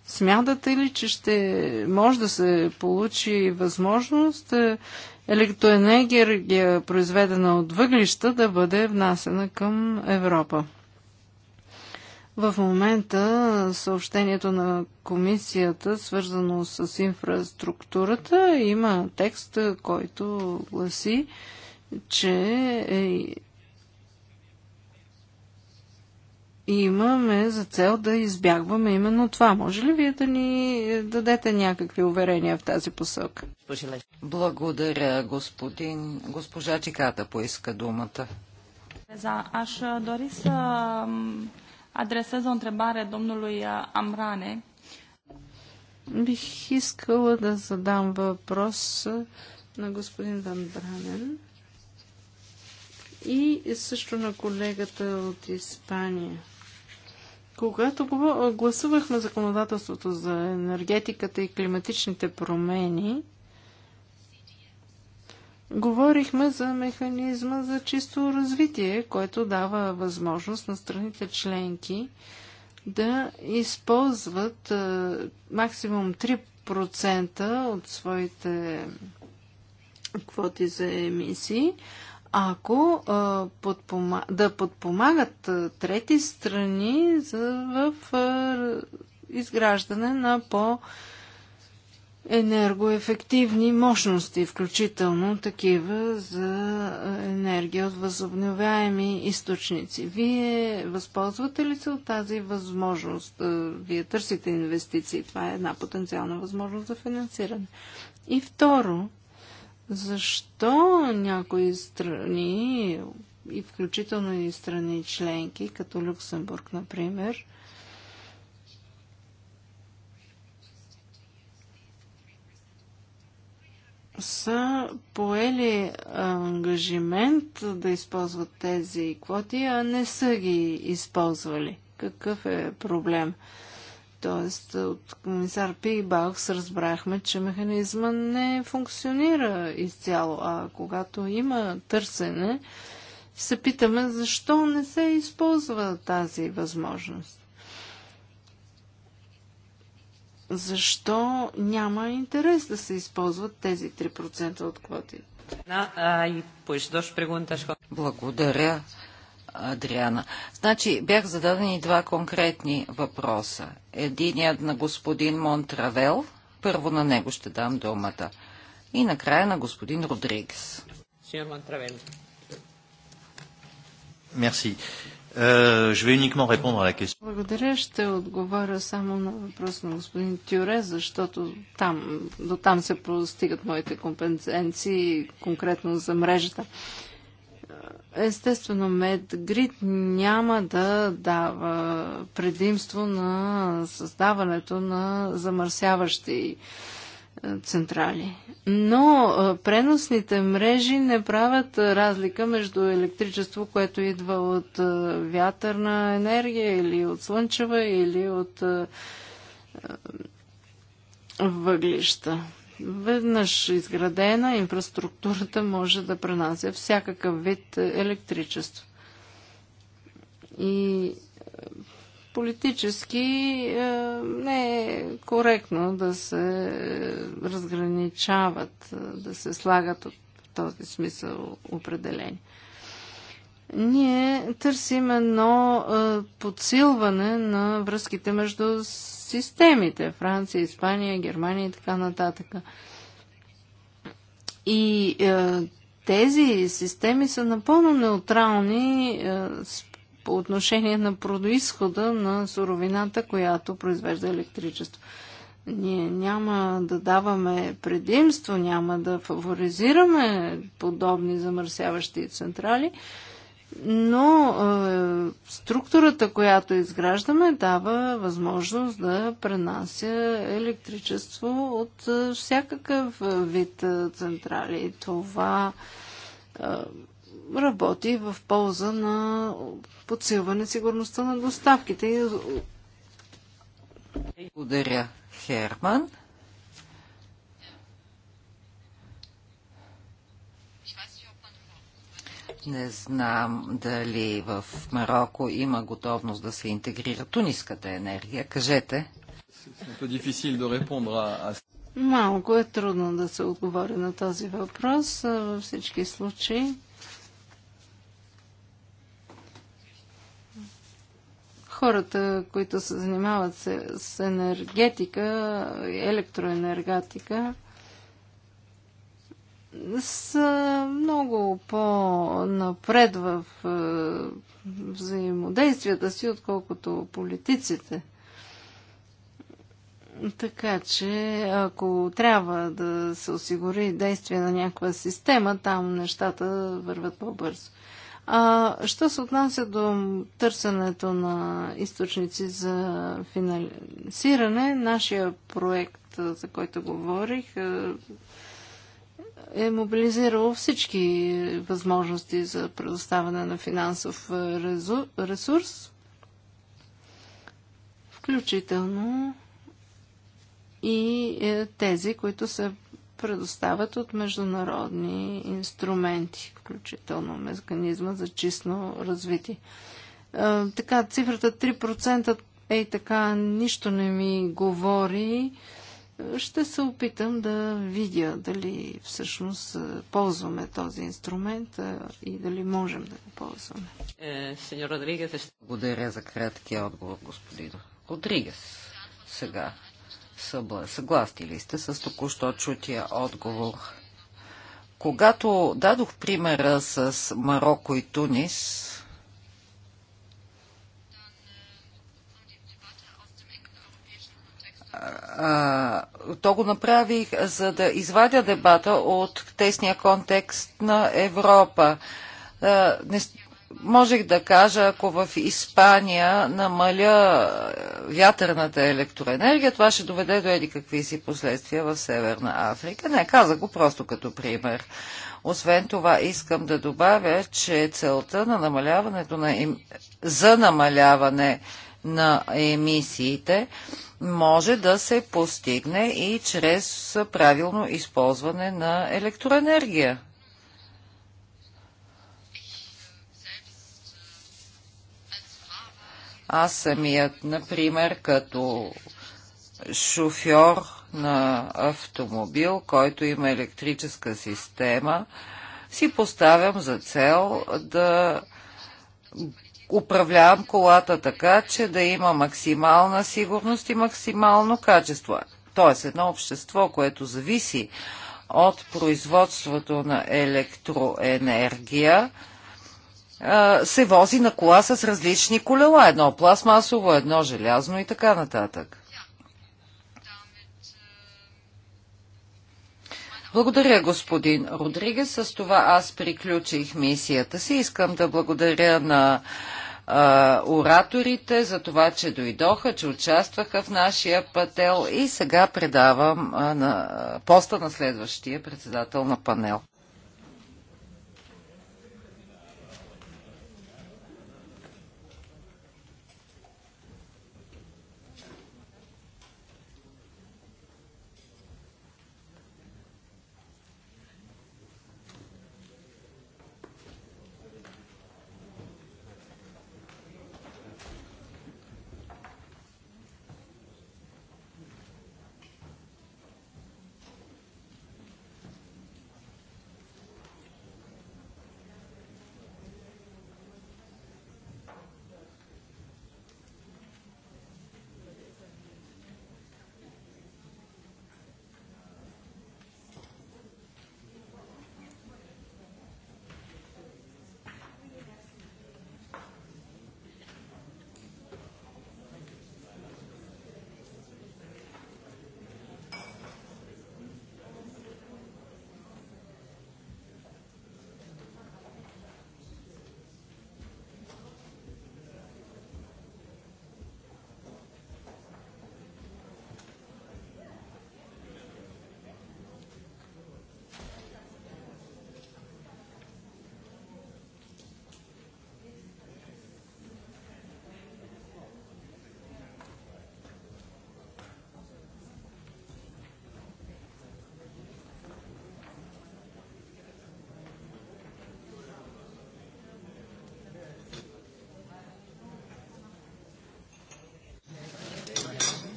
Speaker 4: Смятате ли, че ще може да се получи възможност е, електроенергия, е, произведена от въглища, да бъде внасена към Европа? В момента съобщението на комисията, свързано с инфраструктурата, има текст, който гласи, че е, имаме за цел да избягваме именно това. Може ли вие да ни дадете някакви уверения в тази посока?
Speaker 1: Благодаря, господин. Госпожа Чиката поиска думата.
Speaker 2: За аз дори са adresez o întrebare domnului uh, Amrane.
Speaker 4: Бих искала да задам въпрос на господин Ван Бранен и също на колегата от Испания. Когато гласувахме законодателството за енергетиката и климатичните промени, Говорихме за механизма за чисто развитие, който дава възможност на страните членки да използват а, максимум 3% от своите квоти за емисии, ако а, подпома... да подпомагат а, трети страни за, в а, изграждане на по- а, енергоефективни мощности, включително такива за енергия от възобновяеми източници. Вие възползвате ли се от тази възможност? Е, вие търсите инвестиции. Това е една потенциална възможност за финансиране. И второ, защо някои страни, и включително и страни членки, като Люксембург, например, са поели ангажимент да използват тези квоти, а не са ги използвали. Какъв е проблем? Тоест, от комисар Пигбалкс разбрахме, че механизма не функционира изцяло, а когато има търсене, се питаме защо не се използва тази възможност. защо няма интерес да се използват тези 3% от квотите?
Speaker 1: Благодаря, Адриана. Значи бях зададени два конкретни въпроса. Единият на господин Монтравел. Първо на него ще дам думата. И накрая на господин Родригес.
Speaker 4: Сеньор Монтравел.
Speaker 3: Мерси. Euh,
Speaker 4: Благодаря. Ще отговоря само на въпрос на господин Тюре, защото там, до там се простигат моите компетенции, конкретно за мрежата. Естествено, Медгрид няма да дава предимство на създаването на замърсяващи е, централи. Но е, преносните мрежи не правят е, разлика между електричество, което идва от вятърна енергия или от слънчева или от въглища. Веднъж изградена инфраструктурата може да пренася всякакъв вид електричество. И политически е, не е коректно да се разграничават, е, да се слагат от този смисъл определени. Ние търсим едно е, подсилване на връзките между системите Франция, Испания, Германия и така нататък. И тези системи са напълно неутрални по отношение на происхода на суровината, която произвежда електричество. Ние няма да даваме предимство, няма да фаворизираме подобни замърсяващи централи, но е, структурата, която изграждаме, дава възможност да пренася електричество от е, всякакъв е, вид е, централи. Това е, работи в полза на подсилване сигурността на доставките.
Speaker 1: Благодаря, Херман. Не знам дали в Марокко има готовност да се интегрира туниската енергия. Кажете.
Speaker 3: Е
Speaker 4: Малко е трудно да се отговори на този въпрос. Във всички случаи хората, които се занимават с, с енергетика, електроенергетика, са много по-напред в е, взаимодействията си, отколкото политиците. Така че, ако трябва да се осигури действие на някаква система, там нещата върват по-бързо. А, що се отнася до търсенето на източници за финансиране, нашия проект, за който говорих, е мобилизирал всички възможности за предоставяне на финансов ресурс, включително и е, тези, които са предоставят от международни инструменти, включително механизма за чистно развитие. така, цифрата 3% е така, нищо не ми говори. Ще се опитам да видя дали всъщност ползваме този инструмент и дали можем да го ползваме. Е, е-
Speaker 1: Благодаря за краткия отговор, господин Родригес. Сега Съгласни ли сте с току-що чутия отговор? Когато дадох примера с Марокко и Тунис, то го направих, за да извадя дебата от тесния контекст на Европа можех да кажа, ако в Испания намаля е, вятърната електроенергия, това ще доведе до еди какви си последствия в Северна Африка. Не, каза го просто като пример. Освен това, искам да добавя, че целта на намаляването на ем... за намаляване на емисиите може да се постигне и чрез правилно използване на електроенергия. Аз самият, например, като шофьор на автомобил, който има електрическа система, си поставям за цел да управлявам колата така, че да има максимална сигурност и максимално качество. Тоест едно общество, което зависи от производството на електроенергия, се вози на кола с различни колела. Едно пластмасово, едно желязно и така нататък. Благодаря, господин Родригес. С това аз приключих мисията си. Искам да благодаря на а, ораторите за това, че дойдоха, че участваха в нашия пател и сега предавам а, на, поста на следващия председател на панел.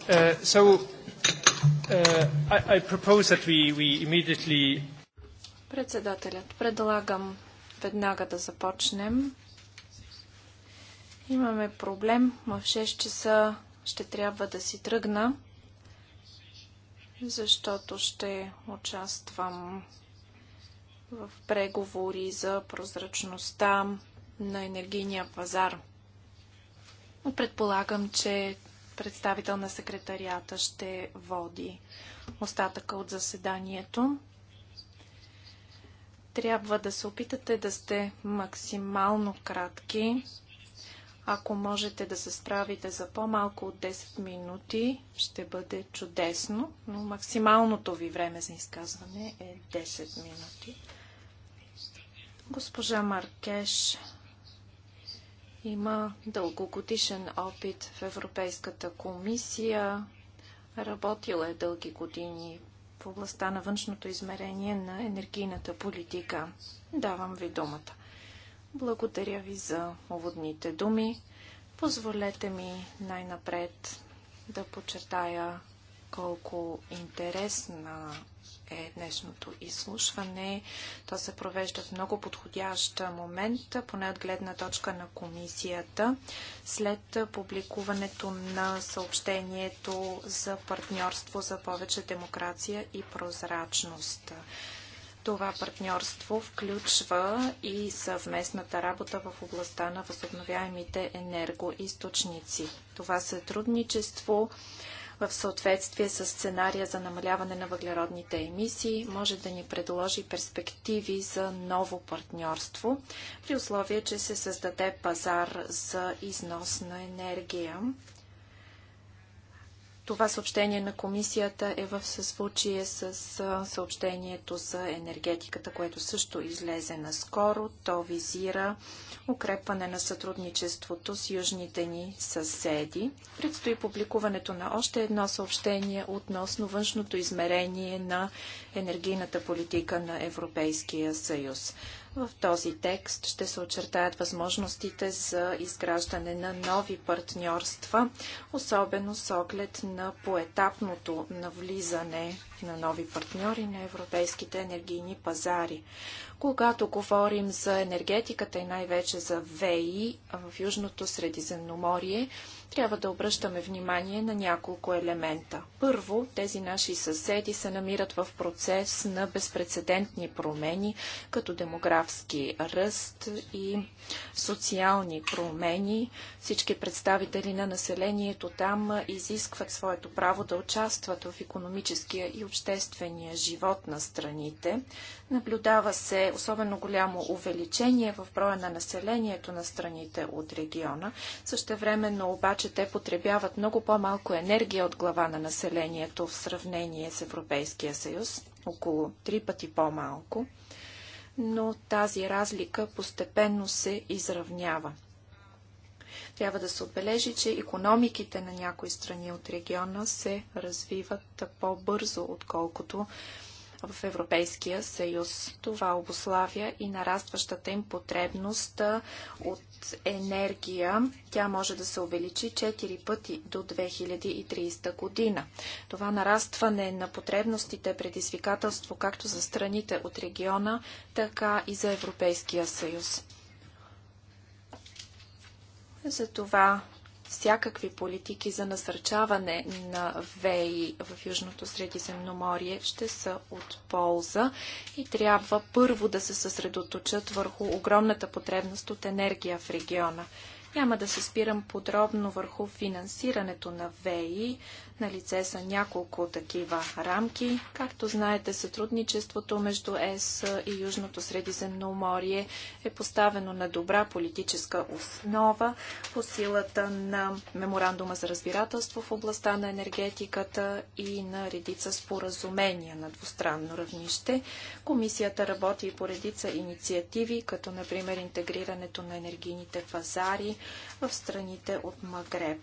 Speaker 3: Uh, so, uh, I, I propose that we, we immediately...
Speaker 2: Председателят, предлагам веднага да започнем. Имаме проблем. В 6 часа ще трябва да си тръгна, защото ще участвам в преговори за прозрачността на енергийния пазар. Предполагам, че представител на секретарията ще води остатъка от заседанието. Трябва да се опитате да сте максимално кратки. Ако можете да се справите за по-малко от 10 минути, ще бъде чудесно, но максималното ви време за изказване е 10 минути. Госпожа Маркеш има дългогодишен опит в Европейската комисия. Работила е дълги години в областта на външното измерение на енергийната политика. Давам ви думата. Благодаря ви за уводните думи. Позволете ми най-напред да подчертая колко интересна е днешното изслушване. То се провежда в много подходящ момент, поне от гледна точка на комисията, след публикуването на съобщението за партньорство за повече демокрация и прозрачност. Това партньорство включва и съвместната работа в областта на възобновяемите енергоисточници. Това сътрудничество в съответствие с сценария за намаляване на въглеродните емисии, може да ни предложи перспективи за ново партньорство, при условие, че се създаде пазар за износ на енергия. Това съобщение на комисията е в съзвучие с съобщението за енергетиката, което също излезе наскоро. То визира укрепване на сътрудничеството с южните ни съседи. Предстои публикуването на още едно съобщение относно външното измерение на енергийната политика на Европейския съюз. В този текст ще се очертаят възможностите за изграждане на нови партньорства, особено с оглед на поетапното навлизане на нови партньори на европейските енергийни пазари. Когато говорим за енергетиката и най-вече за ВЕИ в Южното Средиземноморие, трябва да обръщаме внимание на няколко елемента. Първо, тези наши съседи се намират в процес на безпредседентни промени, като демографски ръст и социални промени. Всички представители на населението там изискват своето право да участват в економическия и обществения живот на страните. Наблюдава се особено голямо увеличение в броя на населението на страните от региона. Същевременно обаче те потребяват много по-малко енергия от глава на населението в сравнение с Европейския съюз, около три пъти по-малко но тази разлика постепенно се изравнява. Трябва да се отбележи, че економиките на някои страни от региона се развиват по-бързо, отколкото в Европейския съюз. Това обославя и нарастващата им потребност от енергия. Тя може да се увеличи 4 пъти до 2030 година. Това нарастване на потребностите е предизвикателство както за страните от региона, така и за Европейския съюз. Затова всякакви политики за насърчаване на ВЕИ в Южното Средиземноморие ще са от полза и трябва първо да се съсредоточат върху огромната потребност от енергия в региона. Няма да се спирам подробно върху финансирането на ВЕИ, на лице са няколко такива рамки. Както знаете, сътрудничеството между ЕС и Южното Средиземноморие е поставено на добра политическа основа по силата на меморандума за разбирателство в областта на енергетиката и на редица споразумения на двустранно равнище. Комисията работи и по редица инициативи, като например интегрирането на енергийните пазари в страните от Магреб.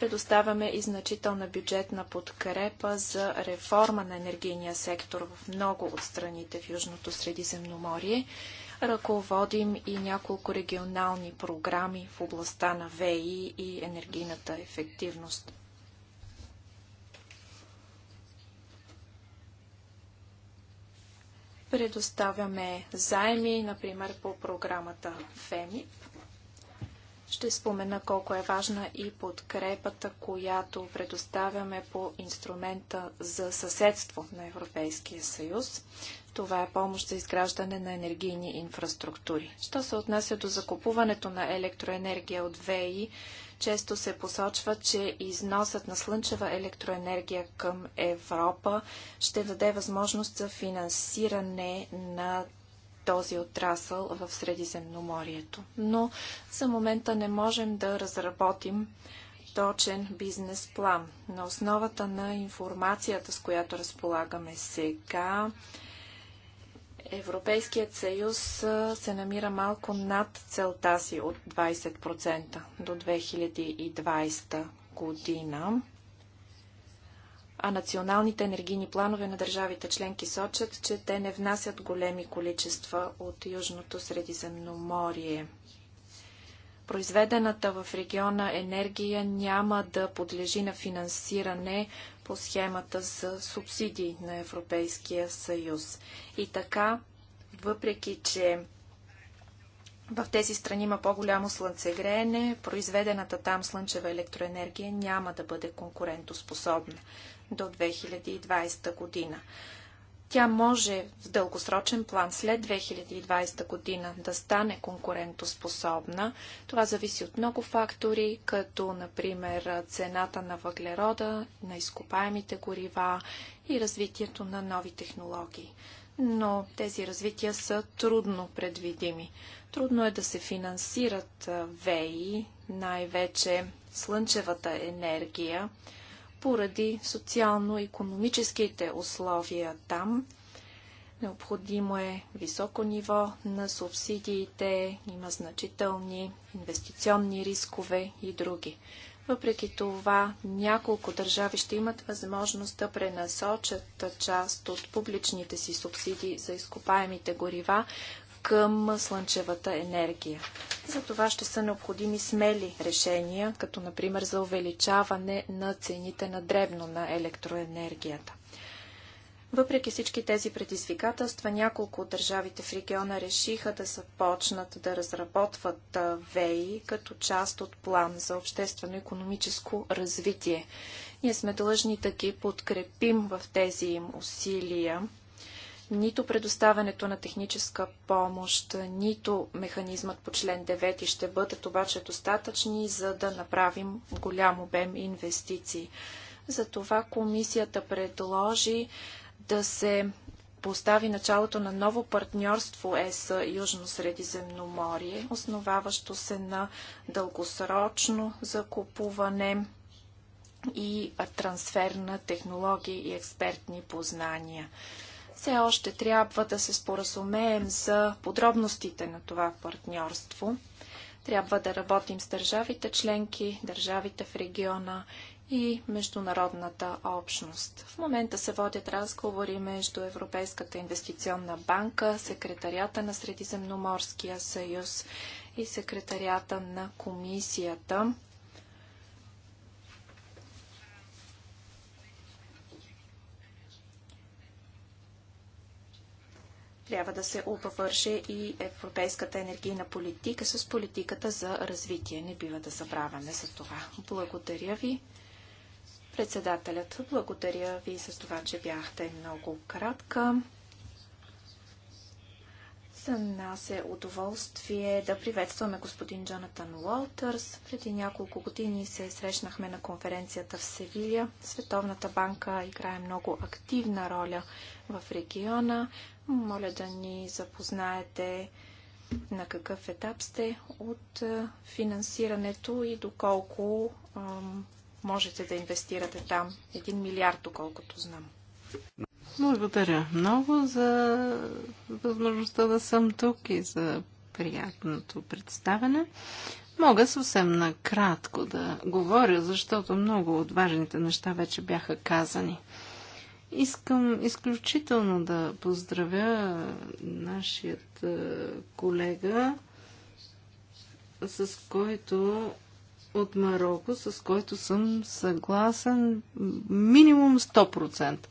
Speaker 2: Предоставяме и значителна бюджетна подкрепа за реформа на енергийния сектор в много от страните в Южното Средиземноморие. Ръководим и няколко регионални програми в областта на ВЕИ и енергийната ефективност. предоставяме заеми, например по програмата ФЕМИП. Ще спомена колко е важна и подкрепата, която предоставяме по инструмента за съседство на Европейския съюз. Това е помощ за изграждане на енергийни инфраструктури. Що се отнася до закупуването на електроенергия от ВЕИ, често се посочва, че износът на слънчева електроенергия към Европа ще даде възможност за финансиране на този отрасъл в Средиземноморието. Но за момента не можем да разработим точен бизнес план. На основата на информацията, с която разполагаме сега, Европейският съюз се намира малко над целта си от 20% до 2020 година а националните енергийни планове на държавите членки сочат, че те не внасят големи количества от Южното Средиземноморие. Произведената в региона енергия няма да подлежи на финансиране по схемата за субсидии на Европейския съюз. И така, въпреки че в тези страни има по-голямо слънцегреене, произведената там слънчева електроенергия няма да бъде конкурентоспособна до 2020 година. Тя може в дългосрочен план след 2020 година да стане конкурентоспособна. Това зависи от много фактори, като например цената на въглерода, на изкопаемите горива и развитието на нови технологии. Но тези развития са трудно предвидими. Трудно е да се финансират ВЕИ, най-вече слънчевата енергия, поради социално-економическите условия там. Необходимо е високо ниво на субсидиите, има значителни инвестиционни рискове и други. Въпреки това, няколко държави ще имат възможност да пренасочат част от публичните си субсидии за изкопаемите горива към слънчевата енергия. За това ще са необходими смели решения, като например за увеличаване на цените на дребно на електроенергията. Въпреки всички тези предизвикателства, няколко от държавите в региона решиха да започнат да разработват ВЕИ като част от план за обществено-економическо развитие. Ние сме длъжни да ги подкрепим в тези им усилия нито предоставянето на техническа помощ, нито механизмът по член 9 ще бъдат обаче достатъчни, за да направим голям обем инвестиции. Затова комисията предложи да се постави началото на ново партньорство ЕС Южно Средиземноморие, основаващо се на дългосрочно закупуване и трансфер на технологии и експертни познания. Все още трябва да се споразумеем за подробностите на това партньорство. Трябва да работим с държавите членки, държавите в региона и международната общност. В момента се водят разговори между Европейската инвестиционна банка, секретарията на Средиземноморския съюз и секретарията на комисията трябва да се обвърже и европейската енергийна политика с политиката за развитие. Не бива да забравяме за това. Благодаря ви. Председателят, благодаря ви за това, че бяхте много кратка. За нас е удоволствие да приветстваме господин Джонатан Уолтърс. Преди няколко години се срещнахме на конференцията в Севилия. Световната банка играе много активна роля в региона. Моля да ни запознаете на какъв етап сте от финансирането и доколко можете да инвестирате там. Един милиард, доколкото знам.
Speaker 4: Благодаря много за възможността да съм тук и за приятното представене. Мога съвсем накратко да говоря, защото много от важните неща вече бяха казани. Искам изключително да поздравя нашият е, колега, с който от Марокко, с който съм съгласен минимум 100%.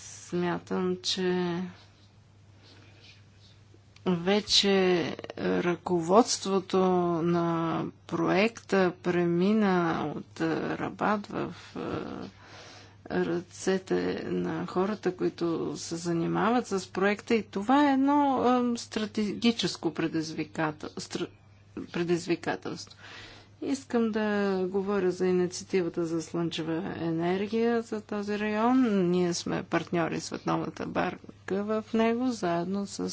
Speaker 4: Смятам, че вече ръководството на проекта премина от Рабат в е, ръцете на хората, които се занимават с проекта и това е едно стратегическо предизвикателство. Искам да говоря за инициативата за слънчева енергия за този район. Ние сме партньори с Световната барка в него, заедно с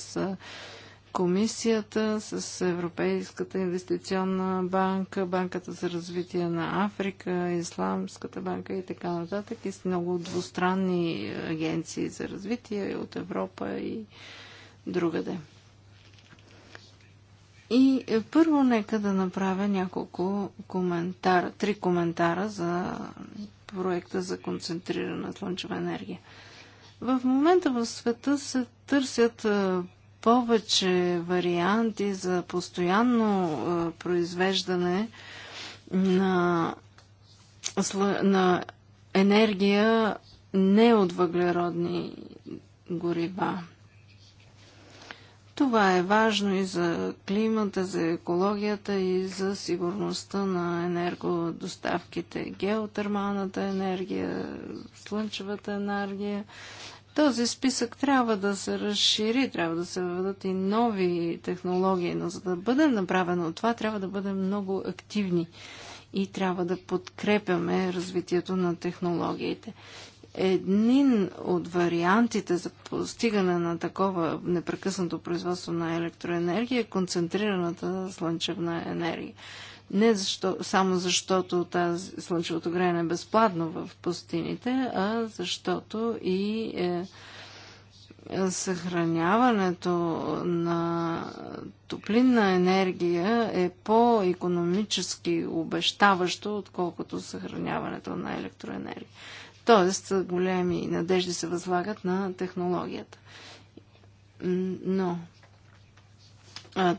Speaker 4: комисията, с Европейската инвестиционна банка, Банката за развитие на Африка, Исламската банка и така нататък и с много двустранни агенции за развитие от Европа и другаде. И първо нека да направя няколко коментара, три коментара за проекта за концентрирана слънчева енергия. В момента в света се търсят повече варианти за постоянно произвеждане на, на енергия не от въглеродни горива. Това е важно и за климата, за екологията и за сигурността на енергодоставките. Геотермалната енергия, слънчевата енергия, този списък трябва да се разшири, трябва да се въведат и нови технологии, но за да бъде направено това, трябва да бъдем много активни и трябва да подкрепяме развитието на технологиите. Един от вариантите за постигане на такова непрекъснато производство на електроенергия е концентрираната слънчевна енергия не защо, само защото тази слънчевото грене е безплатно в пустините, а защото и е, съхраняването на топлинна енергия е по-економически обещаващо, отколкото съхраняването на електроенергия. Тоест, големи надежди се възлагат на технологията. Но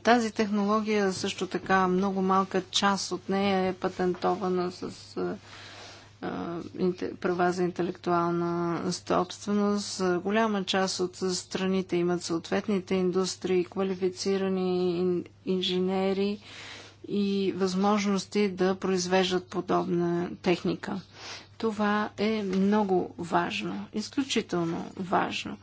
Speaker 4: тази технология също така много малка част от нея е патентована с права за интелектуална собственост. Голяма част от страните имат съответните индустрии, квалифицирани инженери и възможности да произвеждат подобна техника. Това е много важно, изключително важно.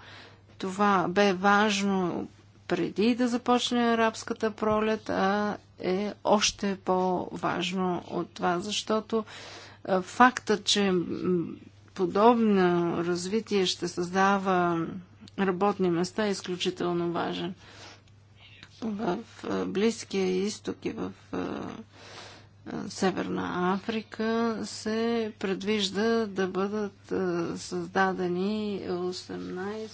Speaker 4: Това бе важно преди да започне арабската пролет, а е още по-важно от това, защото факта, че подобно развитие ще създава работни места е изключително важен. В Близкия изток и в Северна Африка се предвижда да бъдат създадени 18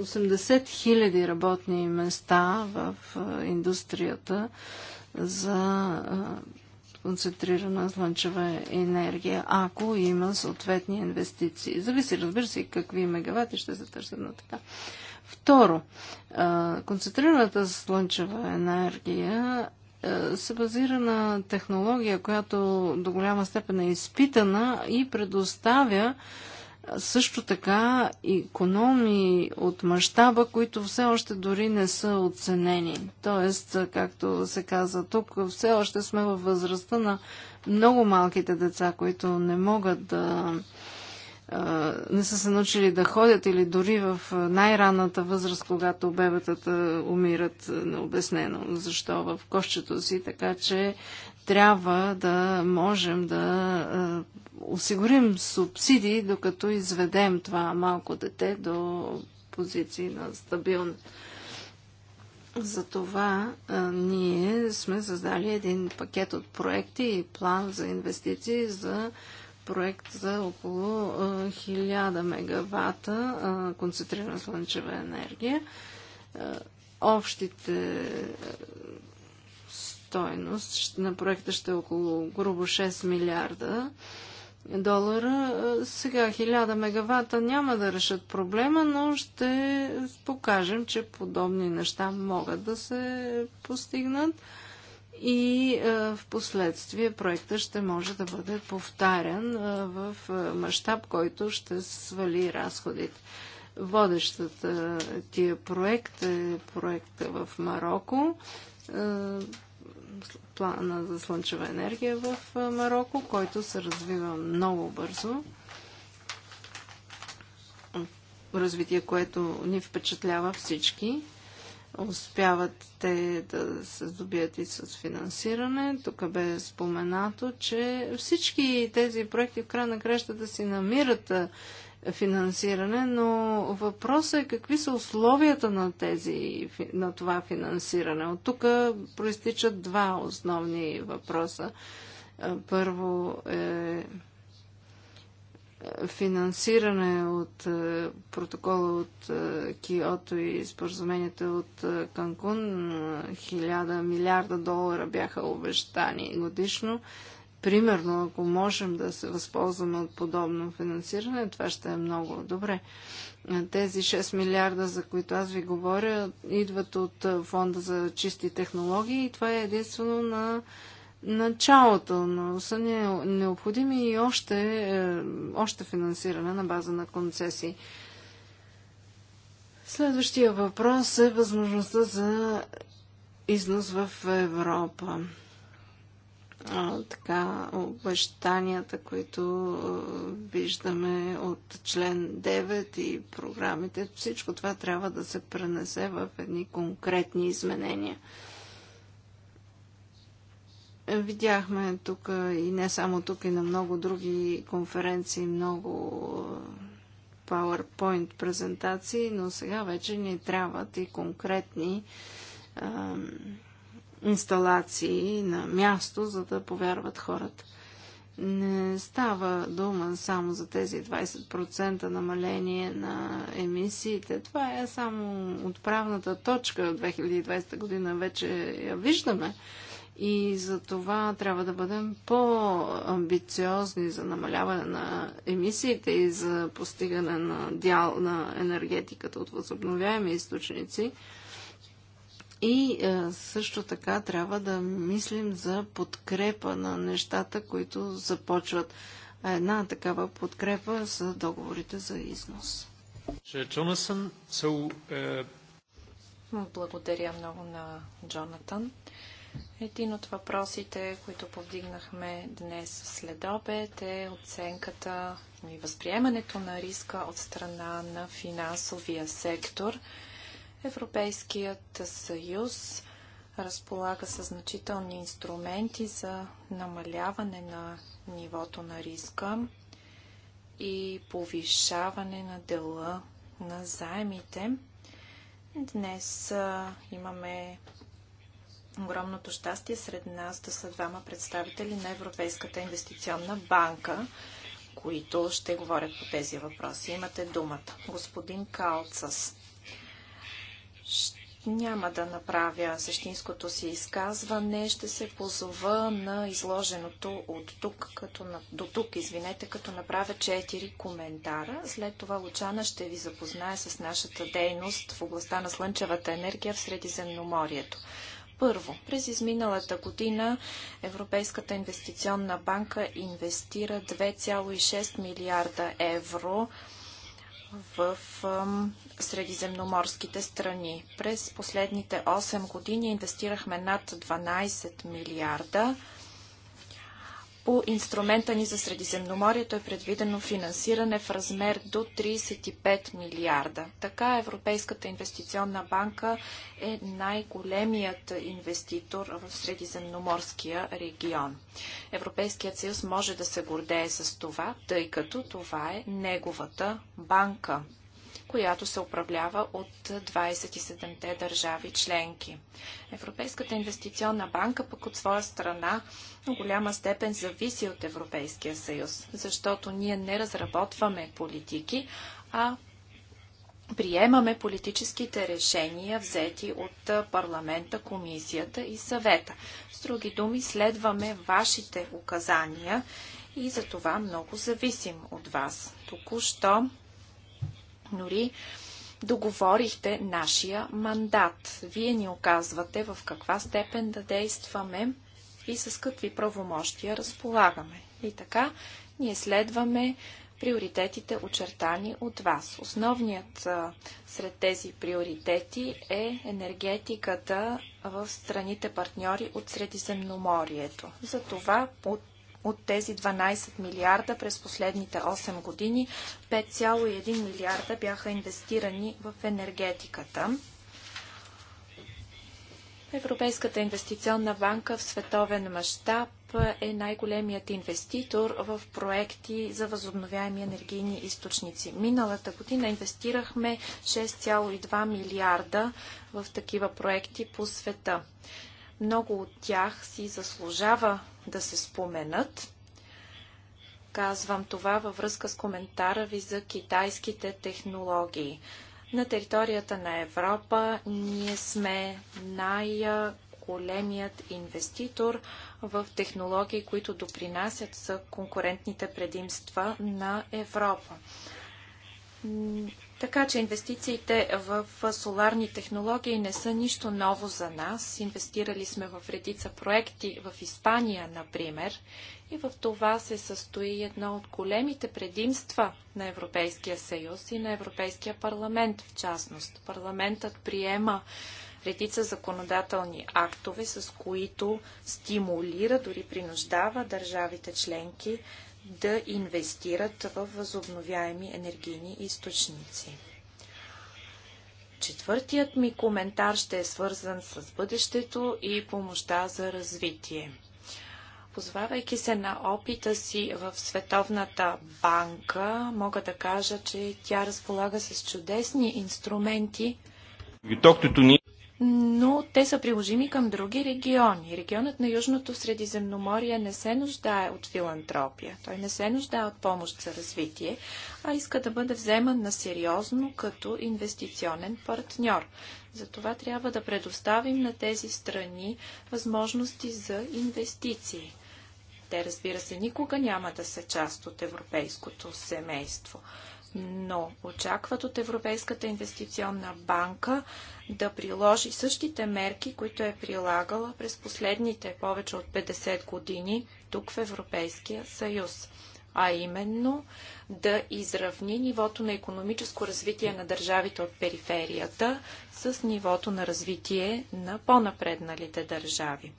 Speaker 4: 80 хиляди работни места в индустрията за концентрирана слънчева енергия, ако има съответни инвестиции. Зависи, разбира се, какви мегавати ще се търсят на така. Второ, концентрираната слънчева енергия се базира на технология, която до голяма степен е изпитана и предоставя също така економии от мащаба, които все още дори не са оценени. Тоест, както се каза тук, все още сме във възрастта на много малките деца, които не могат да не са се научили да ходят или дори в най-ранната възраст, когато бебетата умират необяснено защо в кошчето си, така че трябва да можем да осигурим субсидии, докато изведем това малко дете до позиции на стабилно. Затова а, ние сме създали един пакет от проекти и план за инвестиции за проект за около а, 1000 мегавата а, концентрирана слънчева енергия. А, общите стойност на проекта ще е около грубо 6 милиарда долара. Сега 1000 мегавата няма да решат проблема, но ще покажем, че подобни неща могат да се постигнат и в последствие проекта ще може да бъде повтарян в мащаб, който ще свали разходите. Водещата тия проект е проекта в Марокко плана за слънчева енергия в Марокко, който се развива много бързо. Развитие, което ни впечатлява всички. Успяват те да се здобият и с финансиране. Тук бе споменато, че всички тези проекти в края на кращата да си намират финансиране, но въпросът е какви са условията на, тези, на това финансиране. От тук проистичат два основни въпроса. Е, първо е, е финансиране от е, протокола от Киото и споразумението от Канкун. Хиляда милиарда долара бяха обещани годишно. Примерно, ако можем да се възползваме от подобно финансиране, това ще е много добре. Тези 6 милиарда, за които аз ви говоря, идват от Фонда за чисти технологии и това е единствено на началото, но са необходими и още, е, още финансиране на база на концесии. Следващия въпрос е възможността за износ в Европа а, така обещанията, които а, виждаме от член 9 и програмите, всичко това трябва да се пренесе в едни конкретни изменения. Видяхме тук и не само тук, и на много други конференции, много PowerPoint презентации, но сега вече ни трябват и конкретни а, инсталации на място, за да повярват хората. Не става дума само за тези 20% намаление на емисиите. Това е само отправната точка. 2020 година вече я виждаме. И за това трябва да бъдем по-амбициозни за намаляване на емисиите и за постигане на дял на енергетиката от възобновяеми източници. И е, също така трябва да мислим за подкрепа на нещата, които започват. А една такава подкрепа са договорите за износ. Е,
Speaker 2: Благодаря много на Джонатан. Един от въпросите, които повдигнахме днес след обед е оценката и възприемането на риска от страна на финансовия сектор – Европейският съюз разполага със значителни инструменти за намаляване на нивото на риска и повишаване на дела на заемите. Днес имаме огромното щастие сред нас да са двама представители на Европейската инвестиционна банка, които ще говорят по тези въпроси. Имате думата. Господин Калцас няма да направя същинското си изказване. Ще се позова на изложеното от тук, като на, до тук, извинете, като направя четири коментара. След това Лучана ще ви запознае с нашата дейност в областта на слънчевата енергия в Средиземноморието. Първо, през изминалата година Европейската инвестиционна банка инвестира 2,6 милиарда евро в средиземноморските страни. През последните 8 години инвестирахме над 12 милиарда по инструмента ни за Средиземноморието е предвидено финансиране в размер до 35 милиарда. Така Европейската инвестиционна банка е най-големият инвеститор в Средиземноморския регион. Европейският съюз може да се гордее с това, тъй като това е неговата банка която се управлява от 27-те държави членки. Европейската инвестиционна банка пък от своя страна до голяма степен зависи от Европейския съюз, защото ние не разработваме политики, а приемаме политическите решения, взети от парламента, комисията и съвета. С други думи, следваме вашите указания и за това много зависим от вас. Току-що дори договорихте нашия мандат. Вие ни оказвате в каква степен да действаме и с какви правомощия разполагаме. И така, ние следваме приоритетите, очертани от вас. Основният а, сред тези приоритети е енергетиката в страните партньори от Средиземноморието. Затова от от тези 12 милиарда през последните 8 години, 5,1 милиарда бяха инвестирани в енергетиката. Европейската инвестиционна банка в световен мащаб е най-големият инвеститор в проекти за възобновяеми енергийни източници. Миналата година инвестирахме 6,2 милиарда в такива проекти по света. Много от тях си заслужава да се споменат. Казвам това във връзка с коментара ви за китайските технологии. На територията на Европа ние сме най-големият инвеститор в технологии, които допринасят за конкурентните предимства на Европа. Така че инвестициите в соларни технологии не са нищо ново за нас. Инвестирали сме в редица проекти в Испания, например, и в това се състои едно от големите предимства на Европейския съюз и на Европейския парламент в частност. Парламентът приема редица законодателни актове, с които стимулира, дори принуждава държавите членки да инвестират в възобновяеми енергийни източници. Четвъртият ми коментар ще е свързан с бъдещето и помощта за развитие. Позвавайки се на опита си в Световната банка, мога да кажа, че тя разполага с чудесни инструменти, но те са приложими към други региони. Регионът на Южното Средиземноморие не се нуждае от филантропия, той не се нуждае от помощ за развитие, а иска да бъде вземан на сериозно като инвестиционен партньор. Затова трябва да предоставим на тези страни възможности за инвестиции. Те, разбира се, никога няма да са част от европейското семейство но очакват от Европейската инвестиционна банка да приложи същите мерки, които е прилагала през последните повече от 50 години тук в Европейския съюз а именно да изравни нивото на економическо развитие на държавите от периферията с нивото на развитие на по-напредналите държави.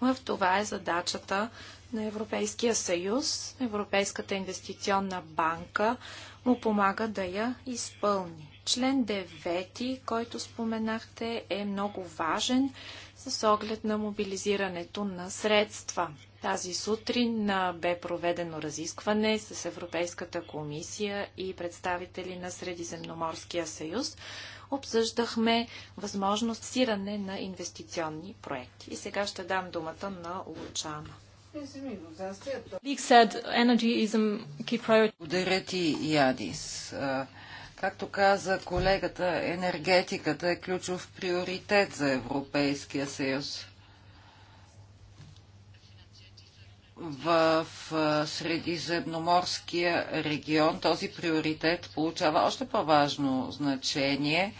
Speaker 2: В това е задачата на Европейския съюз, Европейската инвестиционна банка му помага да я изпълни. Член 9, който споменахте, е много важен с оглед на мобилизирането на средства. Тази сутрин бе проведено разискване с Европейската комисия и представители на Средиземноморския съюз. Обсъждахме възможност сиране на инвестиционни проекти. И сега ще дам думата на Лучана.
Speaker 1: Благодаря ти, Ядис. Както каза колегата, енергетиката е ключов приоритет за Европейския съюз. в Средиземноморския регион този приоритет получава още по-важно значение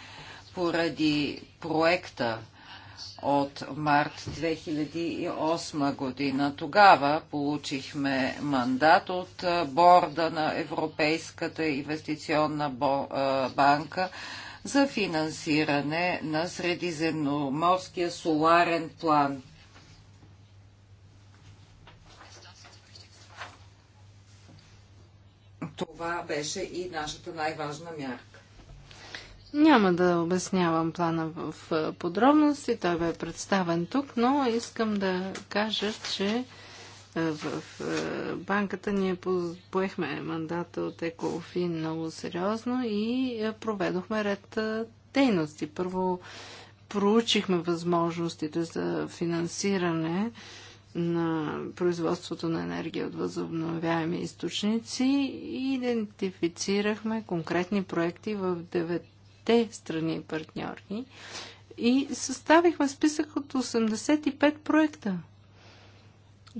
Speaker 1: поради проекта от март 2008 година. Тогава получихме мандат от борда на Европейската инвестиционна банка за финансиране на Средиземноморския соларен план. Това беше и нашата най-важна мярка.
Speaker 4: Няма да обяснявам плана в подробности, той бе представен тук, но искам да кажа, че в банката ние поехме мандата от Еколфин много сериозно и проведохме ред дейности. Първо проучихме възможностите за финансиране на производството на енергия от възобновяеми източници и идентифицирахме конкретни проекти в 9 петте страни партньорни и съставихме списък от 85 проекта.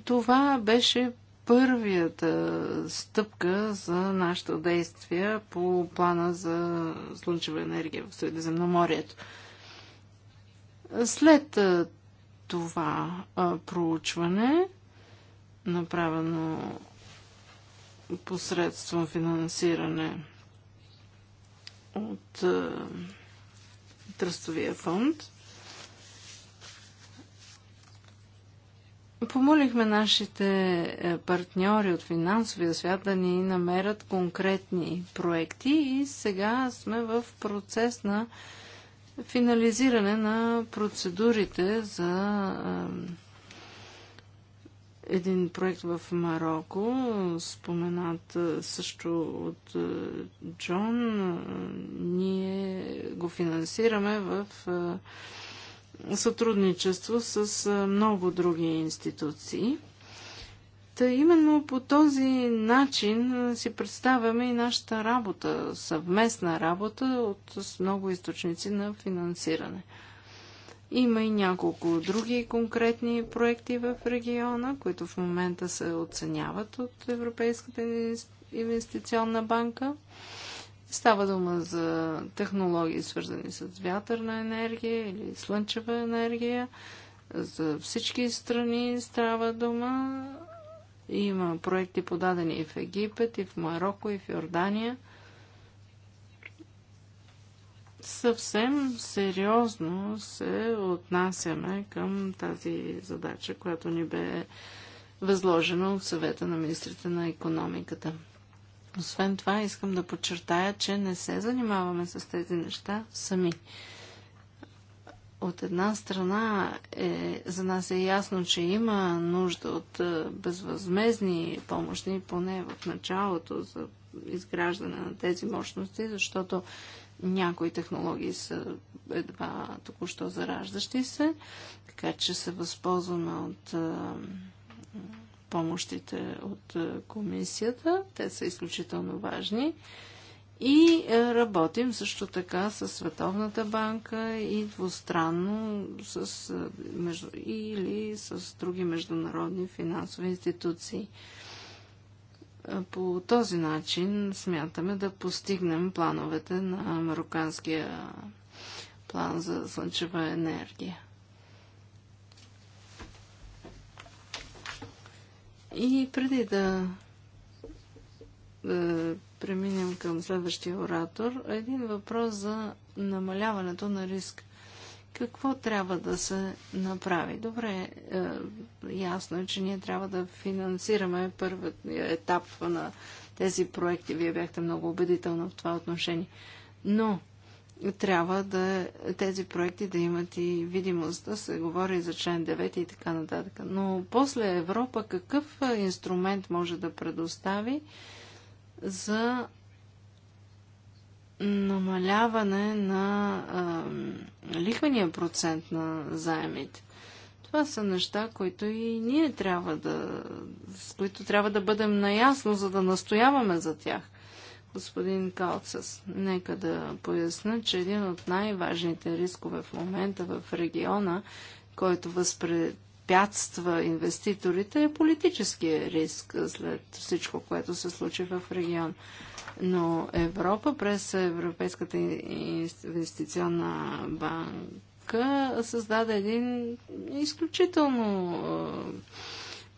Speaker 4: Това беше първията стъпка за нашето действия по плана за слънчева енергия в Средиземноморието. След това проучване, направено посредством финансиране от е, Тръстовия фонд. Помолихме нашите е, партньори от финансовия свят да ни намерят конкретни проекти и сега сме в процес на финализиране на процедурите за е, един проект в Марокко, споменат също от Джон. Ние го финансираме в сътрудничество с много други институции. Та именно по този начин си представяме и нашата работа, съвместна работа от много източници на финансиране. Има и няколко други конкретни проекти в региона, които в момента се оценяват от Европейската инвестиционна банка. Става дума за технологии, свързани с вятърна енергия или слънчева енергия. За всички страни става дума. Има проекти подадени и в Египет, и в Марокко, и в Йордания – съвсем сериозно се отнасяме към тази задача, която ни бе възложена от съвета на министрите на економиката. Освен това, искам да подчертая, че не се занимаваме с тези неща сами. От една страна е, за нас е ясно, че има нужда от е, безвъзмезни помощни, поне в началото за изграждане на тези мощности, защото някои технологии са едва току-що зараждащи се, така че се възползваме от помощите от комисията. Те са изключително важни. И работим също така с Световната банка и двустранно с, между, или с други международни финансови институции. По този начин смятаме да постигнем плановете на мароканския план за слънчева енергия. И преди да, да преминем към следващия оратор, един въпрос за намаляването на риска какво трябва да се направи? Добре, е, ясно е, че ние трябва да финансираме първият етап на тези проекти. Вие бяхте много убедителна в това отношение. Но трябва да тези проекти да имат и видимост, да се говори за член 9 и така нататък. Но после Европа какъв инструмент може да предостави за намаляване на а, лихвения процент на заемите. Това са неща, които и ние трябва да, с които трябва да бъдем наясно, за да настояваме за тях. Господин Калцес, нека да поясна, че един от най-важните рискове в момента в региона, който възпрепятства инвеститорите, е политическия риск след всичко, което се случи в регион. Но Европа през Европейската инвестиционна банка създаде един изключително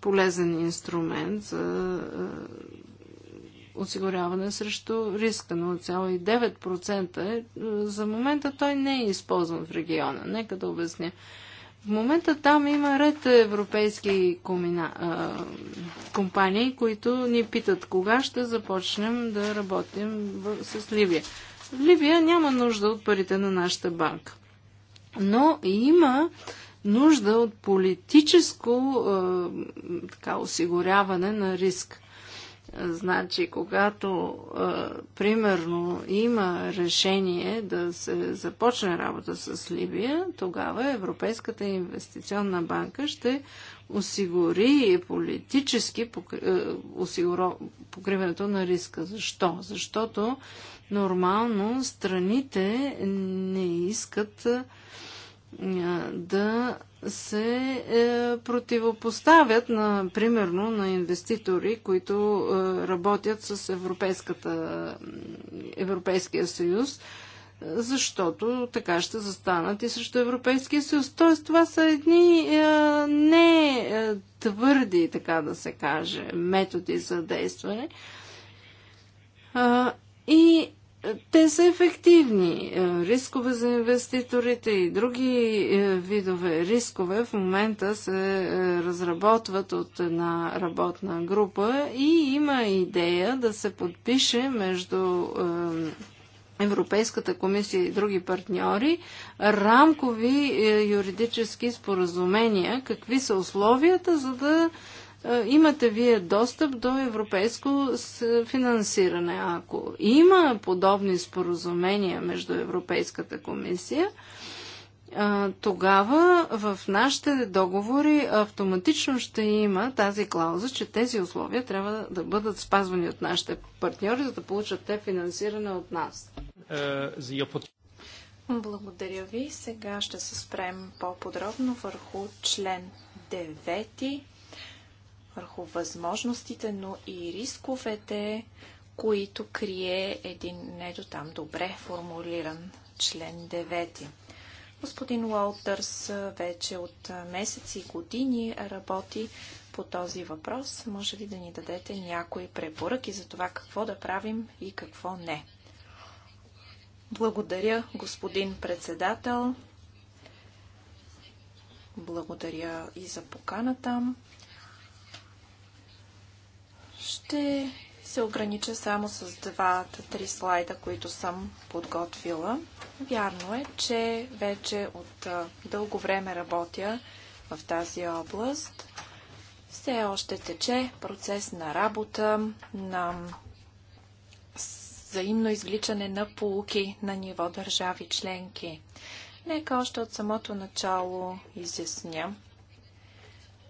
Speaker 4: полезен инструмент за осигуряване срещу риска 0,9% е, За момента той не е използван в региона. Нека да обясня. В момента там има ред европейски комина, а, компании, които ни питат кога ще започнем да работим в, с Ливия. В Ливия няма нужда от парите на нашата банка. Но има нужда от политическо а, така, осигуряване на риск. Значи, когато а, примерно има решение да се започне работа с Либия, тогава Европейската инвестиционна банка ще осигури политически покр... покриването на риска. Защо? Защото нормално страните не искат да се е, противопоставят, на, примерно, на инвеститори, които е, работят с Европейската, Европейския съюз, защото така ще застанат и срещу Европейския съюз. Т.е. това са едни е, не е, твърди, така да се каже, методи за действане. Е, и те са ефективни. Е, рискове за инвеститорите и други е, видове рискове в момента се е, разработват от една работна група и има идея да се подпише между Европейската комисия и други партньори рамкови юридически споразумения, какви са условията, за да е, имате вие достъп до европейско финансиране. Ако има подобни споразумения между Европейската комисия, е, тогава в нашите договори автоматично ще има тази клауза, че тези условия трябва да бъдат спазвани от нашите партньори, за да получат те финансиране от нас.
Speaker 3: Е,
Speaker 2: Благодаря ви. Сега ще се спрем по-подробно върху член 9 върху възможностите, но и рисковете, които крие един не до там добре формулиран член 9. Господин Уолтърс вече от месеци и години работи по този въпрос. Може ли да ни дадете някои препоръки за това какво да правим и какво не? Благодаря, господин председател. Благодаря и за поканата. Ще се огранича само с двата-три слайда, които съм подготвила. Вярно е, че вече от дълго време работя в тази област. Все още тече процес на работа, на взаимно извличане на полуки на ниво държави членки. Нека още от самото начало изясня,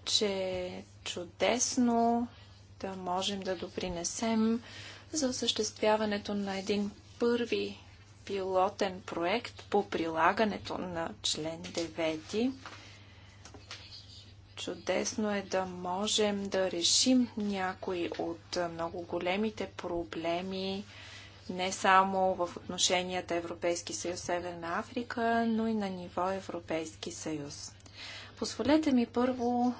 Speaker 2: че чудесно да можем да допринесем за осъществяването на един първи пилотен проект по прилагането на член 9. Чудесно е да можем да решим някои от много големите проблеми, не само в отношенията Европейски съюз Северна Африка, но и на ниво Европейски съюз. Позволете ми първо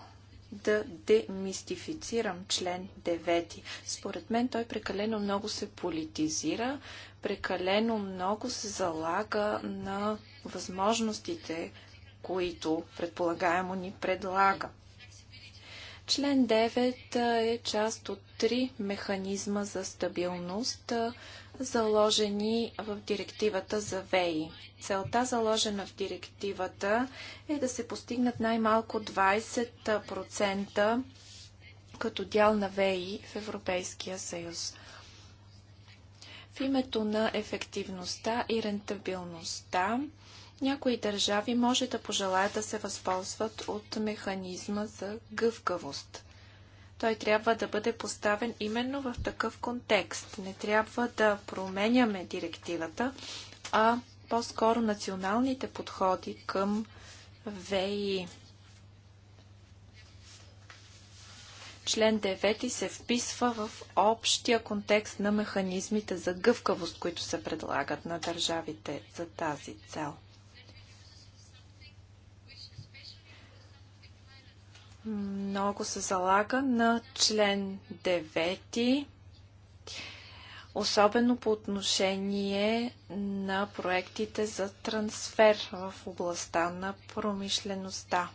Speaker 2: да демистифицирам член 9. Според мен той прекалено много се политизира, прекалено много се залага на възможностите, които предполагаемо ни предлага. Член 9 е част от три механизма за стабилност, заложени в директивата за ВЕИ. Целта, заложена в директивата, е да се постигнат най-малко 20% като дял на ВЕИ в Европейския съюз. В името на ефективността и рентабилността, някои държави може да пожелаят да се възползват от механизма за гъвкавост – той трябва да бъде поставен именно в такъв контекст. Не трябва да променяме директивата, а по-скоро националните подходи към ВИ. Член 9 се вписва в общия контекст на механизмите за гъвкавост, които се предлагат на държавите за тази цел. Много се залага на член 9, особено по отношение на проектите за трансфер в областта на промишлеността.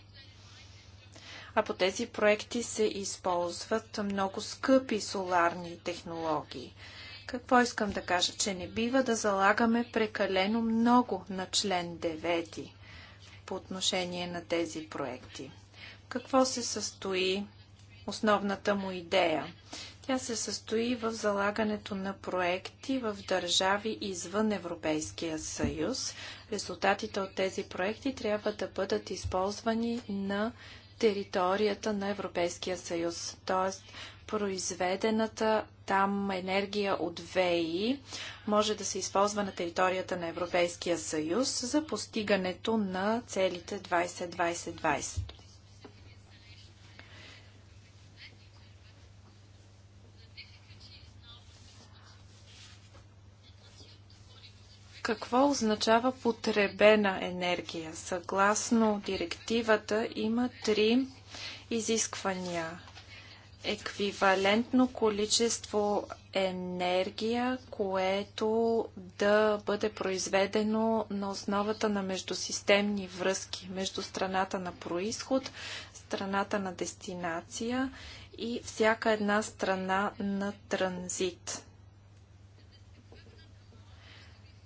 Speaker 2: А по тези проекти се използват много скъпи соларни технологии. Какво искам да кажа? Че не бива да залагаме прекалено много на член 9 по отношение на тези проекти какво се състои основната му идея? Тя се състои в залагането на проекти в държави извън Европейския съюз. Резултатите от тези проекти трябва да бъдат използвани на територията на Европейския съюз, т.е. произведената там енергия от ВЕИ може да се използва на територията на Европейския съюз за постигането на целите 20 2020 Какво означава потребена енергия? Съгласно директивата има три изисквания. Еквивалентно количество енергия, което да бъде произведено на основата на междусистемни връзки между страната на происход, страната на дестинация и всяка една страна на транзит.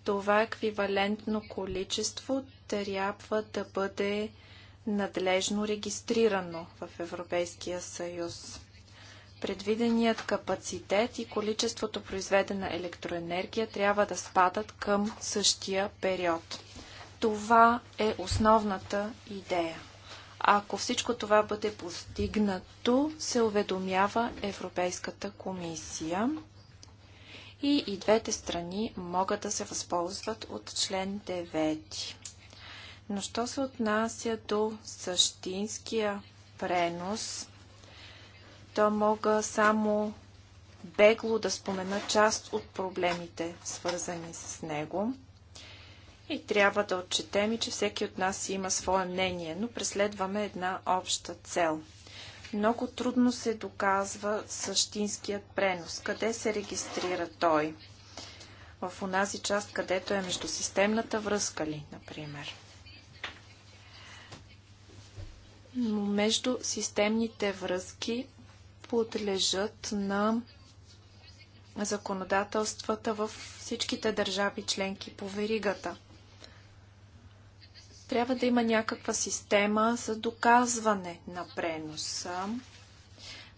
Speaker 2: това еквивалентно количество трябва да бъде надлежно регистрирано в Европейския съюз. Предвиденият капацитет и количеството произведена електроенергия трябва да спадат към същия период. Това е основната идея. Ако всичко това бъде постигнато, се уведомява Европейската комисия и и двете страни могат да се възползват от член 9. Но що се отнася до същинския пренос, то мога само бегло да спомена част от проблемите, свързани с него. И трябва да отчетем и, че всеки от нас има свое мнение, но преследваме една обща цел – много трудно се доказва същинският пренос. Къде се регистрира той? В онази част, където е междусистемната връзка ли, например? Но между системните връзки подлежат на законодателствата във всичките държави членки по веригата – трябва да има някаква система за доказване на преноса.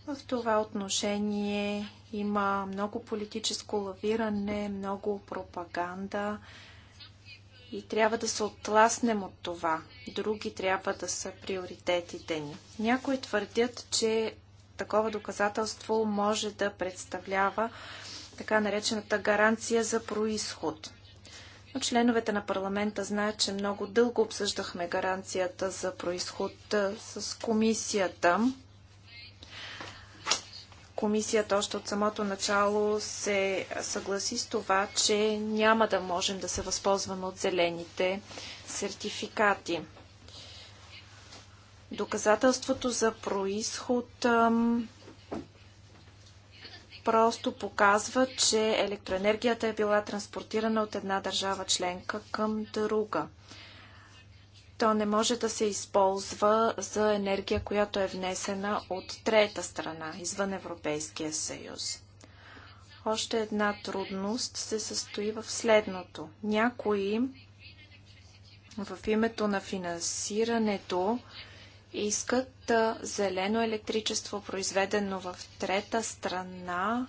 Speaker 2: В това отношение има много политическо лавиране, много пропаганда и трябва да се отласнем от това. Други трябва да са приоритетите ни. Някои твърдят, че такова доказателство може да представлява така наречената гаранция за происход. Но членовете на парламента знаят, че много дълго обсъждахме гаранцията за происход с комисията. Комисията още от самото начало се съгласи с това, че няма да можем да се възползваме от зелените сертификати. Доказателството за происход просто показва, че електроенергията е била транспортирана от една държава членка към друга. То не може да се използва за енергия, която е внесена от трета страна, извън Европейския съюз. Още една трудност се състои в следното. Някои в името на финансирането искат зелено електричество, произведено в трета страна,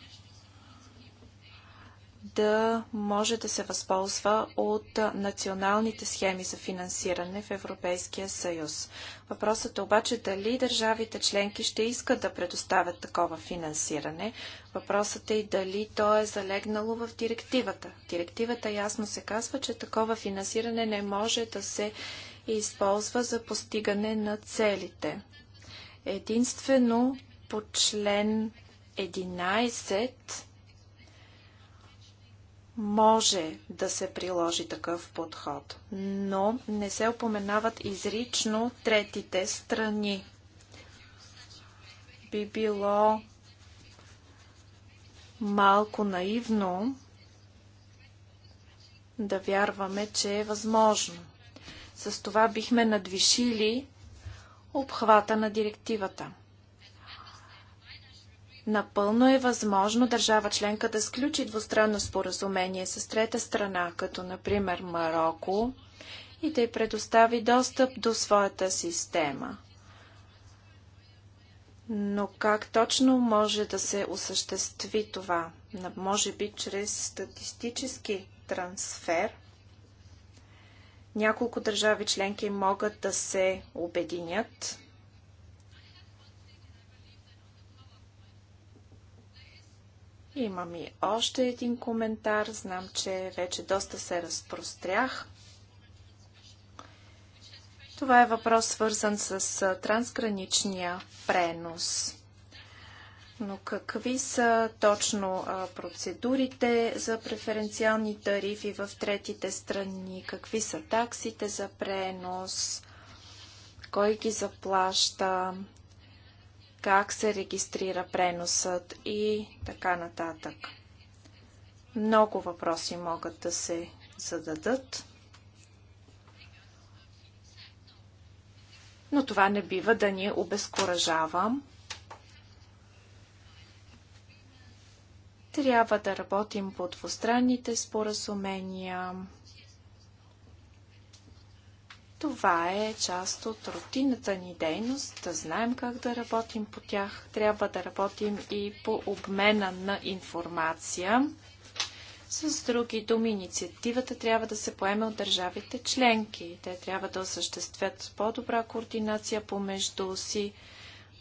Speaker 2: да може да се възползва от националните схеми за финансиране в Европейския съюз. Въпросът е обаче дали държавите членки ще искат да предоставят такова финансиране. Въпросът е и дали то е залегнало в директивата. В директивата ясно се казва, че такова финансиране не може да се и използва за постигане на целите. Единствено по член 11 може да се приложи такъв подход, но не се опоменават изрично третите страни. Би било малко наивно да вярваме, че е възможно. С това бихме надвишили обхвата на директивата. Напълно е възможно държава членка да сключи двустранно споразумение с трета страна, като например Марокко, и да й предостави достъп до своята система. Но как точно може да се осъществи това? Може би чрез статистически трансфер няколко държави членки могат да се обединят. Имам и още един коментар. Знам, че вече доста се разпрострях. Това е въпрос свързан с трансграничния пренос. Но какви са точно процедурите за преференциални тарифи в третите страни? Какви са таксите за пренос? Кой ги заплаща? Как се регистрира преносът? И така нататък. Много въпроси могат да се зададат. Но това не бива да ни обезкуражава. Трябва да работим по двустранните споразумения. Това е част от рутината ни дейност, да знаем как да работим по тях. Трябва да работим и по обмена на информация. С други думи, инициативата трябва да се поеме от държавите членки. Те трябва да осъществят по-добра координация помежду си,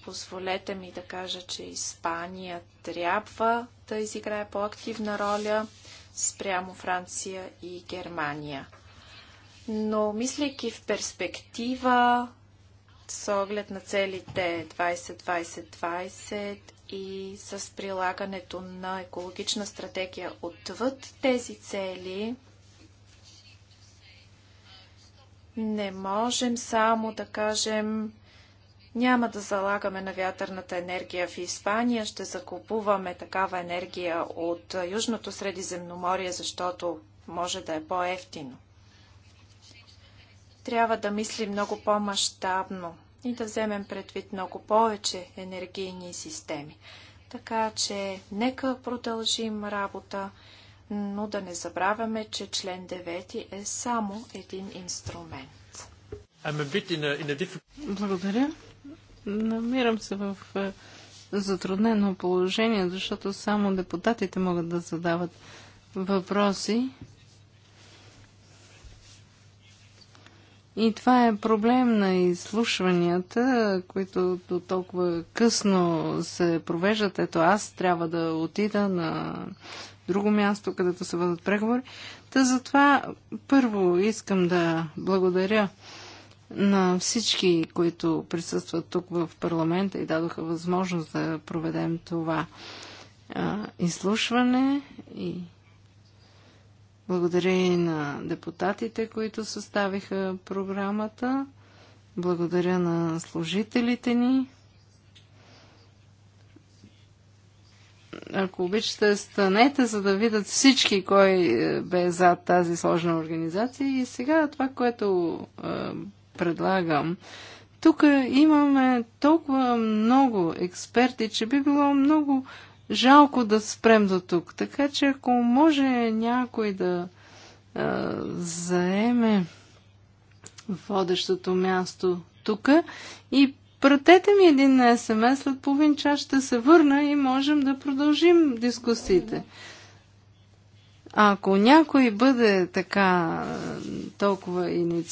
Speaker 2: Позволете ми да кажа, че Испания трябва да изиграе по-активна роля спрямо Франция и Германия. Но мислейки в перспектива, с оглед на целите 20-20-20 и с прилагането на екологична стратегия отвъд тези цели, не можем само да кажем няма да залагаме на вятърната енергия в Испания, ще закупуваме такава енергия от Южното Средиземноморие, защото може да е по-ефтино. Трябва да мислим много по-масштабно и да вземем предвид много повече енергийни системи. Така че нека продължим работа, но да не забравяме, че член 9 е само един инструмент. In a, in a Благодаря. Намирам
Speaker 4: се в е, затруднено положение, защото само депутатите могат да задават въпроси. И това е проблем на изслушванията, които до толкова късно се провеждат. Ето аз трябва да отида на друго място, където се водят преговори. Та затова първо искам да благодаря на всички, които присъстват тук в парламента и дадоха възможност да проведем това а, изслушване и благодаря и на депутатите, които съставиха програмата. Благодаря на служителите ни. Ако обичате, станете, за да видят всички кой е, бе зад тази сложна организация. И сега това, което е, предлагам. Тук имаме толкова много експерти, че би било много жалко да спрем до тук. Така че ако може някой да а, заеме водещото място тук и пратете ми един СМС, след половин час ще се върна и можем да продължим дискусиите. ако някой бъде така толкова
Speaker 1: инициативен,